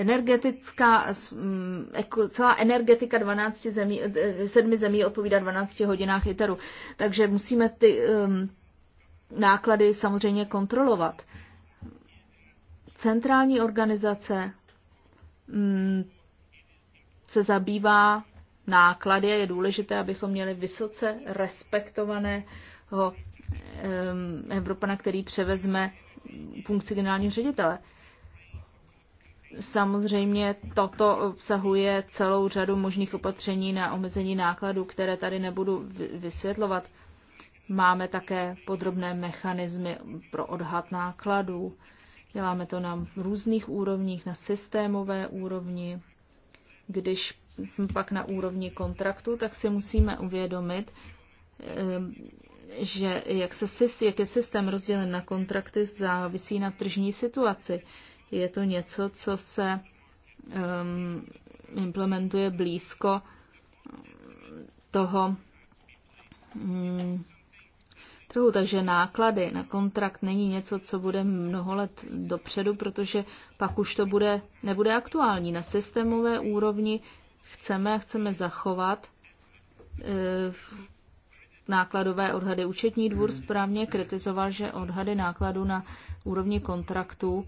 energetická, mm, celá energetika 12 zemí, 7 eh, zemí odpovídá 12 hodinách ITERu. Takže musíme ty um, náklady samozřejmě kontrolovat. Centrální organizace um, se zabývá náklady a je důležité, abychom měli vysoce respektovaného Evropana, který převezme funkci generálního ředitele. Samozřejmě toto obsahuje celou řadu možných opatření na omezení nákladů, které tady nebudu vysvětlovat. Máme také podrobné mechanismy pro odhad nákladů. Děláme to na různých úrovních, na systémové úrovni. Když pak na úrovni kontraktu, tak si musíme uvědomit, eh, že jak, se, jak je systém rozdělen na kontrakty, závisí na tržní situaci. Je to něco, co se ehm, implementuje blízko toho mm, trhu. Takže náklady na kontrakt není něco, co bude mnoho let dopředu, protože pak už to bude, nebude aktuální. Na systémové úrovni chceme a chceme zachovat eh, nákladové odhady. Účetní dvůr hmm. správně kritizoval, že odhady nákladů na úrovni kontraktu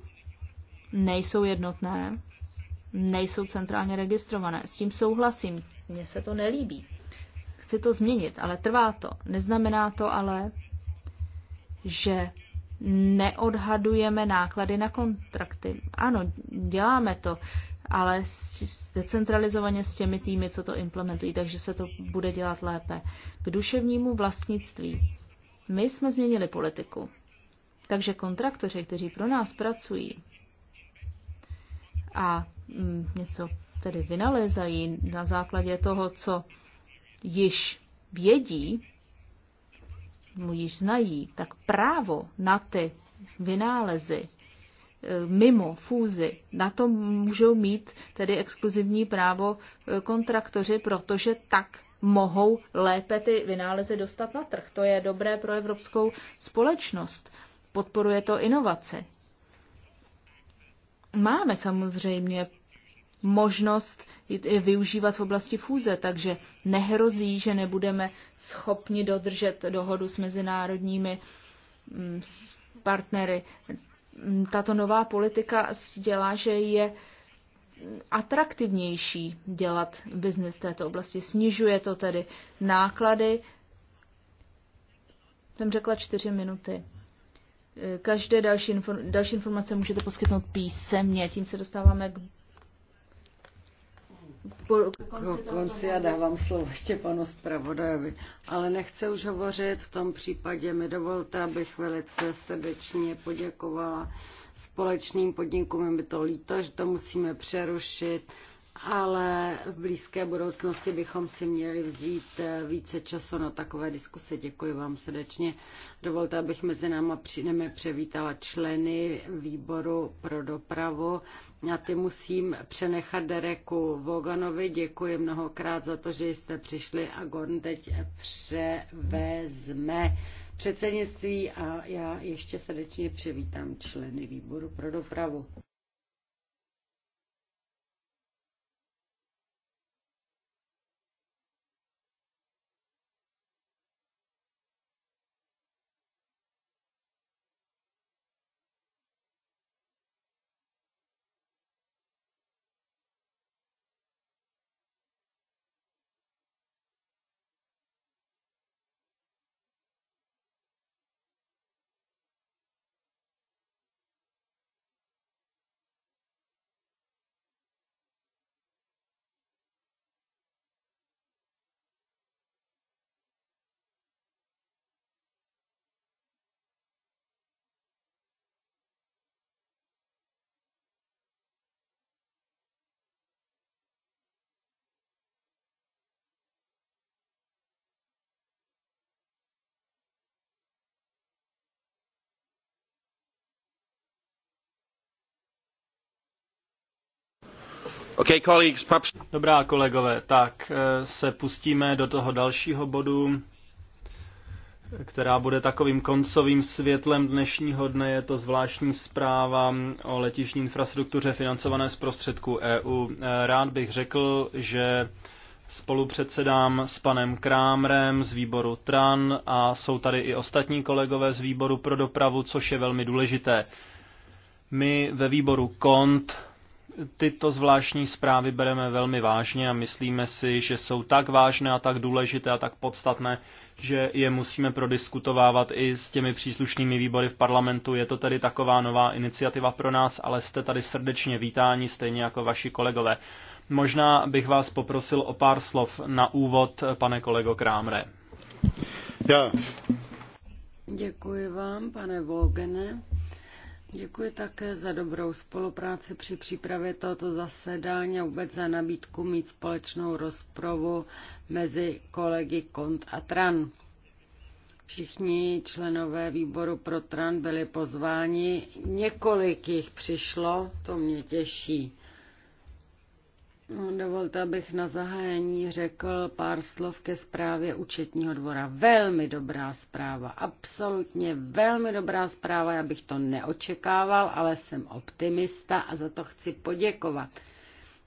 nejsou jednotné, nejsou centrálně registrované. S tím souhlasím, mně se to nelíbí. Chci to změnit, ale trvá to. Neznamená to ale, že neodhadujeme náklady na kontrakty. Ano, děláme to, ale decentralizovaně s těmi týmy, co to implementují, takže se to bude dělat lépe. K duševnímu vlastnictví. My jsme změnili politiku. Takže kontraktoři, kteří pro nás pracují a mm, něco tedy vynalezají na základě toho, co již vědí, mu již znají, tak právo na ty vynálezy eh, mimo fúzi, na to můžou mít tedy exkluzivní právo eh, kontraktoři, protože tak mohou lépe ty vynálezy dostat na trh. To je dobré pro evropskou společnost. Podporuje to inovaci. Máme samozřejmě možnost využívat v oblasti fůze, takže nehrozí, že nebudeme schopni dodržet dohodu s mezinárodními mm, partnery. Tato nová politika dělá, že je atraktivnější dělat biznis v této oblasti. Snižuje to tedy náklady. Jsem řekla čtyři minuty. Každé další, info- další informace můžete poskytnout písemně. Tím se dostáváme k po konci já dávám slovo ještě panu zpravodajovi, ale nechce už hovořit. V tom případě mi dovolte, abych velice srdečně poděkovala společným podnikům. Je mi to líto, že to musíme přerušit ale v blízké budoucnosti bychom si měli vzít eh, více času na takové diskuse. Děkuji vám srdečně. Dovolte, abych mezi náma přineme převítala členy výboru pro dopravu. Já ty musím přenechat Dereku Voganovi. Děkuji mnohokrát za to, že jste přišli a Gordon teď převezme předsednictví a já ještě srdečně přivítám členy výboru pro dopravu. Okay, colleagues, perhaps... Dobrá kolegové, tak eh, se pustíme do toho dalšího bodu, která bude takovým koncovým světlem dnešního dne. Je to zvláštní zpráva o letišní infrastruktuře financované z prostředků EU. Eh, rád bych řekl, že spolupředsedám s panem Krámrem z výboru TRAN a jsou tady i ostatní kolegové z výboru pro dopravu, což je velmi důležité. My ve výboru KONT tyto zvláštní zprávy bereme velmi vážně a myslíme si, že jsou tak vážné a tak důležité a tak podstatné, že je musíme prodiskutovávat i s těmi příslušnými výbory v parlamentu. Je to tedy taková nová iniciativa pro nás, ale jste tady srdečně vítáni, stejně jako vaši kolegové. Možná bych vás poprosil o pár slov na úvod, pane kolego Krámre. Já. Děkuji vám, pane Vogene. Děkuji také za dobrou spolupráci při přípravě tohoto zasedání a vůbec za nabídku mít společnou rozpravu mezi kolegy Kont a Tran. Všichni členové výboru pro Tran byli pozváni, několik jich přišlo, to mě těší. No, dovolte, abych na zahájení řekl pár slov ke zprávě účetního dvora. Velmi dobrá zpráva, absolutně velmi dobrá zpráva, já bych to neočekával, ale jsem optimista a za to chci poděkovat.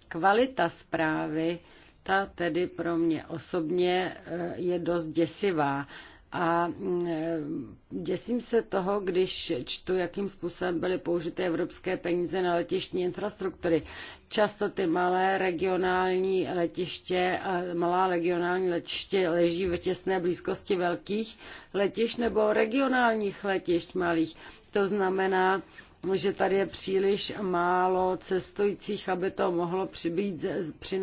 Kvalita zprávy, ta tedy pro mě osobně eh, je dost děsivá. A mm, e, děsím se toho, když čtu, jakým způsobem byly použity evropské peníze na letištní infrastruktury. Často ty malé regionální letiště, malá regionální letiště leží v těsné blízkosti velkých letišť nebo regionálních letišť malých. To znamená, že tady je příliš málo cestujících, aby to mohlo, přibýt,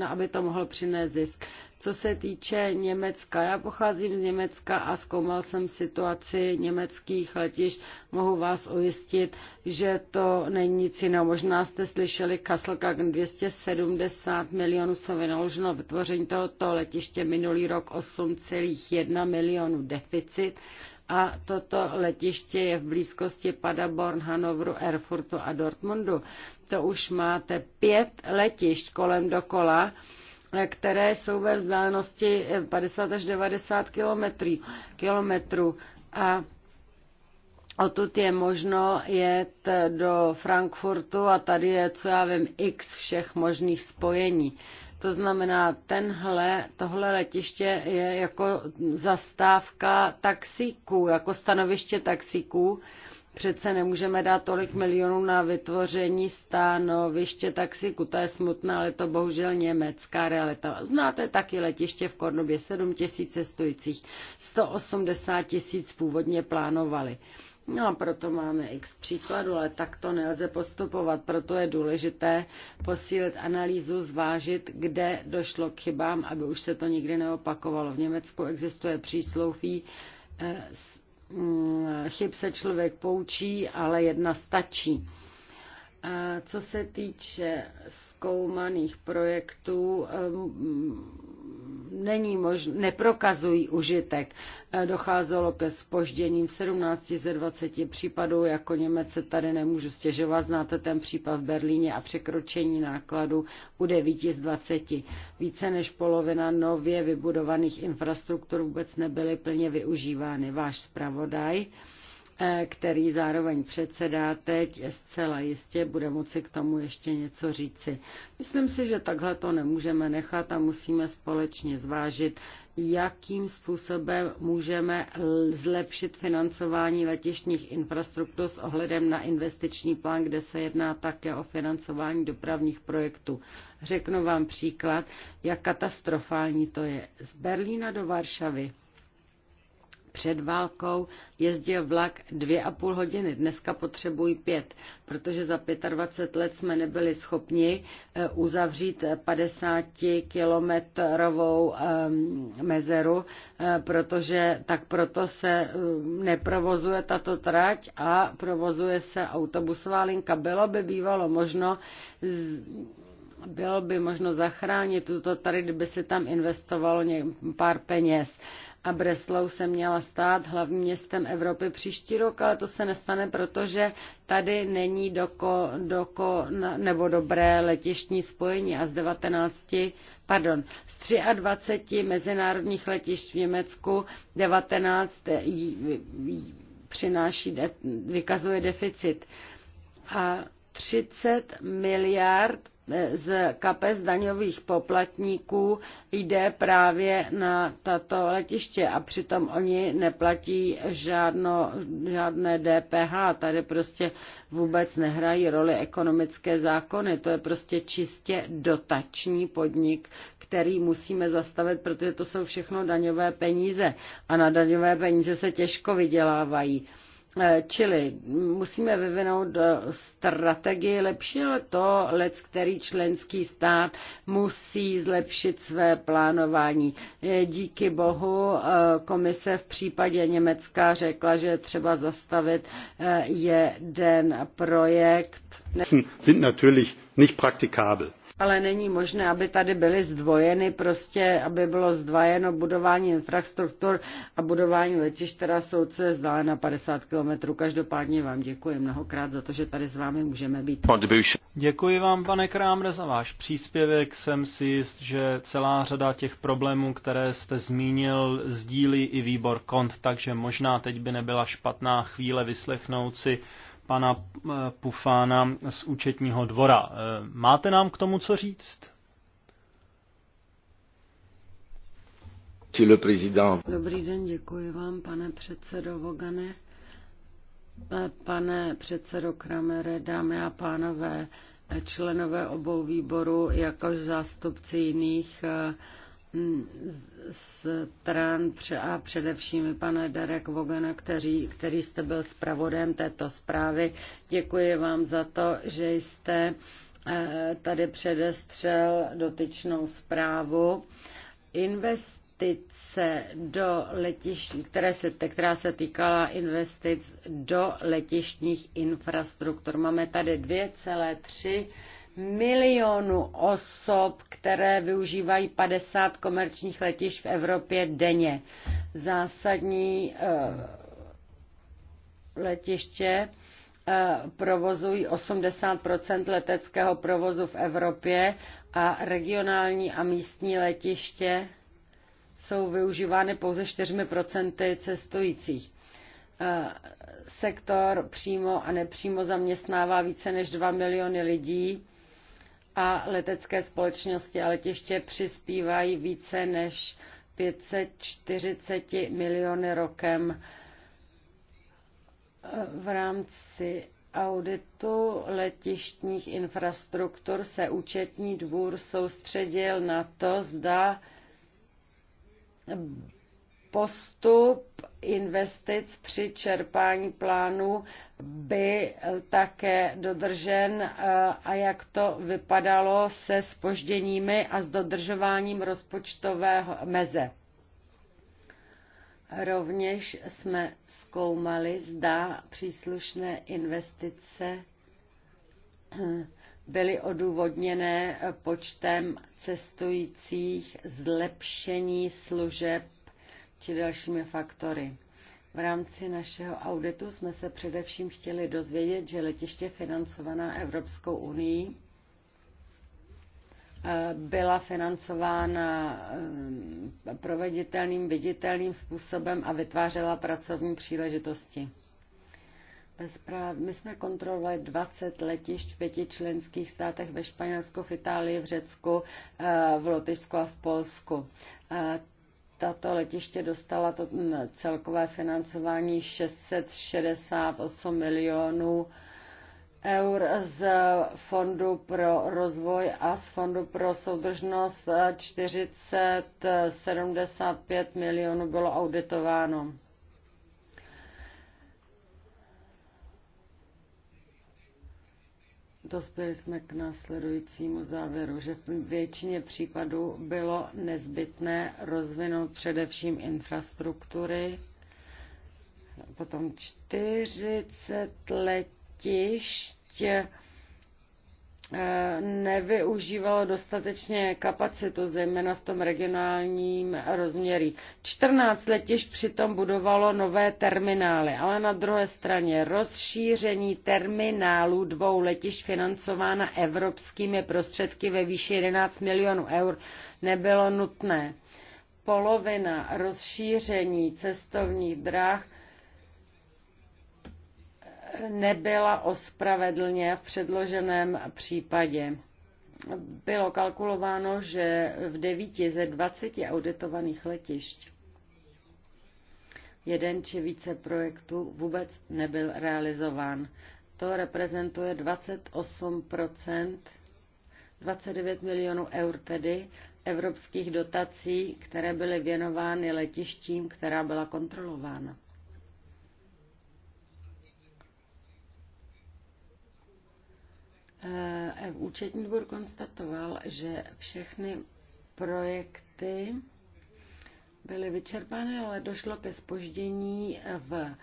aby to mohlo přinést zisk. Co se týče Německa, já pocházím z Německa a zkoumal jsem situaci německých letišť. Mohu vás ujistit, že to není nic jiného. Možná jste slyšeli, Kasselkagen 270 milionů se vynaloženo vytvoření tohoto letiště minulý rok 8,1 milionů deficit a toto letiště je v blízkosti Paderborn, Hanovru, Erfurtu a Dortmundu. To už máte pět letišť kolem dokola, které jsou ve vzdálenosti 50 až 90 kilometrů. A Odtud je možno jet do Frankfurtu a tady je, co já vím, x všech možných spojení. To znamená, tenhle, tohle letiště je jako zastávka taxíků, jako stanoviště taxíků. Přece nemůžeme dát tolik milionů na vytvoření stanoviště taxíku. To je smutné, ale to bohužel německá realita. Znáte taky letiště v Kornobě, 7 tisíc cestujících, 180 tisíc původně plánovali. No a proto máme x příkladů, ale tak to nelze postupovat. Proto je důležité posílit analýzu, zvážit, kde došlo k chybám, aby už se to nikdy neopakovalo. V Německu existuje přísloví, eh, mm, chyb se člověk poučí, ale jedna stačí. A co se týče zkoumaných projektů, eh, není možné, neprokazují užitek. Eh, docházelo ke spožděním v 17 ze 20 případů, jako Němec se tady nemůžu stěžovat, znáte ten případ v Berlíně a překročení nákladu u 9 z 20. Více než polovina nově vybudovaných infrastruktur vůbec nebyly plně využívány. Váš zpravodaj Eh, který zároveň předsedá teď, je zcela jistě, bude moci k tomu ještě něco říci. Myslím si, že takhle to nemůžeme nechat a musíme společně zvážit, jakým způsobem můžeme zlepšit financování letišních infrastruktur s ohledem na investiční plán, kde se jedná také o financování dopravních projektů. Řeknu vám příklad, jak katastrofální to je. Z Berlína do Varšavy před válkou jezdil vlak dvě a půl hodiny, dneska potřebují pět, protože za 25 let jsme nebyli schopni eh, uzavřít 50-kilometrovou ehm, mezeru, eh, protože tak proto se eh, neprovozuje tato trať a provozuje se autobusová linka. Bylo by bývalo možno z bylo by možno zachránit tuto tady, kdyby se tam investovalo pár peněz a Breslau se měla stát hlavním městem Evropy příští rok, ale to se nestane, protože tady není doko, doko, nebo dobré letištní spojení a z 19, pardon, z 23 mezinárodních letišť v Německu 19 přináší, vykazuje deficit. A 30 miliard z kapes daňových poplatníků jde právě na tato letiště a přitom oni neplatí žádno, žádné DPH. Tady prostě vůbec nehrají roli ekonomické zákony. To je prostě čistě dotační podnik, který musíme zastavit, protože to jsou všechno daňové peníze a na daňové peníze se těžko vydělávají. Eh, čili musíme vyvinout eh, strategii lepší, ale to lec, který členský stát musí zlepšit své plánování. Eh, díky bohu komise v případě Německa řekla, že třeba zastavit jeden projekt. Hm, sind natürlich nicht praktikabel ale není možné, aby tady byly zdvojeny, prostě, aby bylo zdvojeno budování infrastruktur a budování letišť, která jsou se zdále na 50 kilometrů. Každopádně vám děkuji mnohokrát za to, že tady s vámi můžeme být. Děkuji vám, pane Krámre, za váš příspěvek. Jsem si jist, že celá řada těch problémů, které jste zmínil, sdílí i výbor KONT, takže možná teď by nebyla špatná chvíle vyslechnout si pana eh, Pufána z účetního dvora. Eh, máte nám k tomu co říct? Dobrý den, děkuji vám, pane předsedo Vogane. Pane předsedo Kramere, dámy a pánové, členové obou výborů, jakož zástupci jiných eh, stran a především pane Derek Vogena, který, který jste byl zpravodem této zprávy. Děkuji vám za to, že jste eh, tady předestřel dotyčnou zprávu. Investice do letišť, které se, která se týkala investic do letištních infrastruktur. Máme tady 2,3 milionu osob, které využívají 50 komerčních letišť v Evropě denně. Zásadní eh, letiště eh, provozují 80 leteckého provozu v Evropě a regionální a místní letiště jsou využívány pouze 4 cestujících. Eh, sektor přímo a nepřímo zaměstnává více než 2 miliony lidí a letecké společnosti a letiště přispívají více než 540 miliony rokem. V rámci auditu letištních infrastruktur se účetní dvůr soustředil na to, zda postup investic při čerpání plánu by také dodržen eh, a jak to vypadalo se spožděními a s dodržováním rozpočtového meze. Rovněž jsme zkoumali, zda příslušné investice eh, byly odůvodněné počtem cestujících, zlepšení služeb či dalšími faktory. V rámci našeho auditu jsme se především chtěli dozvědět, že letiště financovaná Evropskou unii eh, byla financována eh, proveditelným, viditelným způsobem a vytvářela pracovní příležitosti. Bezpráv... My jsme kontrolovali 20 letišť v pěti členských státech ve Španělsku, v Itálii, v Řecku, eh, v Lotyšsku a v Polsku tato letiště dostala to mm, celkové financování 668 milionů eur z Fondu pro rozvoj a z Fondu pro soudržnost 475 milionů bylo auditováno. Dospěli jsme k následujícímu závěru, že v většině případů bylo nezbytné rozvinout především infrastruktury, potom 40 letišť, nevyužívalo dostatečně kapacitu, zejména v tom regionálním rozměru. 14 letišť přitom budovalo nové terminály, ale na druhé straně rozšíření terminálů dvou letišť financována evropskými prostředky ve výši 11 milionů eur nebylo nutné. Polovina rozšíření cestovních dráh nebyla ospravedlně v předloženém případě. Bylo kalkulováno, že v 9 ze 20 auditovaných letišť jeden či více projektů vůbec nebyl realizován. To reprezentuje 28 29 milionů eur tedy evropských dotací, které byly věnovány letištím, která byla kontrolována. Eh, účetní dvůr konstatoval, že všechny projekty byly vyčerpané, ale došlo ke spoždění v,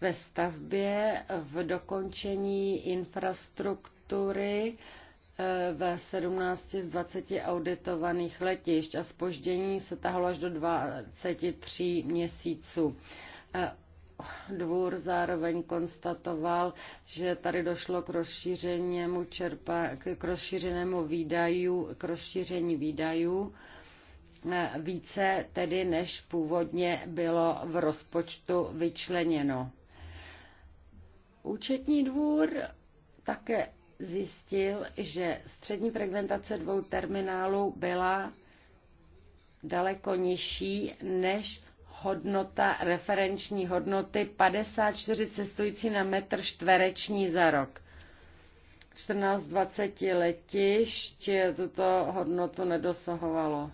ve stavbě, v dokončení infrastruktury eh, ve 17 z 20 auditovaných letišť a spoždění se tahlo až do 23 měsíců. Eh, dvůr zároveň konstatoval, že tady došlo k rozšířenému, čerpa, k rozšířenému výdajů, k rozšíření výdajů eh, více tedy, než původně bylo v rozpočtu vyčleněno. Účetní dvůr také zjistil, že střední frekventace dvou terminálů byla daleko nižší, než hodnota, referenční hodnoty 54 cestující na metr čtvereční za rok. 14-20 letišť tuto hodnotu nedosahovalo.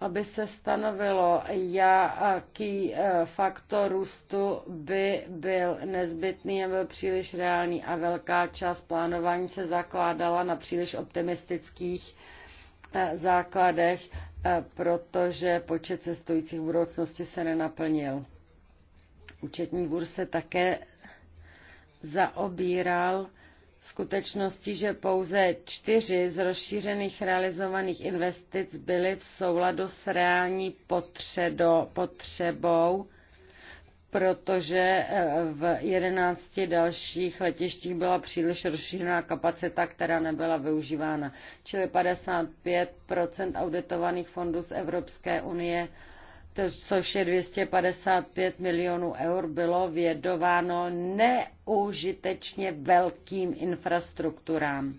Aby se stanovilo, jaký eh, faktor růstu by byl nezbytný a byl příliš reálný a velká část plánování se zakládala na příliš optimistických eh, základech protože počet cestujících v budoucnosti se nenaplnil. Účetní dvůr se také zaobíral skutečnosti, že pouze čtyři z rozšířených realizovaných investic byly v souladu s reální potřebou protože eh, v 11 dalších letištích byla příliš rozšířená kapacita, která nebyla využívána. Čili 55 auditovaných fondů z Evropské unie, což je 255 milionů eur, bylo vědováno neužitečně velkým infrastrukturám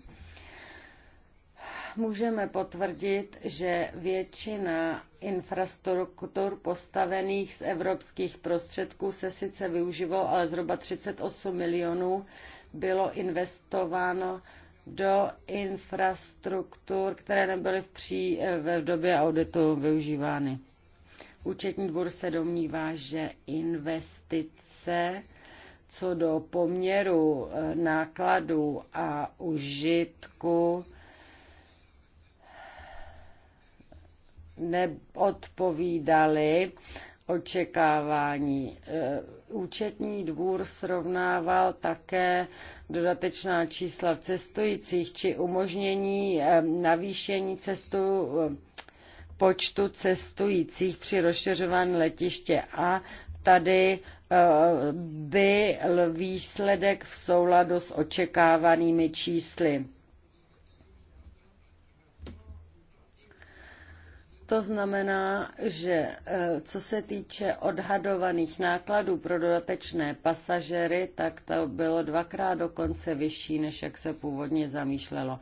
můžeme potvrdit, že většina infrastruktur postavených z evropských prostředků se sice využívalo, ale zhruba 38 milionů bylo investováno do infrastruktur, které nebyly v, pří, v době auditu využívány. Účetní dvůr se domnívá, že investice co do poměru e, nákladů a užitku neodpovídaly očekávání. E, účetní dvůr srovnával také dodatečná čísla v cestujících či umožnění e, navýšení cestu e, počtu cestujících při rozšiřování letiště a tady byl výsledek v souladu s očekávanými čísly. To znamená, že e, co se týče odhadovaných nákladů pro dodatečné pasažery, tak to bylo dvakrát dokonce vyšší, než jak se původně zamýšlelo.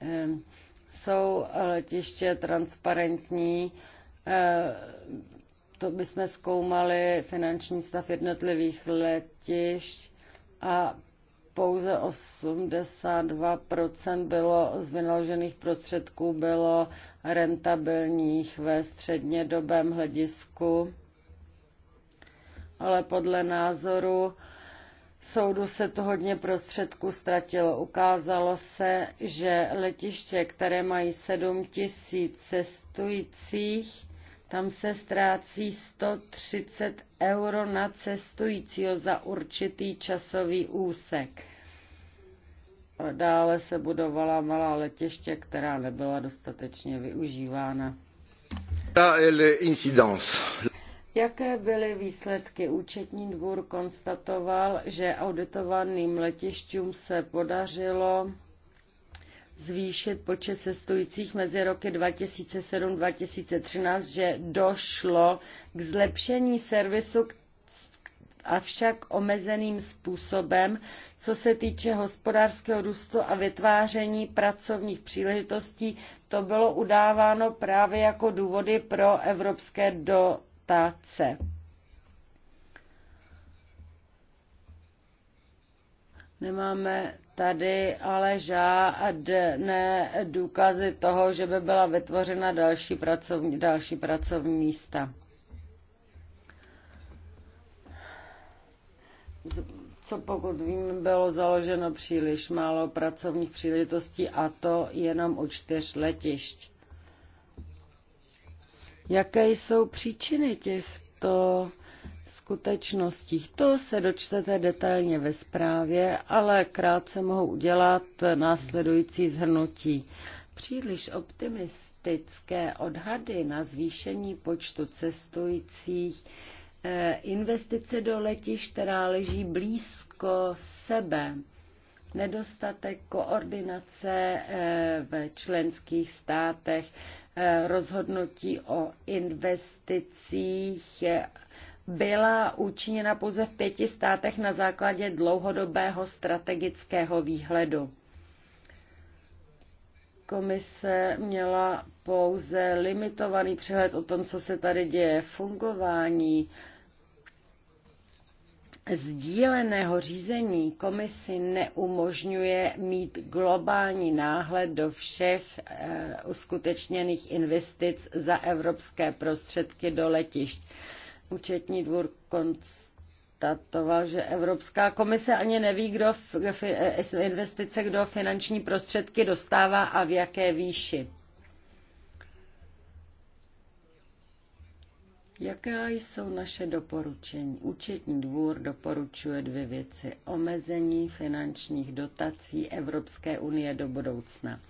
E, jsou letiště transparentní, e, to bychom zkoumali finanční stav jednotlivých letišť a pouze 82% bylo z vynaložených prostředků bylo rentabilních ve střednědobém hledisku, ale podle názoru soudu se to hodně prostředků ztratilo. Ukázalo se, že letiště, které mají 7 000 cestujících, tam se ztrácí 130 euro na cestujícího za určitý časový úsek. Dále se budovala malá letiště, která nebyla dostatečně využívána. Jaké byly výsledky? Účetní dvůr konstatoval, že auditovaným letišťům se podařilo zvýšit počet cestujících mezi roky 2007-2013, že došlo k zlepšení servisu, avšak omezeným způsobem, co se týče hospodářského růstu a vytváření pracovních příležitostí, to bylo udáváno právě jako důvody pro evropské dotace. Nemáme tady ale žádné důkazy toho, že by byla vytvořena další pracovní, další pracovní místa. Co pokud vím, bylo založeno příliš málo pracovních příležitostí a to jenom u čtyř letišť. Jaké jsou příčiny těchto skutečnostích. To se dočtete detailně ve zprávě, ale krátce mohu udělat následující zhrnutí. Příliš optimistické odhady na zvýšení počtu cestujících, eh, investice do letišť, která leží blízko sebe, nedostatek koordinace eh, v členských státech, eh, rozhodnutí o investicích byla učiněna pouze v pěti státech na základě dlouhodobého strategického výhledu. Komise měla pouze limitovaný přehled o tom, co se tady děje, fungování sdíleného řízení komisi neumožňuje mít globální náhled do všech eh, uskutečněných investic za evropské prostředky do letišť. Účetní dvůr konstatoval, že Evropská komise ani neví, kdo investice, kdo finanční prostředky dostává a v jaké výši. Jaká jsou naše doporučení? Účetní dvůr doporučuje dvě věci. Omezení finančních dotací Evropské unie do budoucna.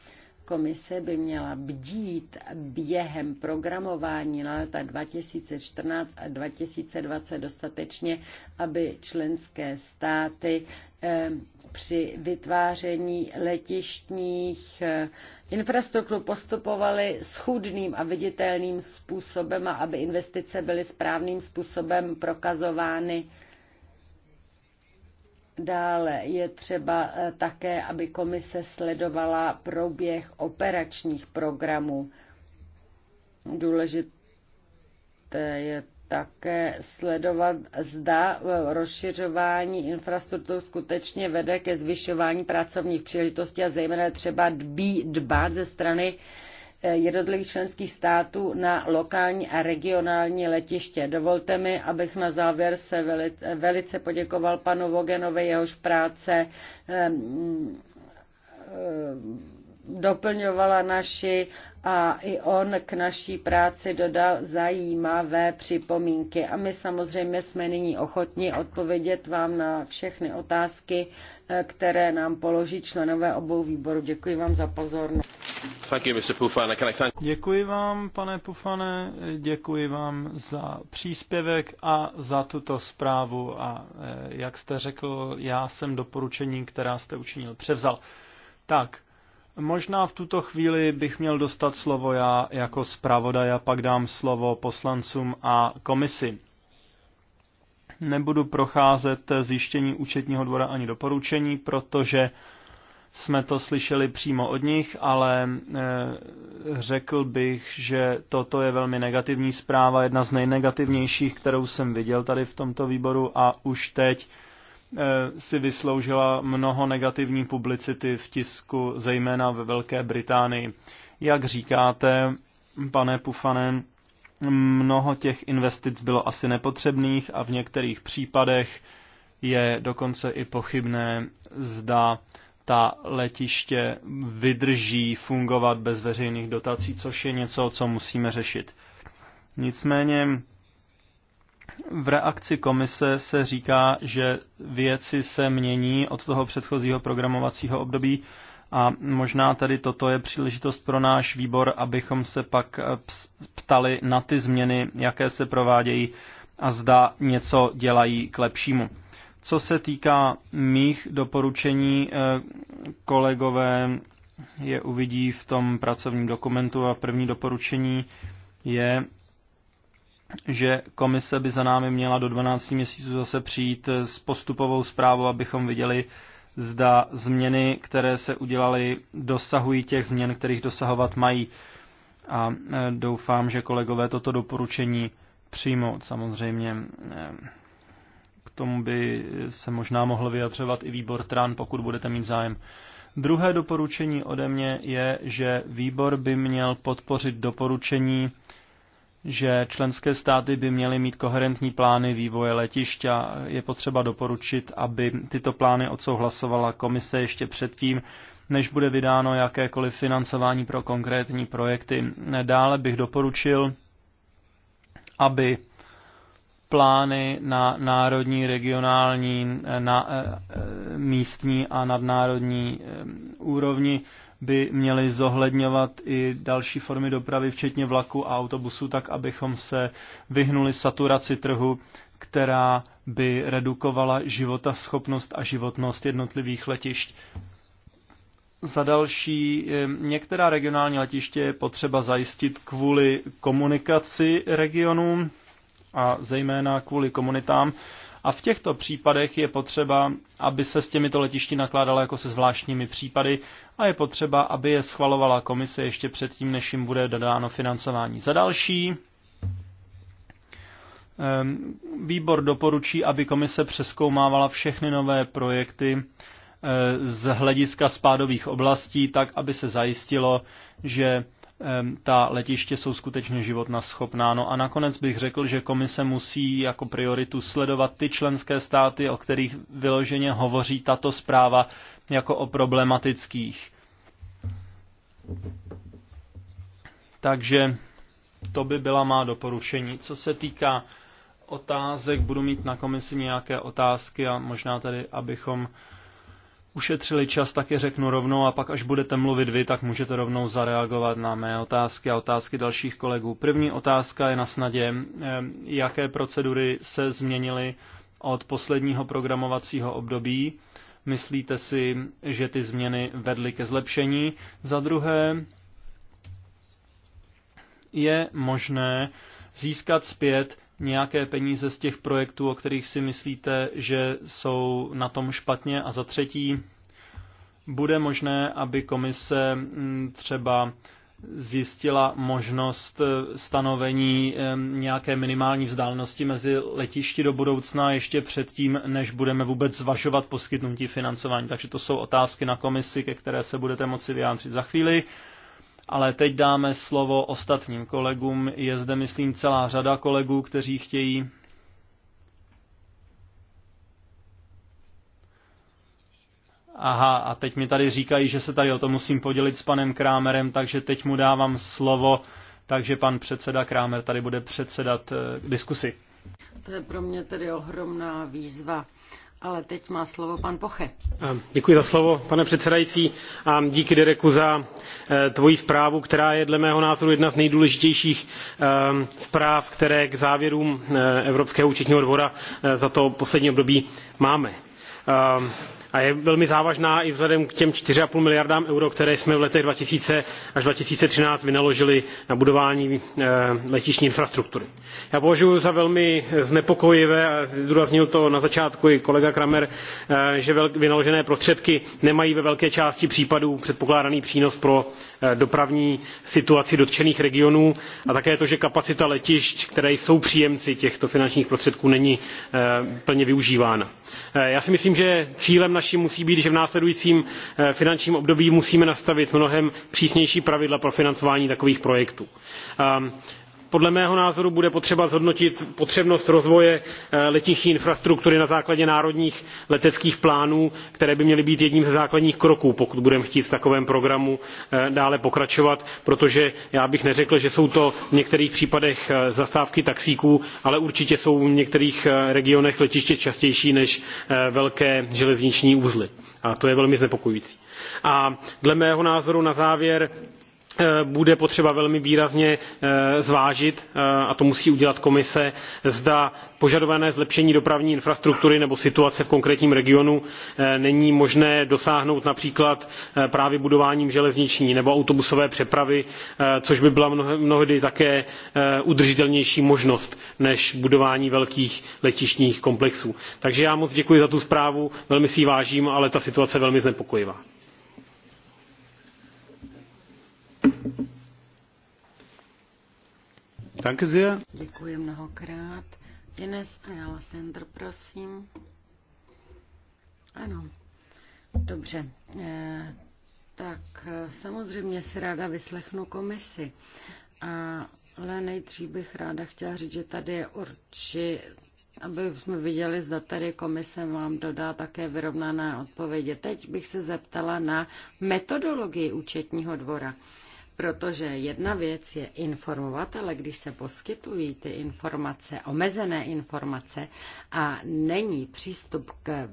Komise by měla bdít během programování na leta 2014 a 2020 dostatečně, aby členské státy eh, při vytváření letištních eh, infrastruktur postupovaly schůdným a viditelným způsobem a aby investice byly správným způsobem prokazovány Dále je třeba eh, také, aby komise sledovala průběh operačních programů. Důležité je také sledovat, zda eh, rozšiřování infrastruktur skutečně vede ke zvyšování pracovních příležitostí a zejména třeba dbí, dbát ze strany jednotlivých členských států na lokální a regionální letiště. Dovolte mi, abych na závěr se velice poděkoval panu Vogenovi, jehož práce ehm, ehm, doplňovala naši a i on k naší práci dodal zajímavé připomínky. A my samozřejmě jsme nyní ochotni odpovědět vám na všechny otázky, eh, které nám položí členové obou výborů. Děkuji vám za pozornost. Děkuji vám, pane Pufane, děkuji vám za příspěvek a za tuto zprávu. A eh, jak jste řekl, já jsem doporučení, která jste učinil, převzal. Tak, Možná v tuto chvíli bych měl dostat slovo já jako zpravodaj a pak dám slovo poslancům a komisi. Nebudu procházet zjištění účetního dvora ani doporučení, protože jsme to slyšeli přímo od nich, ale e, řekl bych, že toto je velmi negativní zpráva, jedna z nejnegativnějších, kterou jsem viděl tady v tomto výboru a už teď Eh, si vysloužila mnoho negativní publicity v tisku, zejména ve Velké Británii. Jak říkáte, pane Pufanen, mnoho těch investic bylo asi nepotřebných a v některých případech je dokonce i pochybné, zda ta letiště vydrží fungovat bez veřejných dotací, což je něco, co musíme řešit. Nicméně v reakci komise se říká, že věci se mění od toho předchozího programovacího období a možná tady toto je příležitost pro náš výbor, abychom se pak eh, ptali na ty změny, jaké se provádějí a zda něco dělají k lepšímu. Co se týká mých doporučení, eh, kolegové je uvidí v tom pracovním dokumentu a první doporučení je, že komise by za námi měla do 12 měsíců zase přijít s postupovou zprávou, abychom viděli, zda změny, které se udělaly, dosahují těch změn, kterých dosahovat mají. A e, doufám, že kolegové toto doporučení přijmout. Samozřejmě e, k tomu by se možná mohl vyjadřovat i výbor TRAN, pokud budete mít zájem. Druhé doporučení ode mě je, že výbor by měl podpořit doporučení že členské státy by měly mít koherentní plány vývoje letiště. Je potřeba doporučit, aby tyto plány odsouhlasovala komise ještě předtím, než bude vydáno jakékoliv financování pro konkrétní projekty. Dále bych doporučil, aby plány na národní, regionální, na eh, místní a nadnárodní eh, úrovni by měly zohledňovat i další formy dopravy, včetně vlaku a autobusu, tak abychom se vyhnuli saturaci trhu, která by redukovala života schopnost a životnost jednotlivých letišť. Za další, eh, některá regionální letiště je potřeba zajistit kvůli komunikaci regionům a zejména kvůli komunitám, a v těchto případech je potřeba, aby se s těmito letišti nakládalo jako se zvláštními případy a je potřeba, aby je schvalovala komise ještě předtím, než jim bude dodáno financování. Za další, ehm, výbor doporučí, aby komise přeskoumávala všechny nové projekty, eh, z hlediska spádových oblastí, tak aby se zajistilo, že ta letiště jsou skutečně životna schopná. No a nakonec bych řekl, že komise musí jako prioritu sledovat ty členské státy, o kterých vyloženě hovoří tato zpráva jako o problematických. Takže to by byla má doporučení. Co se týká otázek, budu mít na komisi nějaké otázky a možná tady, abychom ušetřili čas, tak je řeknu rovnou a pak, až budete mluvit vy, tak můžete rovnou zareagovat na mé otázky a otázky dalších kolegů. První otázka je na snadě, jaké procedury se změnily od posledního programovacího období. Myslíte si, že ty změny vedly ke zlepšení? Za druhé, je možné získat zpět nějaké peníze z těch projektů, o kterých si myslíte, že jsou na tom špatně? A za třetí, bude možné, aby komise mm, třeba zjistila možnost eh, stanovení eh, nějaké minimální vzdálenosti mezi letišti do budoucna ještě předtím, než budeme vůbec zvažovat poskytnutí financování. Takže to jsou otázky na komisi, ke které se budete moci vyjádřit za chvíli ale teď dáme slovo ostatním kolegům. Je zde, myslím, celá řada kolegů, kteří chtějí Aha, a teď mi tady říkají, že se tady o to musím podělit s panem Krámerem, takže teď mu dávám slovo, takže pan předseda Krámer tady bude předsedat eh, diskusi. To je pro mě tedy ohromná výzva. Ale teď má slovo pan Poche. Děkuji za slovo, pane předsedající. A díky Dereku za e, tvoji zprávu, která je dle mého názoru jedna z nejdůležitějších e, zpráv, které k závěrům e, Evropského účetního dvora za to poslední období máme a je velmi závažná i vzhledem k těm four five miliardám eur které jsme v letech two thousand až two thousand and thirteen vynaložili na budování eh, letištní infrastruktury. já považuji za velmi znepokojivé a zdůraznil to na začátku i kolega krahmer eh, že vynaložené prostředky nemají ve velké části případů předpokládaný přínos pro Eh, dopravní situaci dotčených regionů a také to že kapacita letišť která jsou příjemci těchto finančních prostředků není eh, plně využívána. Eh, já si myslím že cílem musí být že v následujícím finančním období musíme nastavit mnohem přísnější pravidla pro financování takových projektů. Ehm, podle mého názoru bude potřeba zhodnotit potřebnost rozvoje eh, letištní infrastruktury na základě národních leteckých plánů které by měly být jedním ze základních kroků pokud budeme chtít v takovém programu eh, dále pokračovat protože já bych neřekl že jsou to v některých případech eh, zastávky taxíků ale určitě jsou v některých regionech letiště častější než velké železniční uzly a to je velmi znepokojující. a dle mého názoru na závěr Eh, bude potřeba velmi výrazně eh, zvážit eh, a to musí udělat komise zda požadované zlepšení dopravní infrastruktury nebo situace v konkrétním regionu není možné dosáhnout například právě budováním železniční nebo autobusové přepravy což by byla mnohdy také udržitelnější možnost než budování velkých letištních komplexů. takže já moc děkuji za tu zprávu velmi si jí vážím ale ta situace je velmi znepokojivá. Danke sehr. Děkuji mnohokrát. Ines Ayala Sender, prosím. Ano, dobře. Eh, tak eh, samozřejmě si ráda vyslechnu komisi. A, ale nejdřív bych ráda chtěla říct, že tady je určitě aby jsme viděli, zda tady komise vám dodá také vyrovnané odpovědi. Teď bych se zeptala na metodologii účetního dvora. Protože jedna věc je informovat, ale když se poskytují ty informace, omezené informace a není přístup k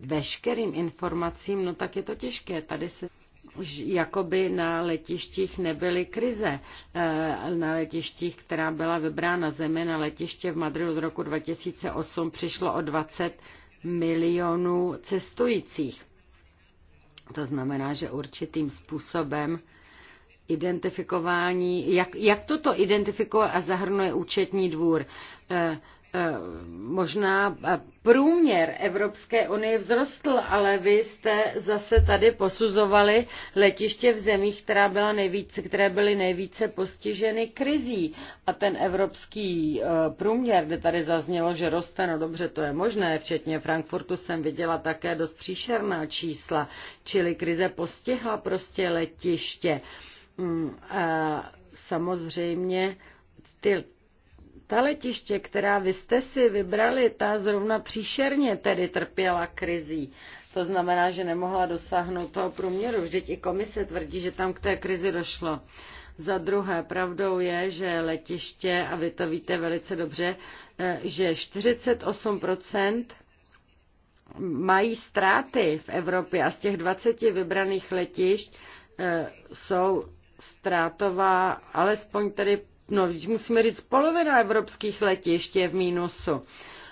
veškerým informacím, no tak je to těžké. Tady se jakoby na letištích nebyly krize. Eh, na letištích, která byla vybrána zemi, na letiště v Madridu z roku 2008 přišlo o 20 milionů cestujících. To znamená, že určitým způsobem identifikování, jak, jak toto identifikuje a zahrnuje účetní dvůr. Eh, eh, možná eh, průměr Evropské unie vzrostl, ale vy jste zase tady posuzovali letiště v zemích, která byla nejvíce, které byly nejvíce postiženy krizí. A ten evropský průměr, kde tady zaznělo, že roste, no dobře, to je možné, včetně Frankfurtu jsem viděla také dost příšerná čísla, čili krize postihla prostě letiště. E, Mm, a samozřejmě ty, ta letiště, která vy jste si vybrali, ta zrovna příšerně tedy trpěla krizí. To znamená, že nemohla dosáhnout toho průměru. Vždyť i komise tvrdí, že tam k té krizi došlo. Za druhé, pravdou je, že letiště, a vy to víte velice dobře, eh, že 48 mají ztráty v Evropě a z těch 20 vybraných letišť eh, jsou ztrátová, alespoň tedy, no musíme říct, polovina evropských letišť je v mínusu.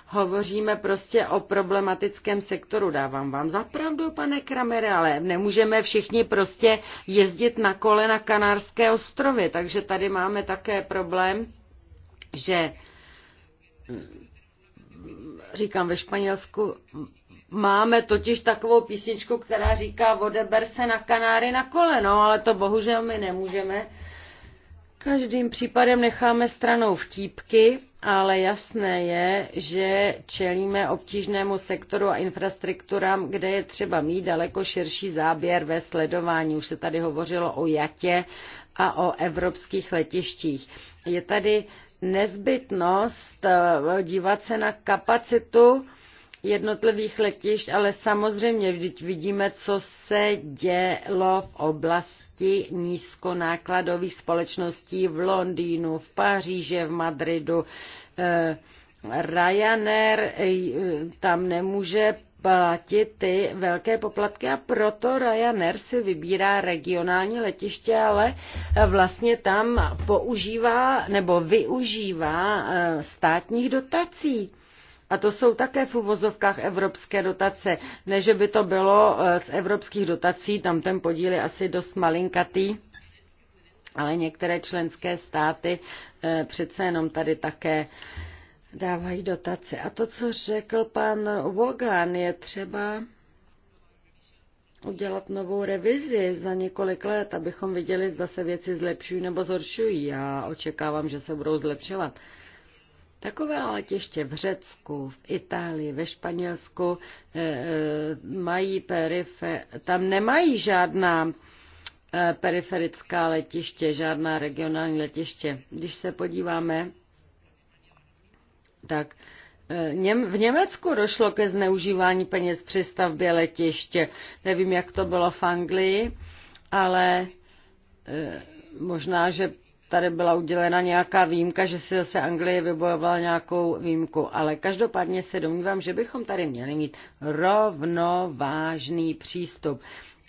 Hovoříme prostě o problematickém sektoru. Dávám vám zapravdu, pane Kramere, ale nemůžeme všichni prostě jezdit na kole na Kanárské ostrovy. Takže tady máme také problém, že říkám ve Španělsku, Máme totiž takovou písničku, která říká odeber se na kanáry na koleno, ale to bohužel my nemůžeme. Každým případem necháme stranou vtípky, ale jasné je, že čelíme obtížnému sektoru a infrastrukturám, kde je třeba mít daleko širší záběr ve sledování. Už se tady hovořilo o jatě a o evropských letištích. Je tady nezbytnost eh, dívat se na kapacitu jednotlivých letišť, ale samozřejmě vždyť vidíme, co se dělo v oblasti nízkonákladových společností v Londýnu, v Paříži, v Madridu. Eh, Ryanair eh, tam nemůže platit ty velké poplatky a proto Ryanair si vybírá regionální letiště, ale vlastně tam používá nebo využívá eh, státních dotací a to jsou také v uvozovkách evropské dotace, ne že by to bylo eh, z evropských dotací, tam ten podíl je asi dost malinkatý, ale některé členské státy eh, přece jenom tady také dávají dotace. A to, co řekl pan Vogan, je třeba udělat novou revizi za několik let, abychom viděli, zda se věci zlepšují nebo zhoršují. Já očekávám, že se budou zlepšovat. Takové letiště v Řecku, v Itálii, ve Španělsku eh, eh, mají perife, tam nemají žádná eh, periferická letiště, žádná regionální letiště. Když se podíváme, tak v Německu došlo ke zneužívání peněz při stavbě letiště. Nevím, jak to bylo v Anglii, ale možná, že tady byla udělena nějaká výjimka, že si zase Anglie vybojovala nějakou výjimku. Ale každopádně se domnívám, že bychom tady měli mít rovnovážný přístup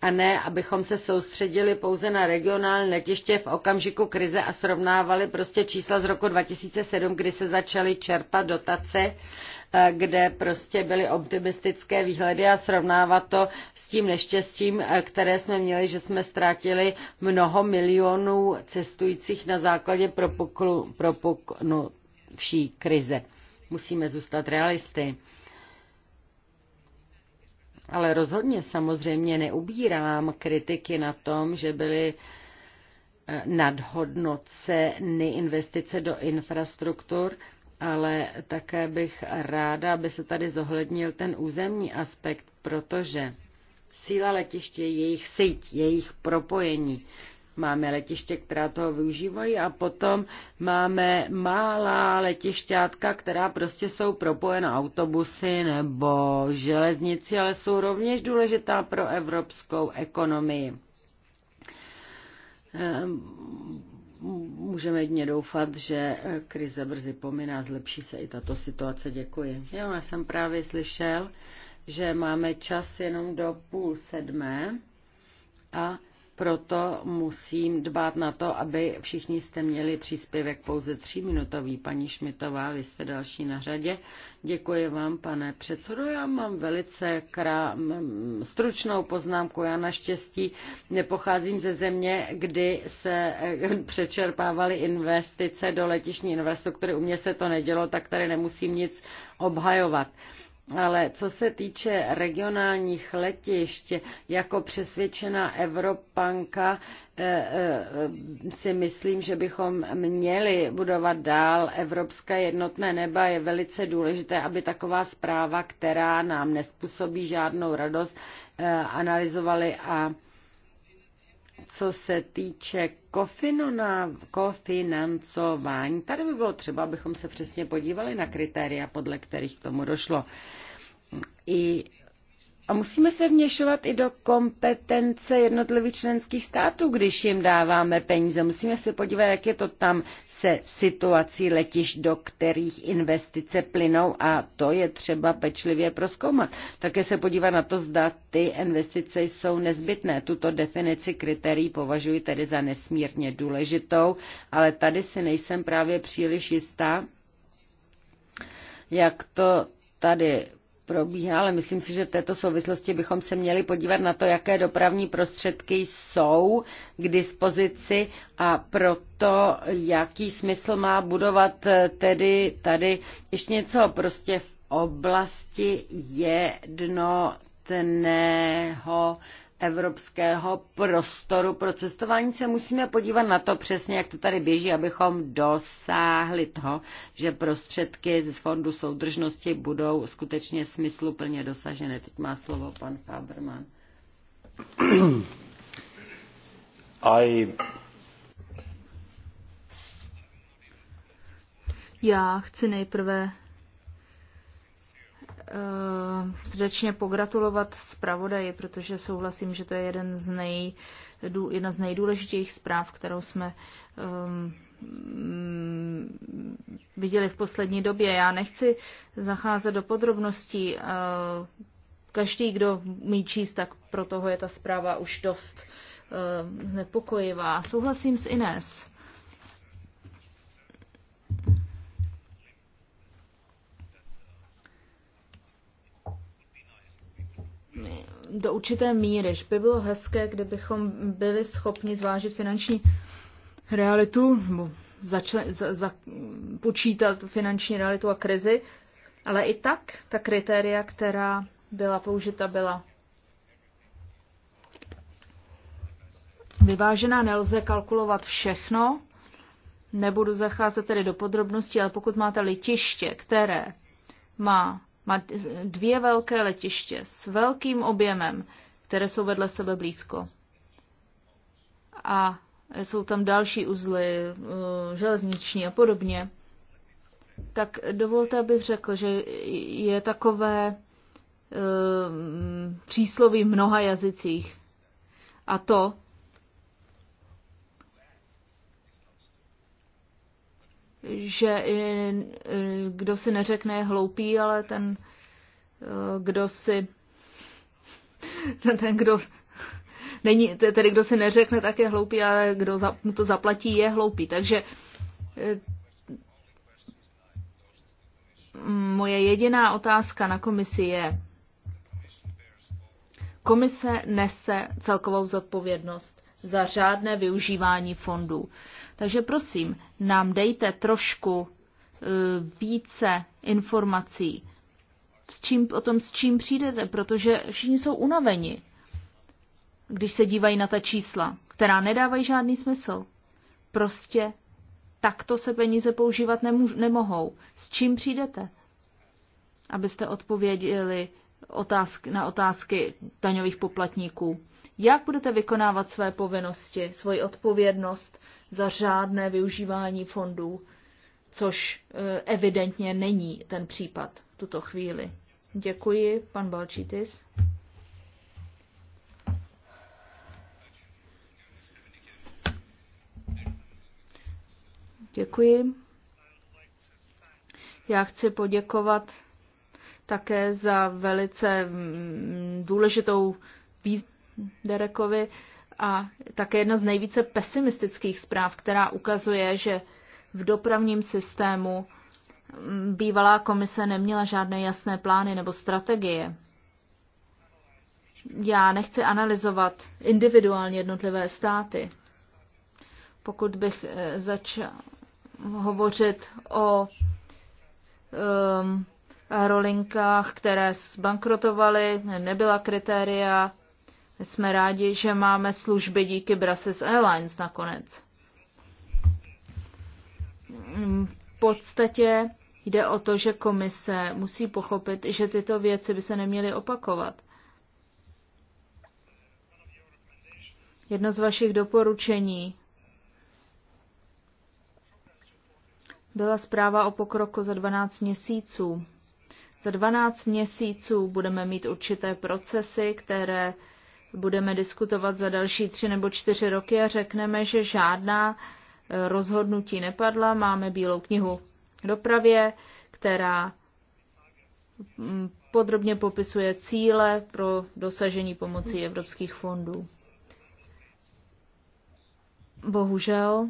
a ne, abychom se soustředili pouze na regionální letiště v okamžiku krize a srovnávali prostě čísla z roku 2007, kdy se začaly čerpat dotace Eh, kde prostě byly optimistické výhledy a srovnávat to s tím neštěstím, eh, které jsme měli, že jsme ztratili mnoho milionů cestujících na základě propuklu, propuknuvší krize. Musíme zůstat realisty. Ale rozhodně samozřejmě neubírám kritiky na tom, že byly eh, nadhodnoceny investice do infrastruktur, ale také bych ráda, aby se tady zohlednil ten územní aspekt, protože síla letiště je jejich síť, jejich propojení. Máme letiště, která toho využívají a potom máme malá letišťátka, která prostě jsou propojena autobusy nebo železnici, ale jsou rovněž důležitá pro evropskou ekonomii můžeme jedně doufat, že eh, krize brzy pomíná, a zlepší se i tato situace. Děkuji. Jo, já jsem právě slyšel, že máme čas jenom do půl sedmé a proto musím dbát na to, aby všichni jste měli příspěvek pouze tříminutový. Paní Šmitová, vy jste další na řadě. Děkuji vám, pane předsedo. Já mám velice krá... stručnou poznámku. Já naštěstí nepocházím ze země, kdy se eh, přečerpávaly investice do letišní infrastruktury. U mě se to nedělo, tak tady nemusím nic obhajovat. Ale co se týče regionálních letišť, jako přesvědčená Evropanka eh, eh, si myslím, že bychom měli budovat dál evropské jednotné neba. Je velice důležité, aby taková zpráva, která nám nespůsobí žádnou radost, eh, analyzovali a co se týče kofinancování, tady by bylo třeba, abychom se přesně podívali na kritéria, podle kterých k tomu došlo. I a musíme se vměšovat i do kompetence jednotlivých členských států, když jim dáváme peníze. Musíme se podívat, jak je to tam se situací letiš, do kterých investice plynou a to je třeba pečlivě proskoumat. Také se podívat na to, zda ty investice jsou nezbytné. Tuto definici kritérií považuji tedy za nesmírně důležitou, ale tady si nejsem právě příliš jistá, jak to tady probíhá, ale myslím si, že v této souvislosti bychom se měli podívat na to, jaké dopravní prostředky jsou k dispozici a proto, jaký smysl má budovat eh, tedy tady ještě něco prostě v oblasti jednotného evropského prostoru pro cestování se musíme podívat na to přesně, jak to tady běží, abychom dosáhli toho, že prostředky z Fondu soudržnosti budou skutečně smysluplně dosažené. Teď má slovo pan Faberman. I... Já chci nejprve Eh, srdečně pogratulovat zpravodaji, protože souhlasím, že to je jeden z nej, jedna z nejdůležitějších zpráv, kterou jsme um, viděli v poslední době. Já nechci zacházet do podrobností. Eh, každý, kdo umí číst, tak pro toho je ta zpráva už dost eh, znepokojivá. Souhlasím s Ines do určité míry, že by bylo hezké, kdybychom byli schopni zvážit finanční realitu, nebo začle, za, za, počítat finanční realitu a krizi, ale i tak ta kritéria, která byla použita, byla vyvážená, nelze kalkulovat všechno. Nebudu zacházet tedy do podrobností, ale pokud máte letiště, které má má dvě velké letiště s velkým objemem, které jsou vedle sebe blízko. A jsou tam další uzly, eh, železniční a podobně. Tak dovolte, abych řekl, že je takové eh, přísloví v mnoha jazycích. A to, že e, kdo si neřekne je hloupý, ale ten, e, kdo si ten, ten kdo není, tedy kdo si neřekne, tak je hloupý, ale kdo mu to zaplatí, je hloupý. Takže e, moje jediná otázka na komisi je, komise nese celkovou zodpovědnost za řádné využívání fondů. Takže prosím, nám dejte trošku e, více informací s čím, o tom, s čím přijdete, protože všichni jsou unaveni, když se dívají na ta čísla, která nedávají žádný smysl. Prostě takto se peníze používat nemohou. S čím přijdete? Abyste odpověděli otázky, na otázky daňových poplatníků. Jak budete vykonávat své povinnosti, svoji odpovědnost za řádné využívání fondů, což eh, evidentně není ten případ v tuto chvíli. Děkuji, pan Balčitis. Děkuji. Já chci poděkovat také za velice mm, důležitou výzvu Derekovi a také jedna z nejvíce pesimistických zpráv, která ukazuje, že v dopravním systému mm, bývalá komise neměla žádné jasné plány nebo strategie. Já nechci analyzovat individuálně jednotlivé státy. Pokud bych eh, začal hovořit o um, rolinkách, které zbankrotovaly, nebyla kritéria. Jsme rádi, že máme služby díky Brasses Airlines nakonec. V podstatě jde o to, že komise musí pochopit, že tyto věci by se neměly opakovat. Jedno z vašich doporučení byla zpráva o pokroku za 12 měsíců. Za 12 měsíců budeme mít určité procesy, které budeme diskutovat za další tři nebo čtyři roky a řekneme, že žádná eh, rozhodnutí nepadla. Máme bílou knihu k dopravě, která mm, podrobně popisuje cíle pro dosažení pomoci evropských fondů. Bohužel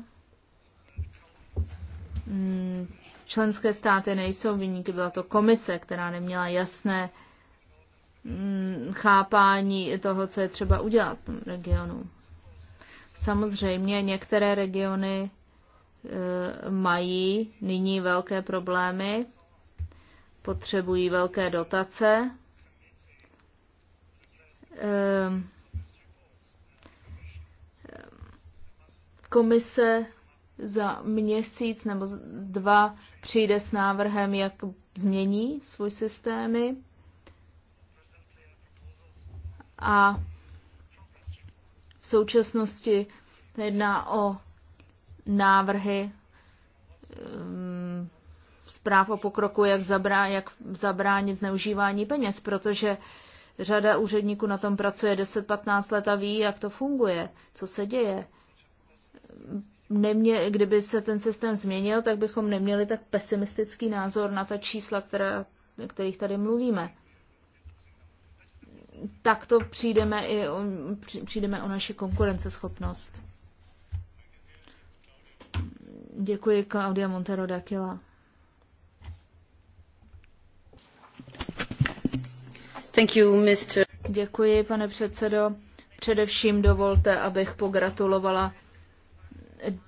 mm, členské státy nejsou vyníky, byla to komise, která neměla jasné mm, chápání toho, co je třeba udělat v tom regionu. Samozřejmě některé regiony e, mají nyní velké problémy, potřebují velké dotace. Ehm, ehm, komise za měsíc nebo dva přijde s návrhem, jak změní svůj systémy. A v současnosti jedná o návrhy um, zpráv o pokroku, jak, zabrá, jak zabránit zneužívání peněz, protože řada úředníků na tom pracuje 10-15 let a ví, jak to funguje, co se děje nemě, kdyby se ten systém změnil, tak bychom neměli tak pesimistický názor na ta čísla, která, kterých tady mluvíme. Tak to přijdeme i o, přijdeme o naši konkurenceschopnost. Děkuji Claudia Montero Dakila. Thank you, Mr. Děkuji, pane předsedo. Především dovolte, abych pogratulovala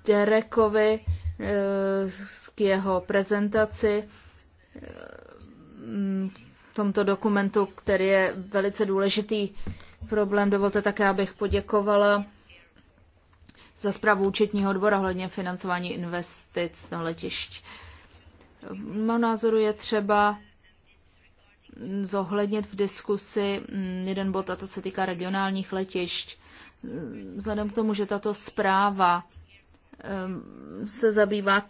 Derekovi eh, k jeho prezentaci eh, v tomto dokumentu, který je velice důležitý problém. Dovolte také, abych poděkovala za zprávu účetního dvora hledně financování investic na letišť. Mám názoru je třeba zohlednit v diskusi mm, jeden bod, a to se týká regionálních letišť. Vzhledem k tomu, že tato zpráva Ehm, se zabývá,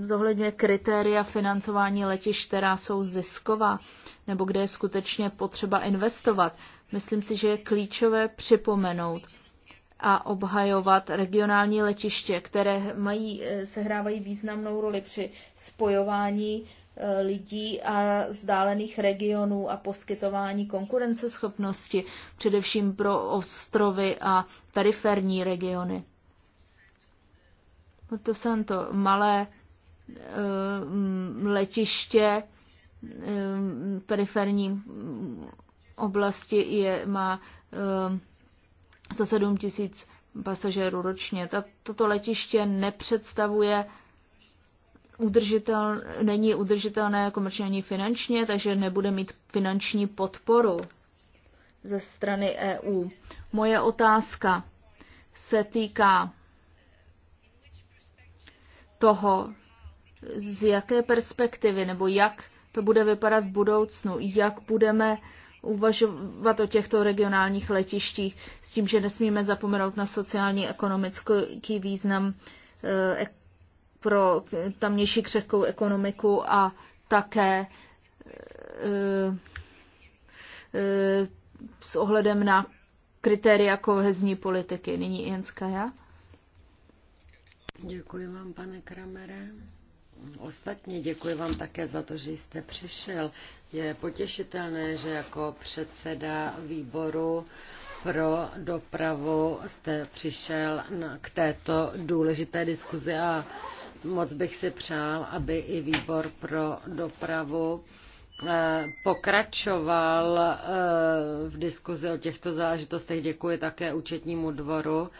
zohledňuje kritéria financování letišť, která jsou zisková, nebo kde je skutečně potřeba investovat. Myslím si, že je klíčové připomenout a obhajovat regionální letiště, které mají, eh, sehrávají významnou roli při spojování eh, lidí a zdálených regionů a poskytování konkurenceschopnosti, především pro ostrovy a periferní regiony jsem to malé eh, letiště eh, periferní oblasti je, má 107 eh, tisíc pasažérů ročně. Toto letiště nepředstavuje udržitel, není udržitelné komerčně ani finančně, takže nebude mít finanční podporu ze strany EU. Moje otázka se týká toho, z jaké perspektivy nebo jak to bude vypadat v budoucnu, jak budeme uvažovat o těchto regionálních letištích s tím, že nesmíme zapomenout na sociální ekonomický význam eh, pro tamnější křehkou ekonomiku a také eh, eh, s ohledem na kritéria kohezní politiky. Nyní Jenska, já. Děkuji vám, pane Kramere. Ostatně děkuji vám také za to, že jste přišel. Je potěšitelné, že jako předseda výboru pro dopravu jste přišel k této důležité diskuzi a moc bych si přál, aby i výbor pro dopravu eh, pokračoval eh, v diskuzi o těchto záležitostech. Děkuji také účetnímu dvoru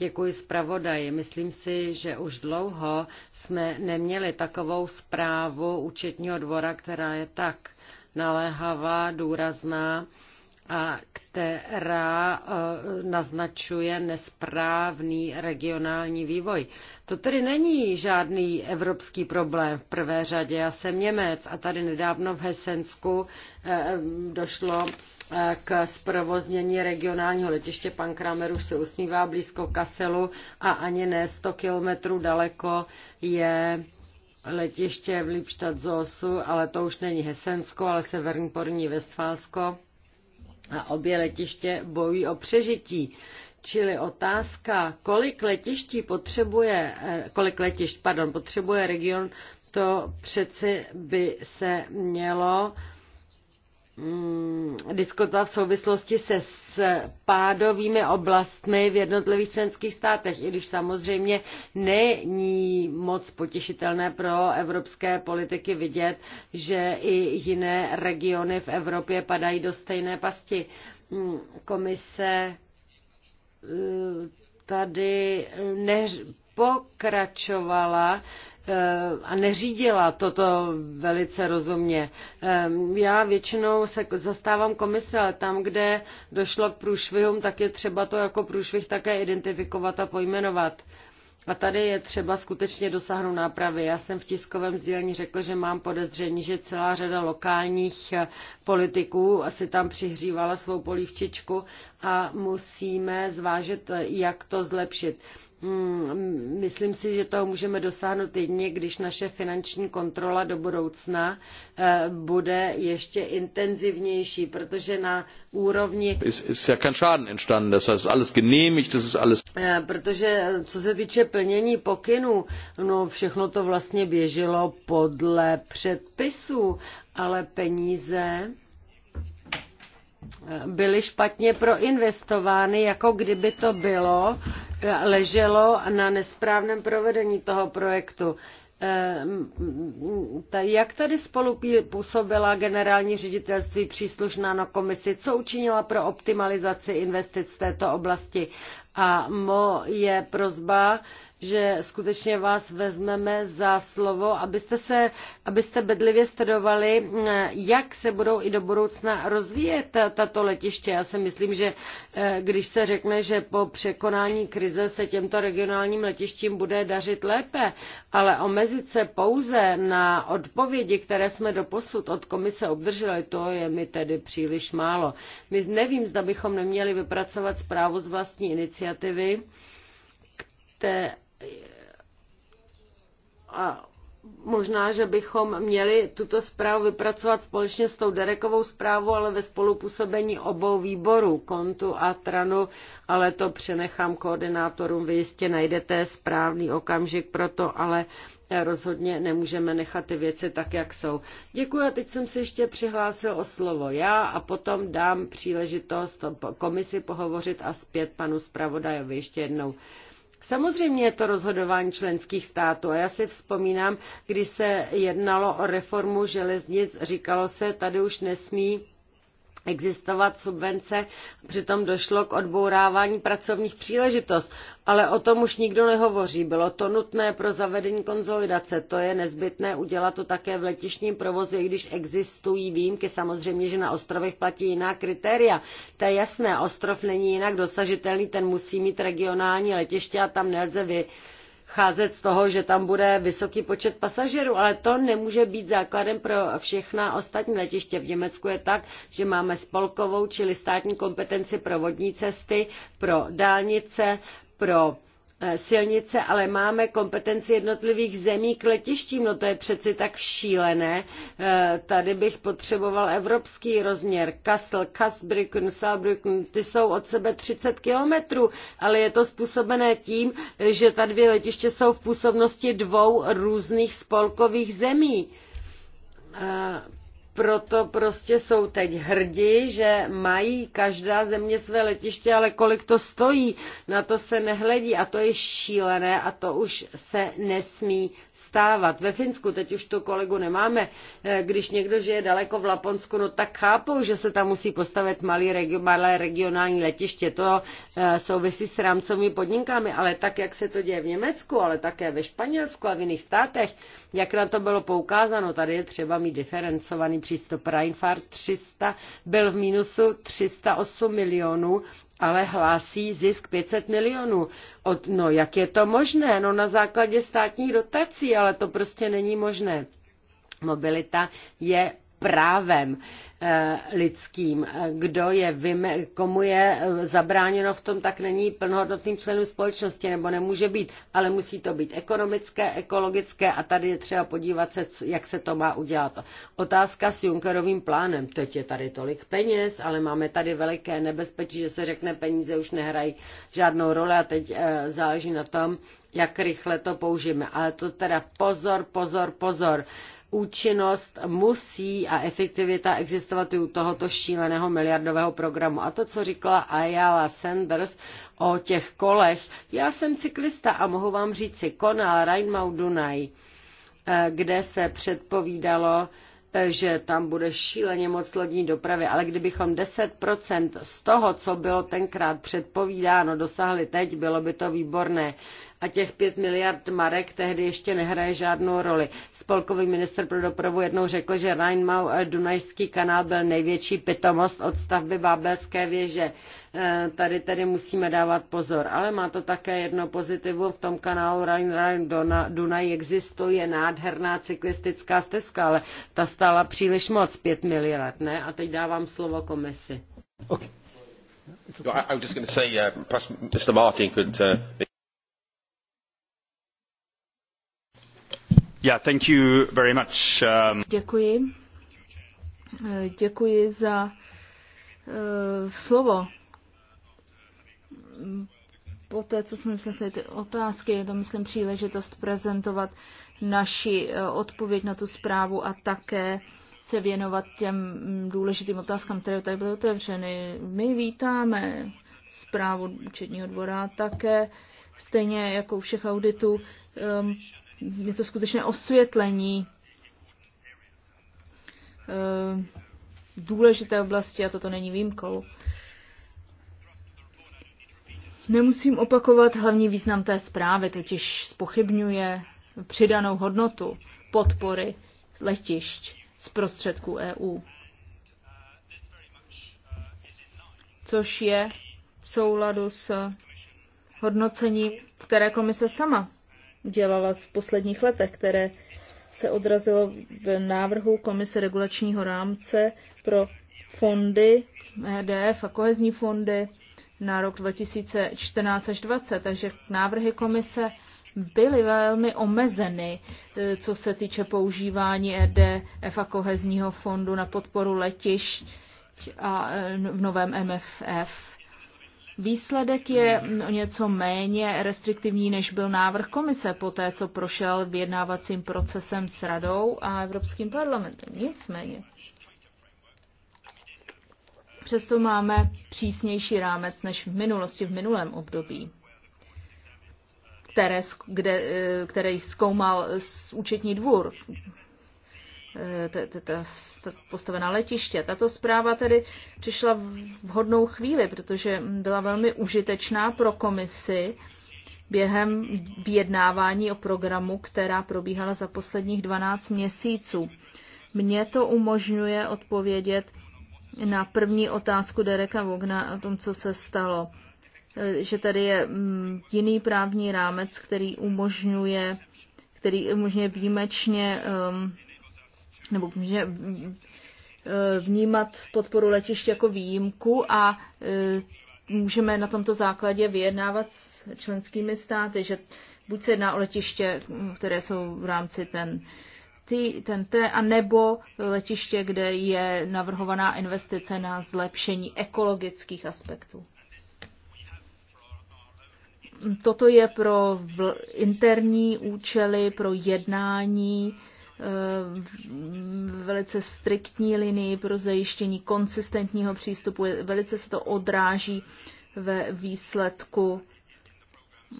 Děkuji zpravodaji. Myslím si, že už dlouho jsme neměli takovou zprávu účetního dvora, která je tak naléhavá, důrazná a která eh, naznačuje nesprávný regionální vývoj. To tedy není žádný evropský problém v prvé řadě. Já jsem Němec a tady nedávno v Hesensku eh, eh, došlo eh, k zprovoznění regionálního letiště. Pan Kramer už se usmívá blízko Kaselu a ani ne 100 kilometrů daleko je letiště v Lipštadzosu, ale to už není Hesensko, ale Severní Porní Vestfálsko. A obě letiště bojují o přežití Čili otázka, kolik letiští potřebuje, eh, kolik letišť, pardon, potřebuje region, to přeci by se mělo mm, diskutovat v souvislosti se spádovými oblastmi v jednotlivých členských státech, i když samozřejmě není moc potěšitelné pro evropské politiky vidět, že i jiné regiony v Evropě padají do stejné pasti. Mm, komise Eh, tady neř- pokračovala eh, a neřídila toto velice rozumně. Eh, já většinou se zastávám komise, ale tam, kde došlo k průšvihům, tak je třeba to jako průšvih také identifikovat a pojmenovat. A tady je třeba skutečně dosáhnout nápravy. Já jsem v tiskovém sdělení řekl, že mám podezření, že celá řada lokálních eh, politiků asi tam přihřívala svou polívčičku a musíme zvážit, eh, jak to zlepšit. Hmm, myslím si, že toho můžeme dosáhnout jedině, když naše finanční kontrola do budoucna eh, bude ještě intenzivnější, protože na úrovni... Ist ja kein Schaden entstanden, das heißt, alles genehmigt, das ist alles... Eh, protože eh, co se týče plnění pokynů, no všechno to vlastně běželo podle předpisů, ale peníze byly špatně proinvestovány, jako kdyby to bylo, leželo na nesprávném provedení toho projektu. Ehm, jak tady spolu působila generální ředitelství příslušná na komisi? Co učinila pro optimalizaci investic v této oblasti? A moje prozba že skutečně vás vezmeme za slovo, abyste, se, abyste bedlivě studovali, jak se budou i do budoucna rozvíjet tato letiště. Já si myslím, že eh, když se řekne, že po překonání krize se těmto regionálním letištím bude dařit lépe, ale omezit se pouze na odpovědi, které jsme doposud od komise obdrželi, to je mi tedy příliš málo. My nevím, zda bychom neměli vypracovat zprávu z vlastní iniciativy, a možná, že bychom měli tuto zprávu vypracovat společně s tou Derekovou zprávou, ale ve spolupůsobení obou výborů, Kontu a Tranu, ale to přenechám koordinátorům, vy jistě najdete správný okamžik pro to, ale rozhodně nemůžeme nechat ty věci tak, jak jsou. Děkuji a teď jsem se ještě přihlásil o slovo já a potom dám příležitost komisi pohovořit a zpět panu zpravodajovi ještě jednou. Samozřejmě je to rozhodování členských států a já si vzpomínám, když se jednalo o reformu železnic, říkalo se, tady už nesmí existovat subvence, přitom došlo k odbourávání pracovních příležitost, ale o tom už nikdo nehovoří. Bylo to nutné pro zavedení konzolidace, to je nezbytné udělat to také v letišním provozu, i když existují výjimky, samozřejmě, že na ostrovech platí jiná kritéria. To je jasné, ostrov není jinak dosažitelný, ten musí mít regionální letiště a tam nelze vy vycházet z toho, že tam bude vysoký počet pasažerů, ale to nemůže být základem pro všechna ostatní letiště. V Německu je tak, že máme spolkovou, čili státní kompetenci pro vodní cesty, pro dálnice, pro Eh, silnice, ale máme kompetenci jednotlivých zemí k letištím. No to je přeci tak šílené. Eh, tady bych potřeboval evropský rozměr. Kassel, Kastbrücken, Saarbrücken, ty jsou od sebe 30 kilometrů, ale je to způsobené tím, že ta dvě letiště jsou v působnosti dvou různých spolkových zemí eh, proto prostě jsou teď hrdí, že mají každá země své letiště, ale kolik to stojí, na to se nehledí a to je šílené a to už se nesmí stávat. Ve Finsku teď už tu kolegu nemáme. Eh, když někdo žije daleko v Laponsku, no tak chápou, že se tam musí postavit malý malé regionální letiště. To eh, souvisí s rámcovými podnikami, ale tak, jak se to děje v Německu, ale také ve Španělsku a v jiných státech, jak na to bylo poukázáno, tady je třeba mít diferencovaný přístup. Reinhardt 300 byl v mínusu 308 milionů ale hlásí zisk 500 milionů. Od, no jak je to možné? No na základě státních dotací, ale to prostě není možné. Mobilita je právem eh, lidským. Kdo je, vyme, komu je eh, zabráněno v tom, tak není plnohodnotným členem společnosti, nebo nemůže být, ale musí to být ekonomické, ekologické a tady je třeba podívat se, jak se to má udělat. Otázka s Junckerovým plánem. Teď je tady tolik peněz, ale máme tady veliké nebezpečí, že se řekne, peníze už nehrají žádnou roli a teď eh, záleží na tom, jak rychle to použijeme. Ale to teda pozor, pozor, pozor účinnost musí a efektivita existovat i u tohoto šíleného miliardového programu. A to, co říkala Ayala Sanders o těch kolech, já jsem cyklista a mohu vám říci Konal Rheinmau Dunaj, eh, kde se předpovídalo, eh, že tam bude šíleně moc lodní dopravy, ale kdybychom 10% z toho, co bylo tenkrát předpovídáno, dosáhli, teď, bylo by to výborné a těch pět miliard marek tehdy ještě nehraje žádnou roli. Spolkový minister pro dopravu jednou řekl, že Rheinmau Dunajský kanál byl největší pitomost od stavby Babelské věže. E, tady tedy musíme dávat pozor. Ale má to také jedno pozitivum. V tom kanálu Rhein-Rhein-Dunaj existuje nádherná cyklistická stezka, ale ta stála příliš moc, pět miliard, ne? A teď dávám slovo komisi. Okay. No, I was just going to say, uh, perhaps Mr. Martin could. Uh... Yeah, thank you very much. Um... Děkuji. Děkuji za uh, slovo. Po té, co jsme vyslechli ty otázky, je to, myslím, příležitost prezentovat naši uh, odpověď na tu zprávu a také se věnovat těm mm, důležitým otázkám, které tady byly otevřeny. My vítáme zprávu účetního dvora také, stejně jako u všech auditů, um, je to skutečné osvětlení eh, důležité oblasti a toto není výjimkou. Nemusím opakovat hlavní význam té zprávy, totiž spochybňuje přidanou hodnotu podpory letišť z prostředků EU. Což je v souladu s hodnocením, které komise sama dělala v posledních letech, které se odrazilo v návrhu Komise regulačního rámce pro fondy EDF a kohezní fondy na rok 2014 až 2020, takže návrhy komise byly velmi omezeny, e, co se týče používání EDF a kohezního fondu na podporu letišť a e, v novém MFF. Výsledek je o něco méně restriktivní, než byl návrh komise po té, co prošel vyjednávacím procesem s radou a Evropským parlamentem. Nicméně. Přesto máme přísnější rámec než v minulosti, v minulém období, které, kde, eh, který zkoumal účetní dvůr Eh, postavená letiště. Tato zpráva tedy přišla v vhodnou chvíli, protože byla velmi užitečná pro komisi během vyjednávání o programu, která probíhala za posledních 12 měsíců. Mně to umožňuje odpovědět na první otázku Dereka Vogna o tom, co se stalo. Eh, že tady je mm, jiný právní rámec, který umožňuje, který umožňuje výjimečně um, nebo může eh, vnímat podporu letišť jako výjimku a eh, můžeme na tomto základě vyjednávat s členskými státy, že buď se jedná o letiště, mm, které jsou v rámci ten ty, ten T, a nebo letiště, kde je navrhovaná investice na zlepšení ekologických aspektů. Toto je pro interní účely, pro jednání velice striktní linii pro zajištění konsistentního přístupu. Velice se to odráží ve výsledku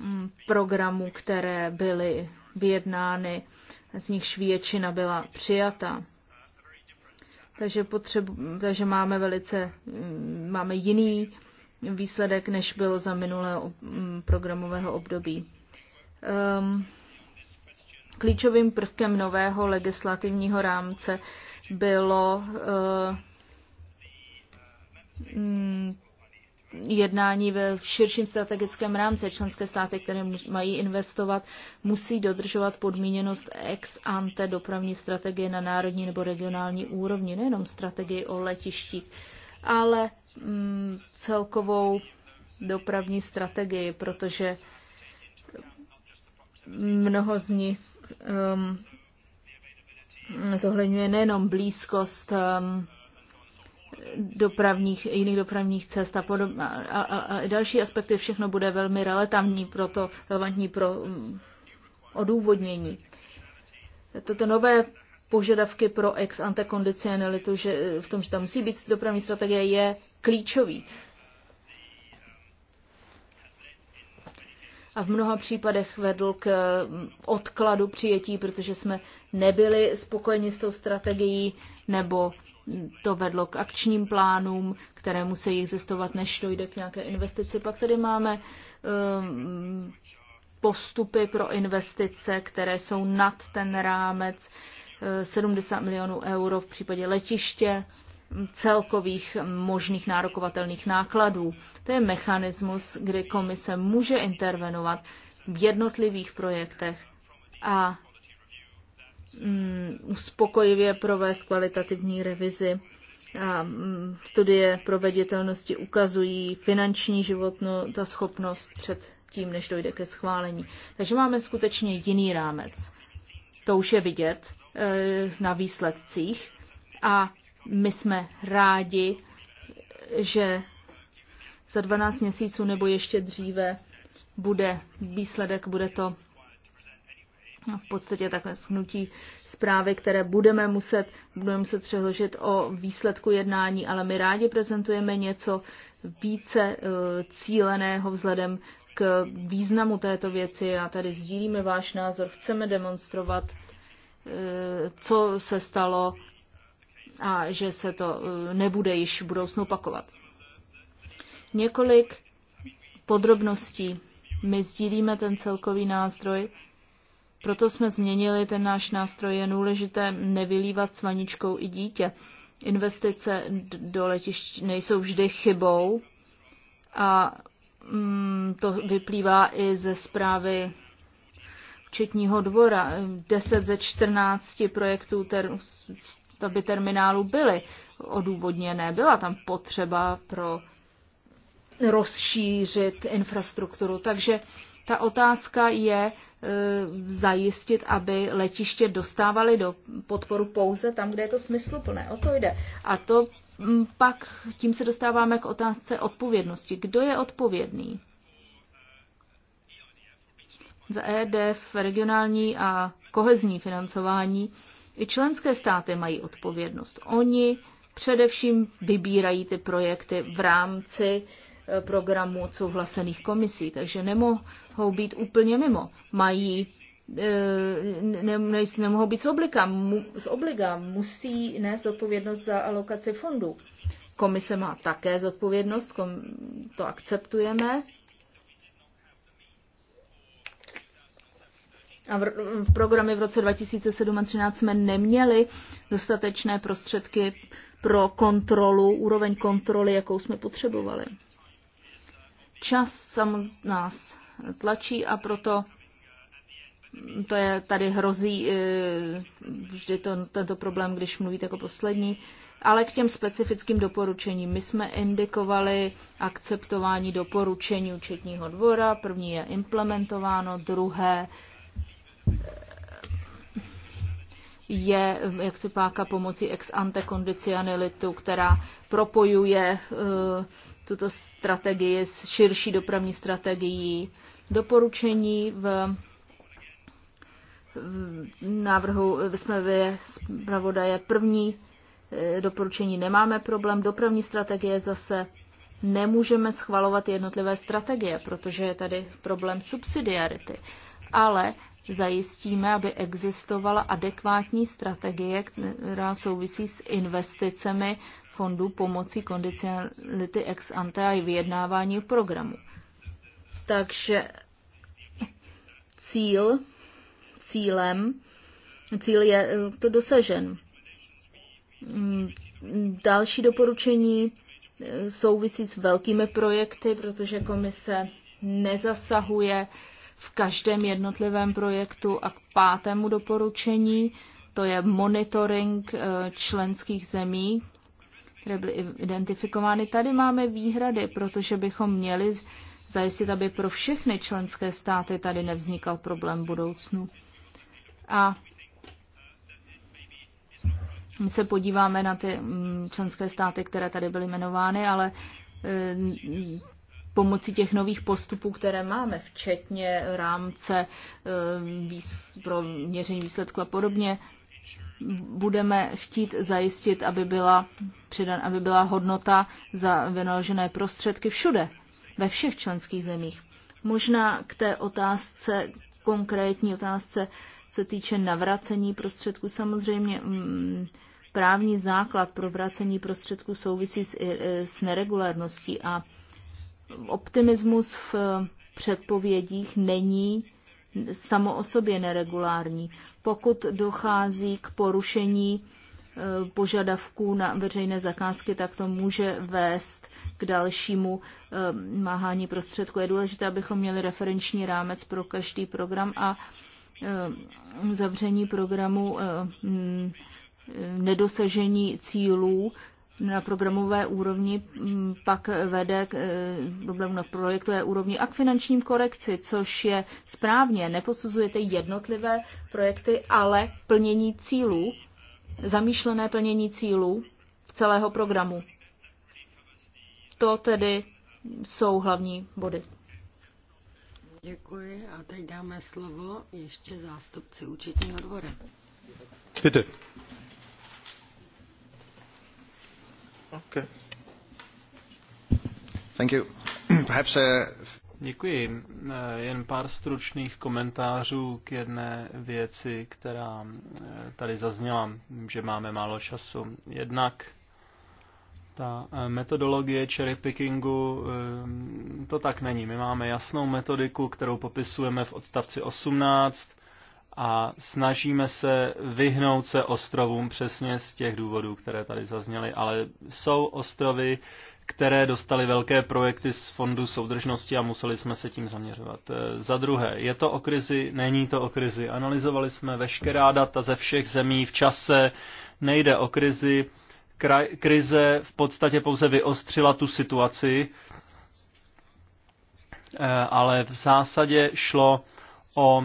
mm, programů, které byly vyjednány, z nichž většina byla přijata. Takže, potřebu, takže máme velice mm, máme jiný výsledek, než byl za minulého mm, programového období. Um, Klíčovým prvkem nového legislativního rámce bylo eh, mm, jednání ve širším strategickém rámci. Členské státy, které mají investovat, musí dodržovat podmíněnost ex ante dopravní strategie na národní nebo regionální úrovni, nejenom strategii o letištích, ale mm, celkovou dopravní strategii, protože mnoho z nich um, zohledňuje nejenom blízkost um, dopravních, jiných dopravních cest a, podob, a, a, a další aspekty, všechno bude velmi relevantní pro, to, relevantní pro um, odůvodnění. Toto nové požadavky pro ex ante kondicionalitu, že v tom, že tam musí být dopravní strategie, je klíčový. a v mnoha případech vedl k mm, odkladu přijetí, protože jsme nebyli spokojeni s tou strategií, nebo mm, to vedlo k akčním plánům, které musí existovat, než dojde k nějaké investici. Pak tady máme mm, postupy pro investice, které jsou nad ten rámec 70 eh, milionů euro v případě letiště celkových možných nárokovatelných nákladů. To je mechanismus, kdy komise může intervenovat v jednotlivých projektech a mm, uspokojivě provést kvalitativní revizi. A mm, studie proveditelnosti ukazují finanční životnost ta schopnost před tím, než dojde ke schválení. Takže máme skutečně jiný rámec. To už je vidět e, na výsledcích. A my jsme rádi, že za 12 měsíců nebo ještě dříve bude výsledek, bude to v podstatě takové shnutí zprávy, které budeme muset, budeme muset přeložit o výsledku jednání, ale my rádi prezentujeme něco více eh, cíleného vzhledem k významu této věci a tady sdílíme váš názor, chceme demonstrovat, eh, co se stalo, a že se to e, nebude již v budoucnu opakovat. Několik podrobností. My sdílíme ten celkový nástroj, proto jsme změnili ten náš nástroj. Je důležité nevylívat s vaničkou i dítě. Investice do letišť nejsou vždy chybou a mm, to vyplývá i ze zprávy Četního dvora. 10 ze 14 projektů, stavby terminálu byly odůvodněné. Byla tam potřeba pro rozšířit infrastrukturu. Takže ta otázka je e, zajistit, aby letiště dostávali do podporu pouze tam, kde je to smysluplné. O to jde. A to mm, pak tím se dostáváme k otázce odpovědnosti. Kdo je odpovědný? Za EDF regionální a kohezní financování i členské státy mají odpovědnost. Oni především vybírají ty projekty v rámci e, programů souhlasených komisí, takže nemohou být úplně mimo. Mají e, ne, ne, nemohou být z obliga, mu, z obliga musí nést odpovědnost za alokaci fondů. Komise má také zodpovědnost, kom, to akceptujeme, a v, v programy v roce 2007 a 2013 jsme neměli dostatečné prostředky pro kontrolu, úroveň kontroly, jakou jsme potřebovali. Čas sam z nás tlačí a proto to je, tady hrozí e, vždy to, tento problém, když mluvíte jako poslední. Ale k těm specifickým doporučením. My jsme indikovali akceptování doporučení účetního dvora. První je implementováno, druhé je eh, jak se páka pomocí ex ante kondicionalitu, která propojuje eh, tuto strategii s širší dopravní strategií. Doporučení v návrhu ve zprávě zpravodaje první eh, doporučení nemáme problém. Dopravní strategie zase nemůžeme schvalovat jednotlivé strategie, protože je tady problém subsidiarity. Ale zajistíme, aby existovala adekvátní strategie, která souvisí s investicemi fondů pomocí kondicionality ex ante a vyjednávání programu. Takže cíl, cílem, cíl je eh, to dosažen. Mm, další doporučení eh, souvisí s velkými projekty, protože komise nezasahuje uh, v každém jednotlivém projektu a k pátému doporučení, to je monitoring eh, členských zemí, které byly identifikovány. Tady máme výhrady, protože bychom měli zajistit, aby pro všechny členské státy tady nevznikal problém v budoucnu. A my se podíváme na ty mm, členské státy, které tady byly jmenovány, ale eh, pomocí těch nových postupů, které máme, včetně rámce eh, pro měření výsledku a podobně, budeme chtít zajistit, aby byla, přidan, aby byla hodnota za vynaložené prostředky všude, ve všech členských zemích. Možná k té otázce, konkrétní otázce, co týče navracení prostředků, samozřejmě mm, právní základ pro vracení prostředků souvisí s, s neregulárností a optimismus v eh, předpovědích není samo o sobě neregulární. Pokud dochází k porušení eh, požadavků na veřejné zakázky, tak to může vést k dalšímu eh, máhání prostředku. Je důležité, abychom měli referenční rámec pro každý program a zavření programu mm, nedosažení cílů na programové úrovni mm, pak vede k eh, problému na projektové úrovni a k finančním korekci, což je správně. Neposuzujete jednotlivé projekty, ale plnění cílů, zamýšlené plnění cílů celého programu. To tedy jsou hlavní body. Děkuji a teď dáme slovo ještě zástupci účetního dvora. Bitte. Uh, Děkuji. Eh, jen pár stručných komentářů k jedné věci, která eh, tady zazněla, že máme málo času. Jednak ta eh, metodologie cherry pickingu, to tak není. My máme jasnou metodiku, kterou popisujeme v odstavci 18 a snažíme se vyhnout se ostrovům přesně z těch důvodů, které tady zazněly, ale jsou ostrovy, které dostaly velké projekty z Fondu soudržnosti a museli jsme se tím zaměřovat. E, za druhé, je to o krizi, není to o krizi. Analyzovali jsme veškerá data ze všech zemí v čase, nejde o krizi. Kraj, krize v podstatě pouze vyostřila tu situaci, e, ale v zásadě šlo o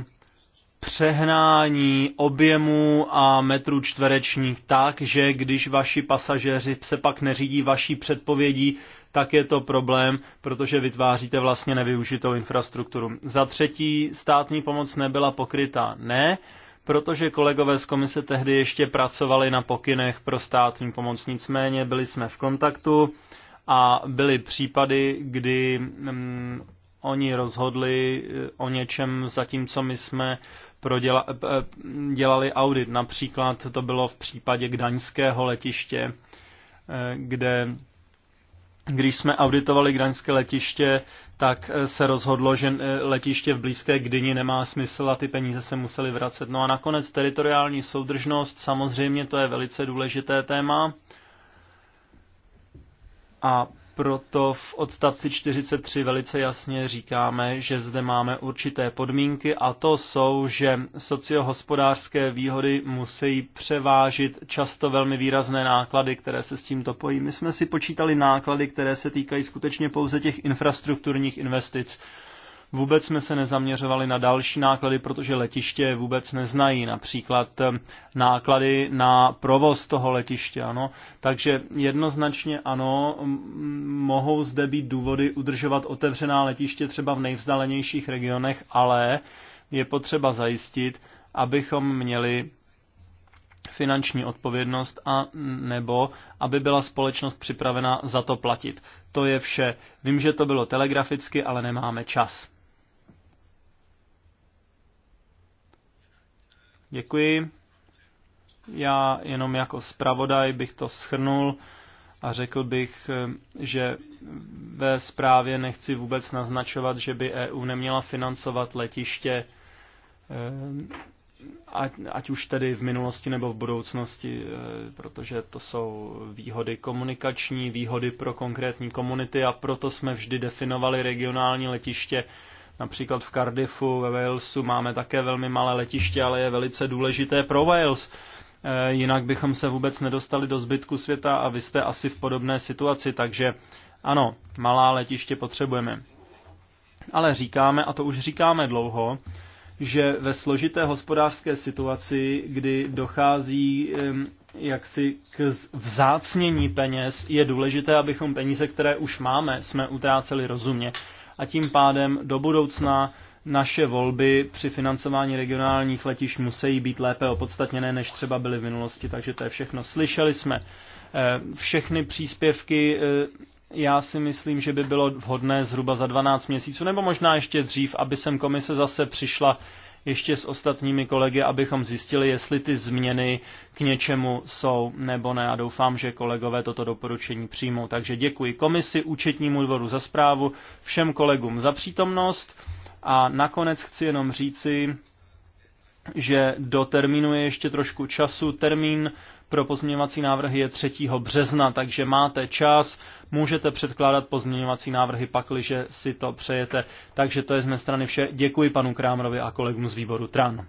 přehnání objemu a metrů čtverečních tak, že když vaši pasažéři se pak neřídí vaší předpovědí, tak je to problém, protože vytváříte vlastně nevyužitou infrastrukturu. Za třetí, státní pomoc nebyla pokryta. Ne, protože kolegové z komise tehdy ještě pracovali na pokynech pro státní pomoc. Nicméně byli jsme v kontaktu a byly případy, kdy mm, oni rozhodli eh, o něčem, zatímco my jsme proděla, eh, dělali audit. Například to bylo v případě Gdaňského letiště, eh, kde když jsme auditovali Gdaňské letiště, tak se rozhodlo, že letiště v blízké Gdyni nemá smysl a ty peníze se museli vracet. No a nakonec teritoriální soudržnost, samozřejmě to je velice důležité téma. A proto v odstavci 43 velice jasně říkáme, že zde máme určité podmínky a to jsou, že sociohospodářské výhody musí převážit často velmi výrazné náklady, které se s tímto pojí. My jsme si počítali náklady, které se týkají skutečně pouze těch infrastrukturních investic Vůbec jsme se nezaměřovali na další náklady, protože letiště vůbec neznají, například ehm, náklady na provoz toho letiště. Ano. Takže jednoznačně ano, mohou zde být důvody udržovat otevřená letiště třeba v nejvzdalenějších regionech, ale je potřeba zajistit, abychom měli finanční odpovědnost a nebo aby byla společnost připravena za to platit. To je vše. Vím, že to bylo telegraficky, ale nemáme čas. Děkuji. Já jenom jako zpravodaj bych to schrnul a řekl bych, že ve zprávě nechci vůbec naznačovat, že by EU neměla financovat letiště, eh, ať, ať už tedy v minulosti nebo v budoucnosti, eh, protože to jsou výhody komunikační, výhody pro konkrétní komunity a proto jsme vždy definovali regionální letiště Například v Cardiffu ve Walesu máme také velmi malé letiště, ale je velice důležité pro Wales. Eh, jinak bychom se vůbec nedostali do zbytku světa a vy jste asi v podobné situaci, takže ano, malá letiště potřebujeme. Ale říkáme, a to už říkáme dlouho, že ve složité hospodářské situaci, kdy dochází jaksi k vzácnění peněz, je důležité, abychom peníze, které už máme, jsme utráceli rozumně a tím pádem do budoucna naše volby při financování regionálních letišť musí být lépe opodstatněné, než třeba byly v minulosti, takže to je všechno. Slyšeli jsme eh, všechny příspěvky, eh, já si myslím, že by bylo vhodné zhruba za 12 měsíců, nebo možná ještě dřív, aby sem komise zase přišla ještě s ostatními kolegy, abychom zjistili, jestli ty změny k něčemu jsou nebo ne. A doufám, že kolegové toto doporučení přijmou. Takže děkuji komisi, účetnímu dvoru za zprávu, všem kolegům za přítomnost. A nakonec chci jenom říci, že do termínu je ještě trošku času. Termín pro pozměňovací návrhy je 3. března, takže máte čas Můžete předkládat pozměňovací návrhy pakliže si to přejete. Takže to je z mé strany vše. Děkuji panu Krámerovi a kolegům z výboru TRAN.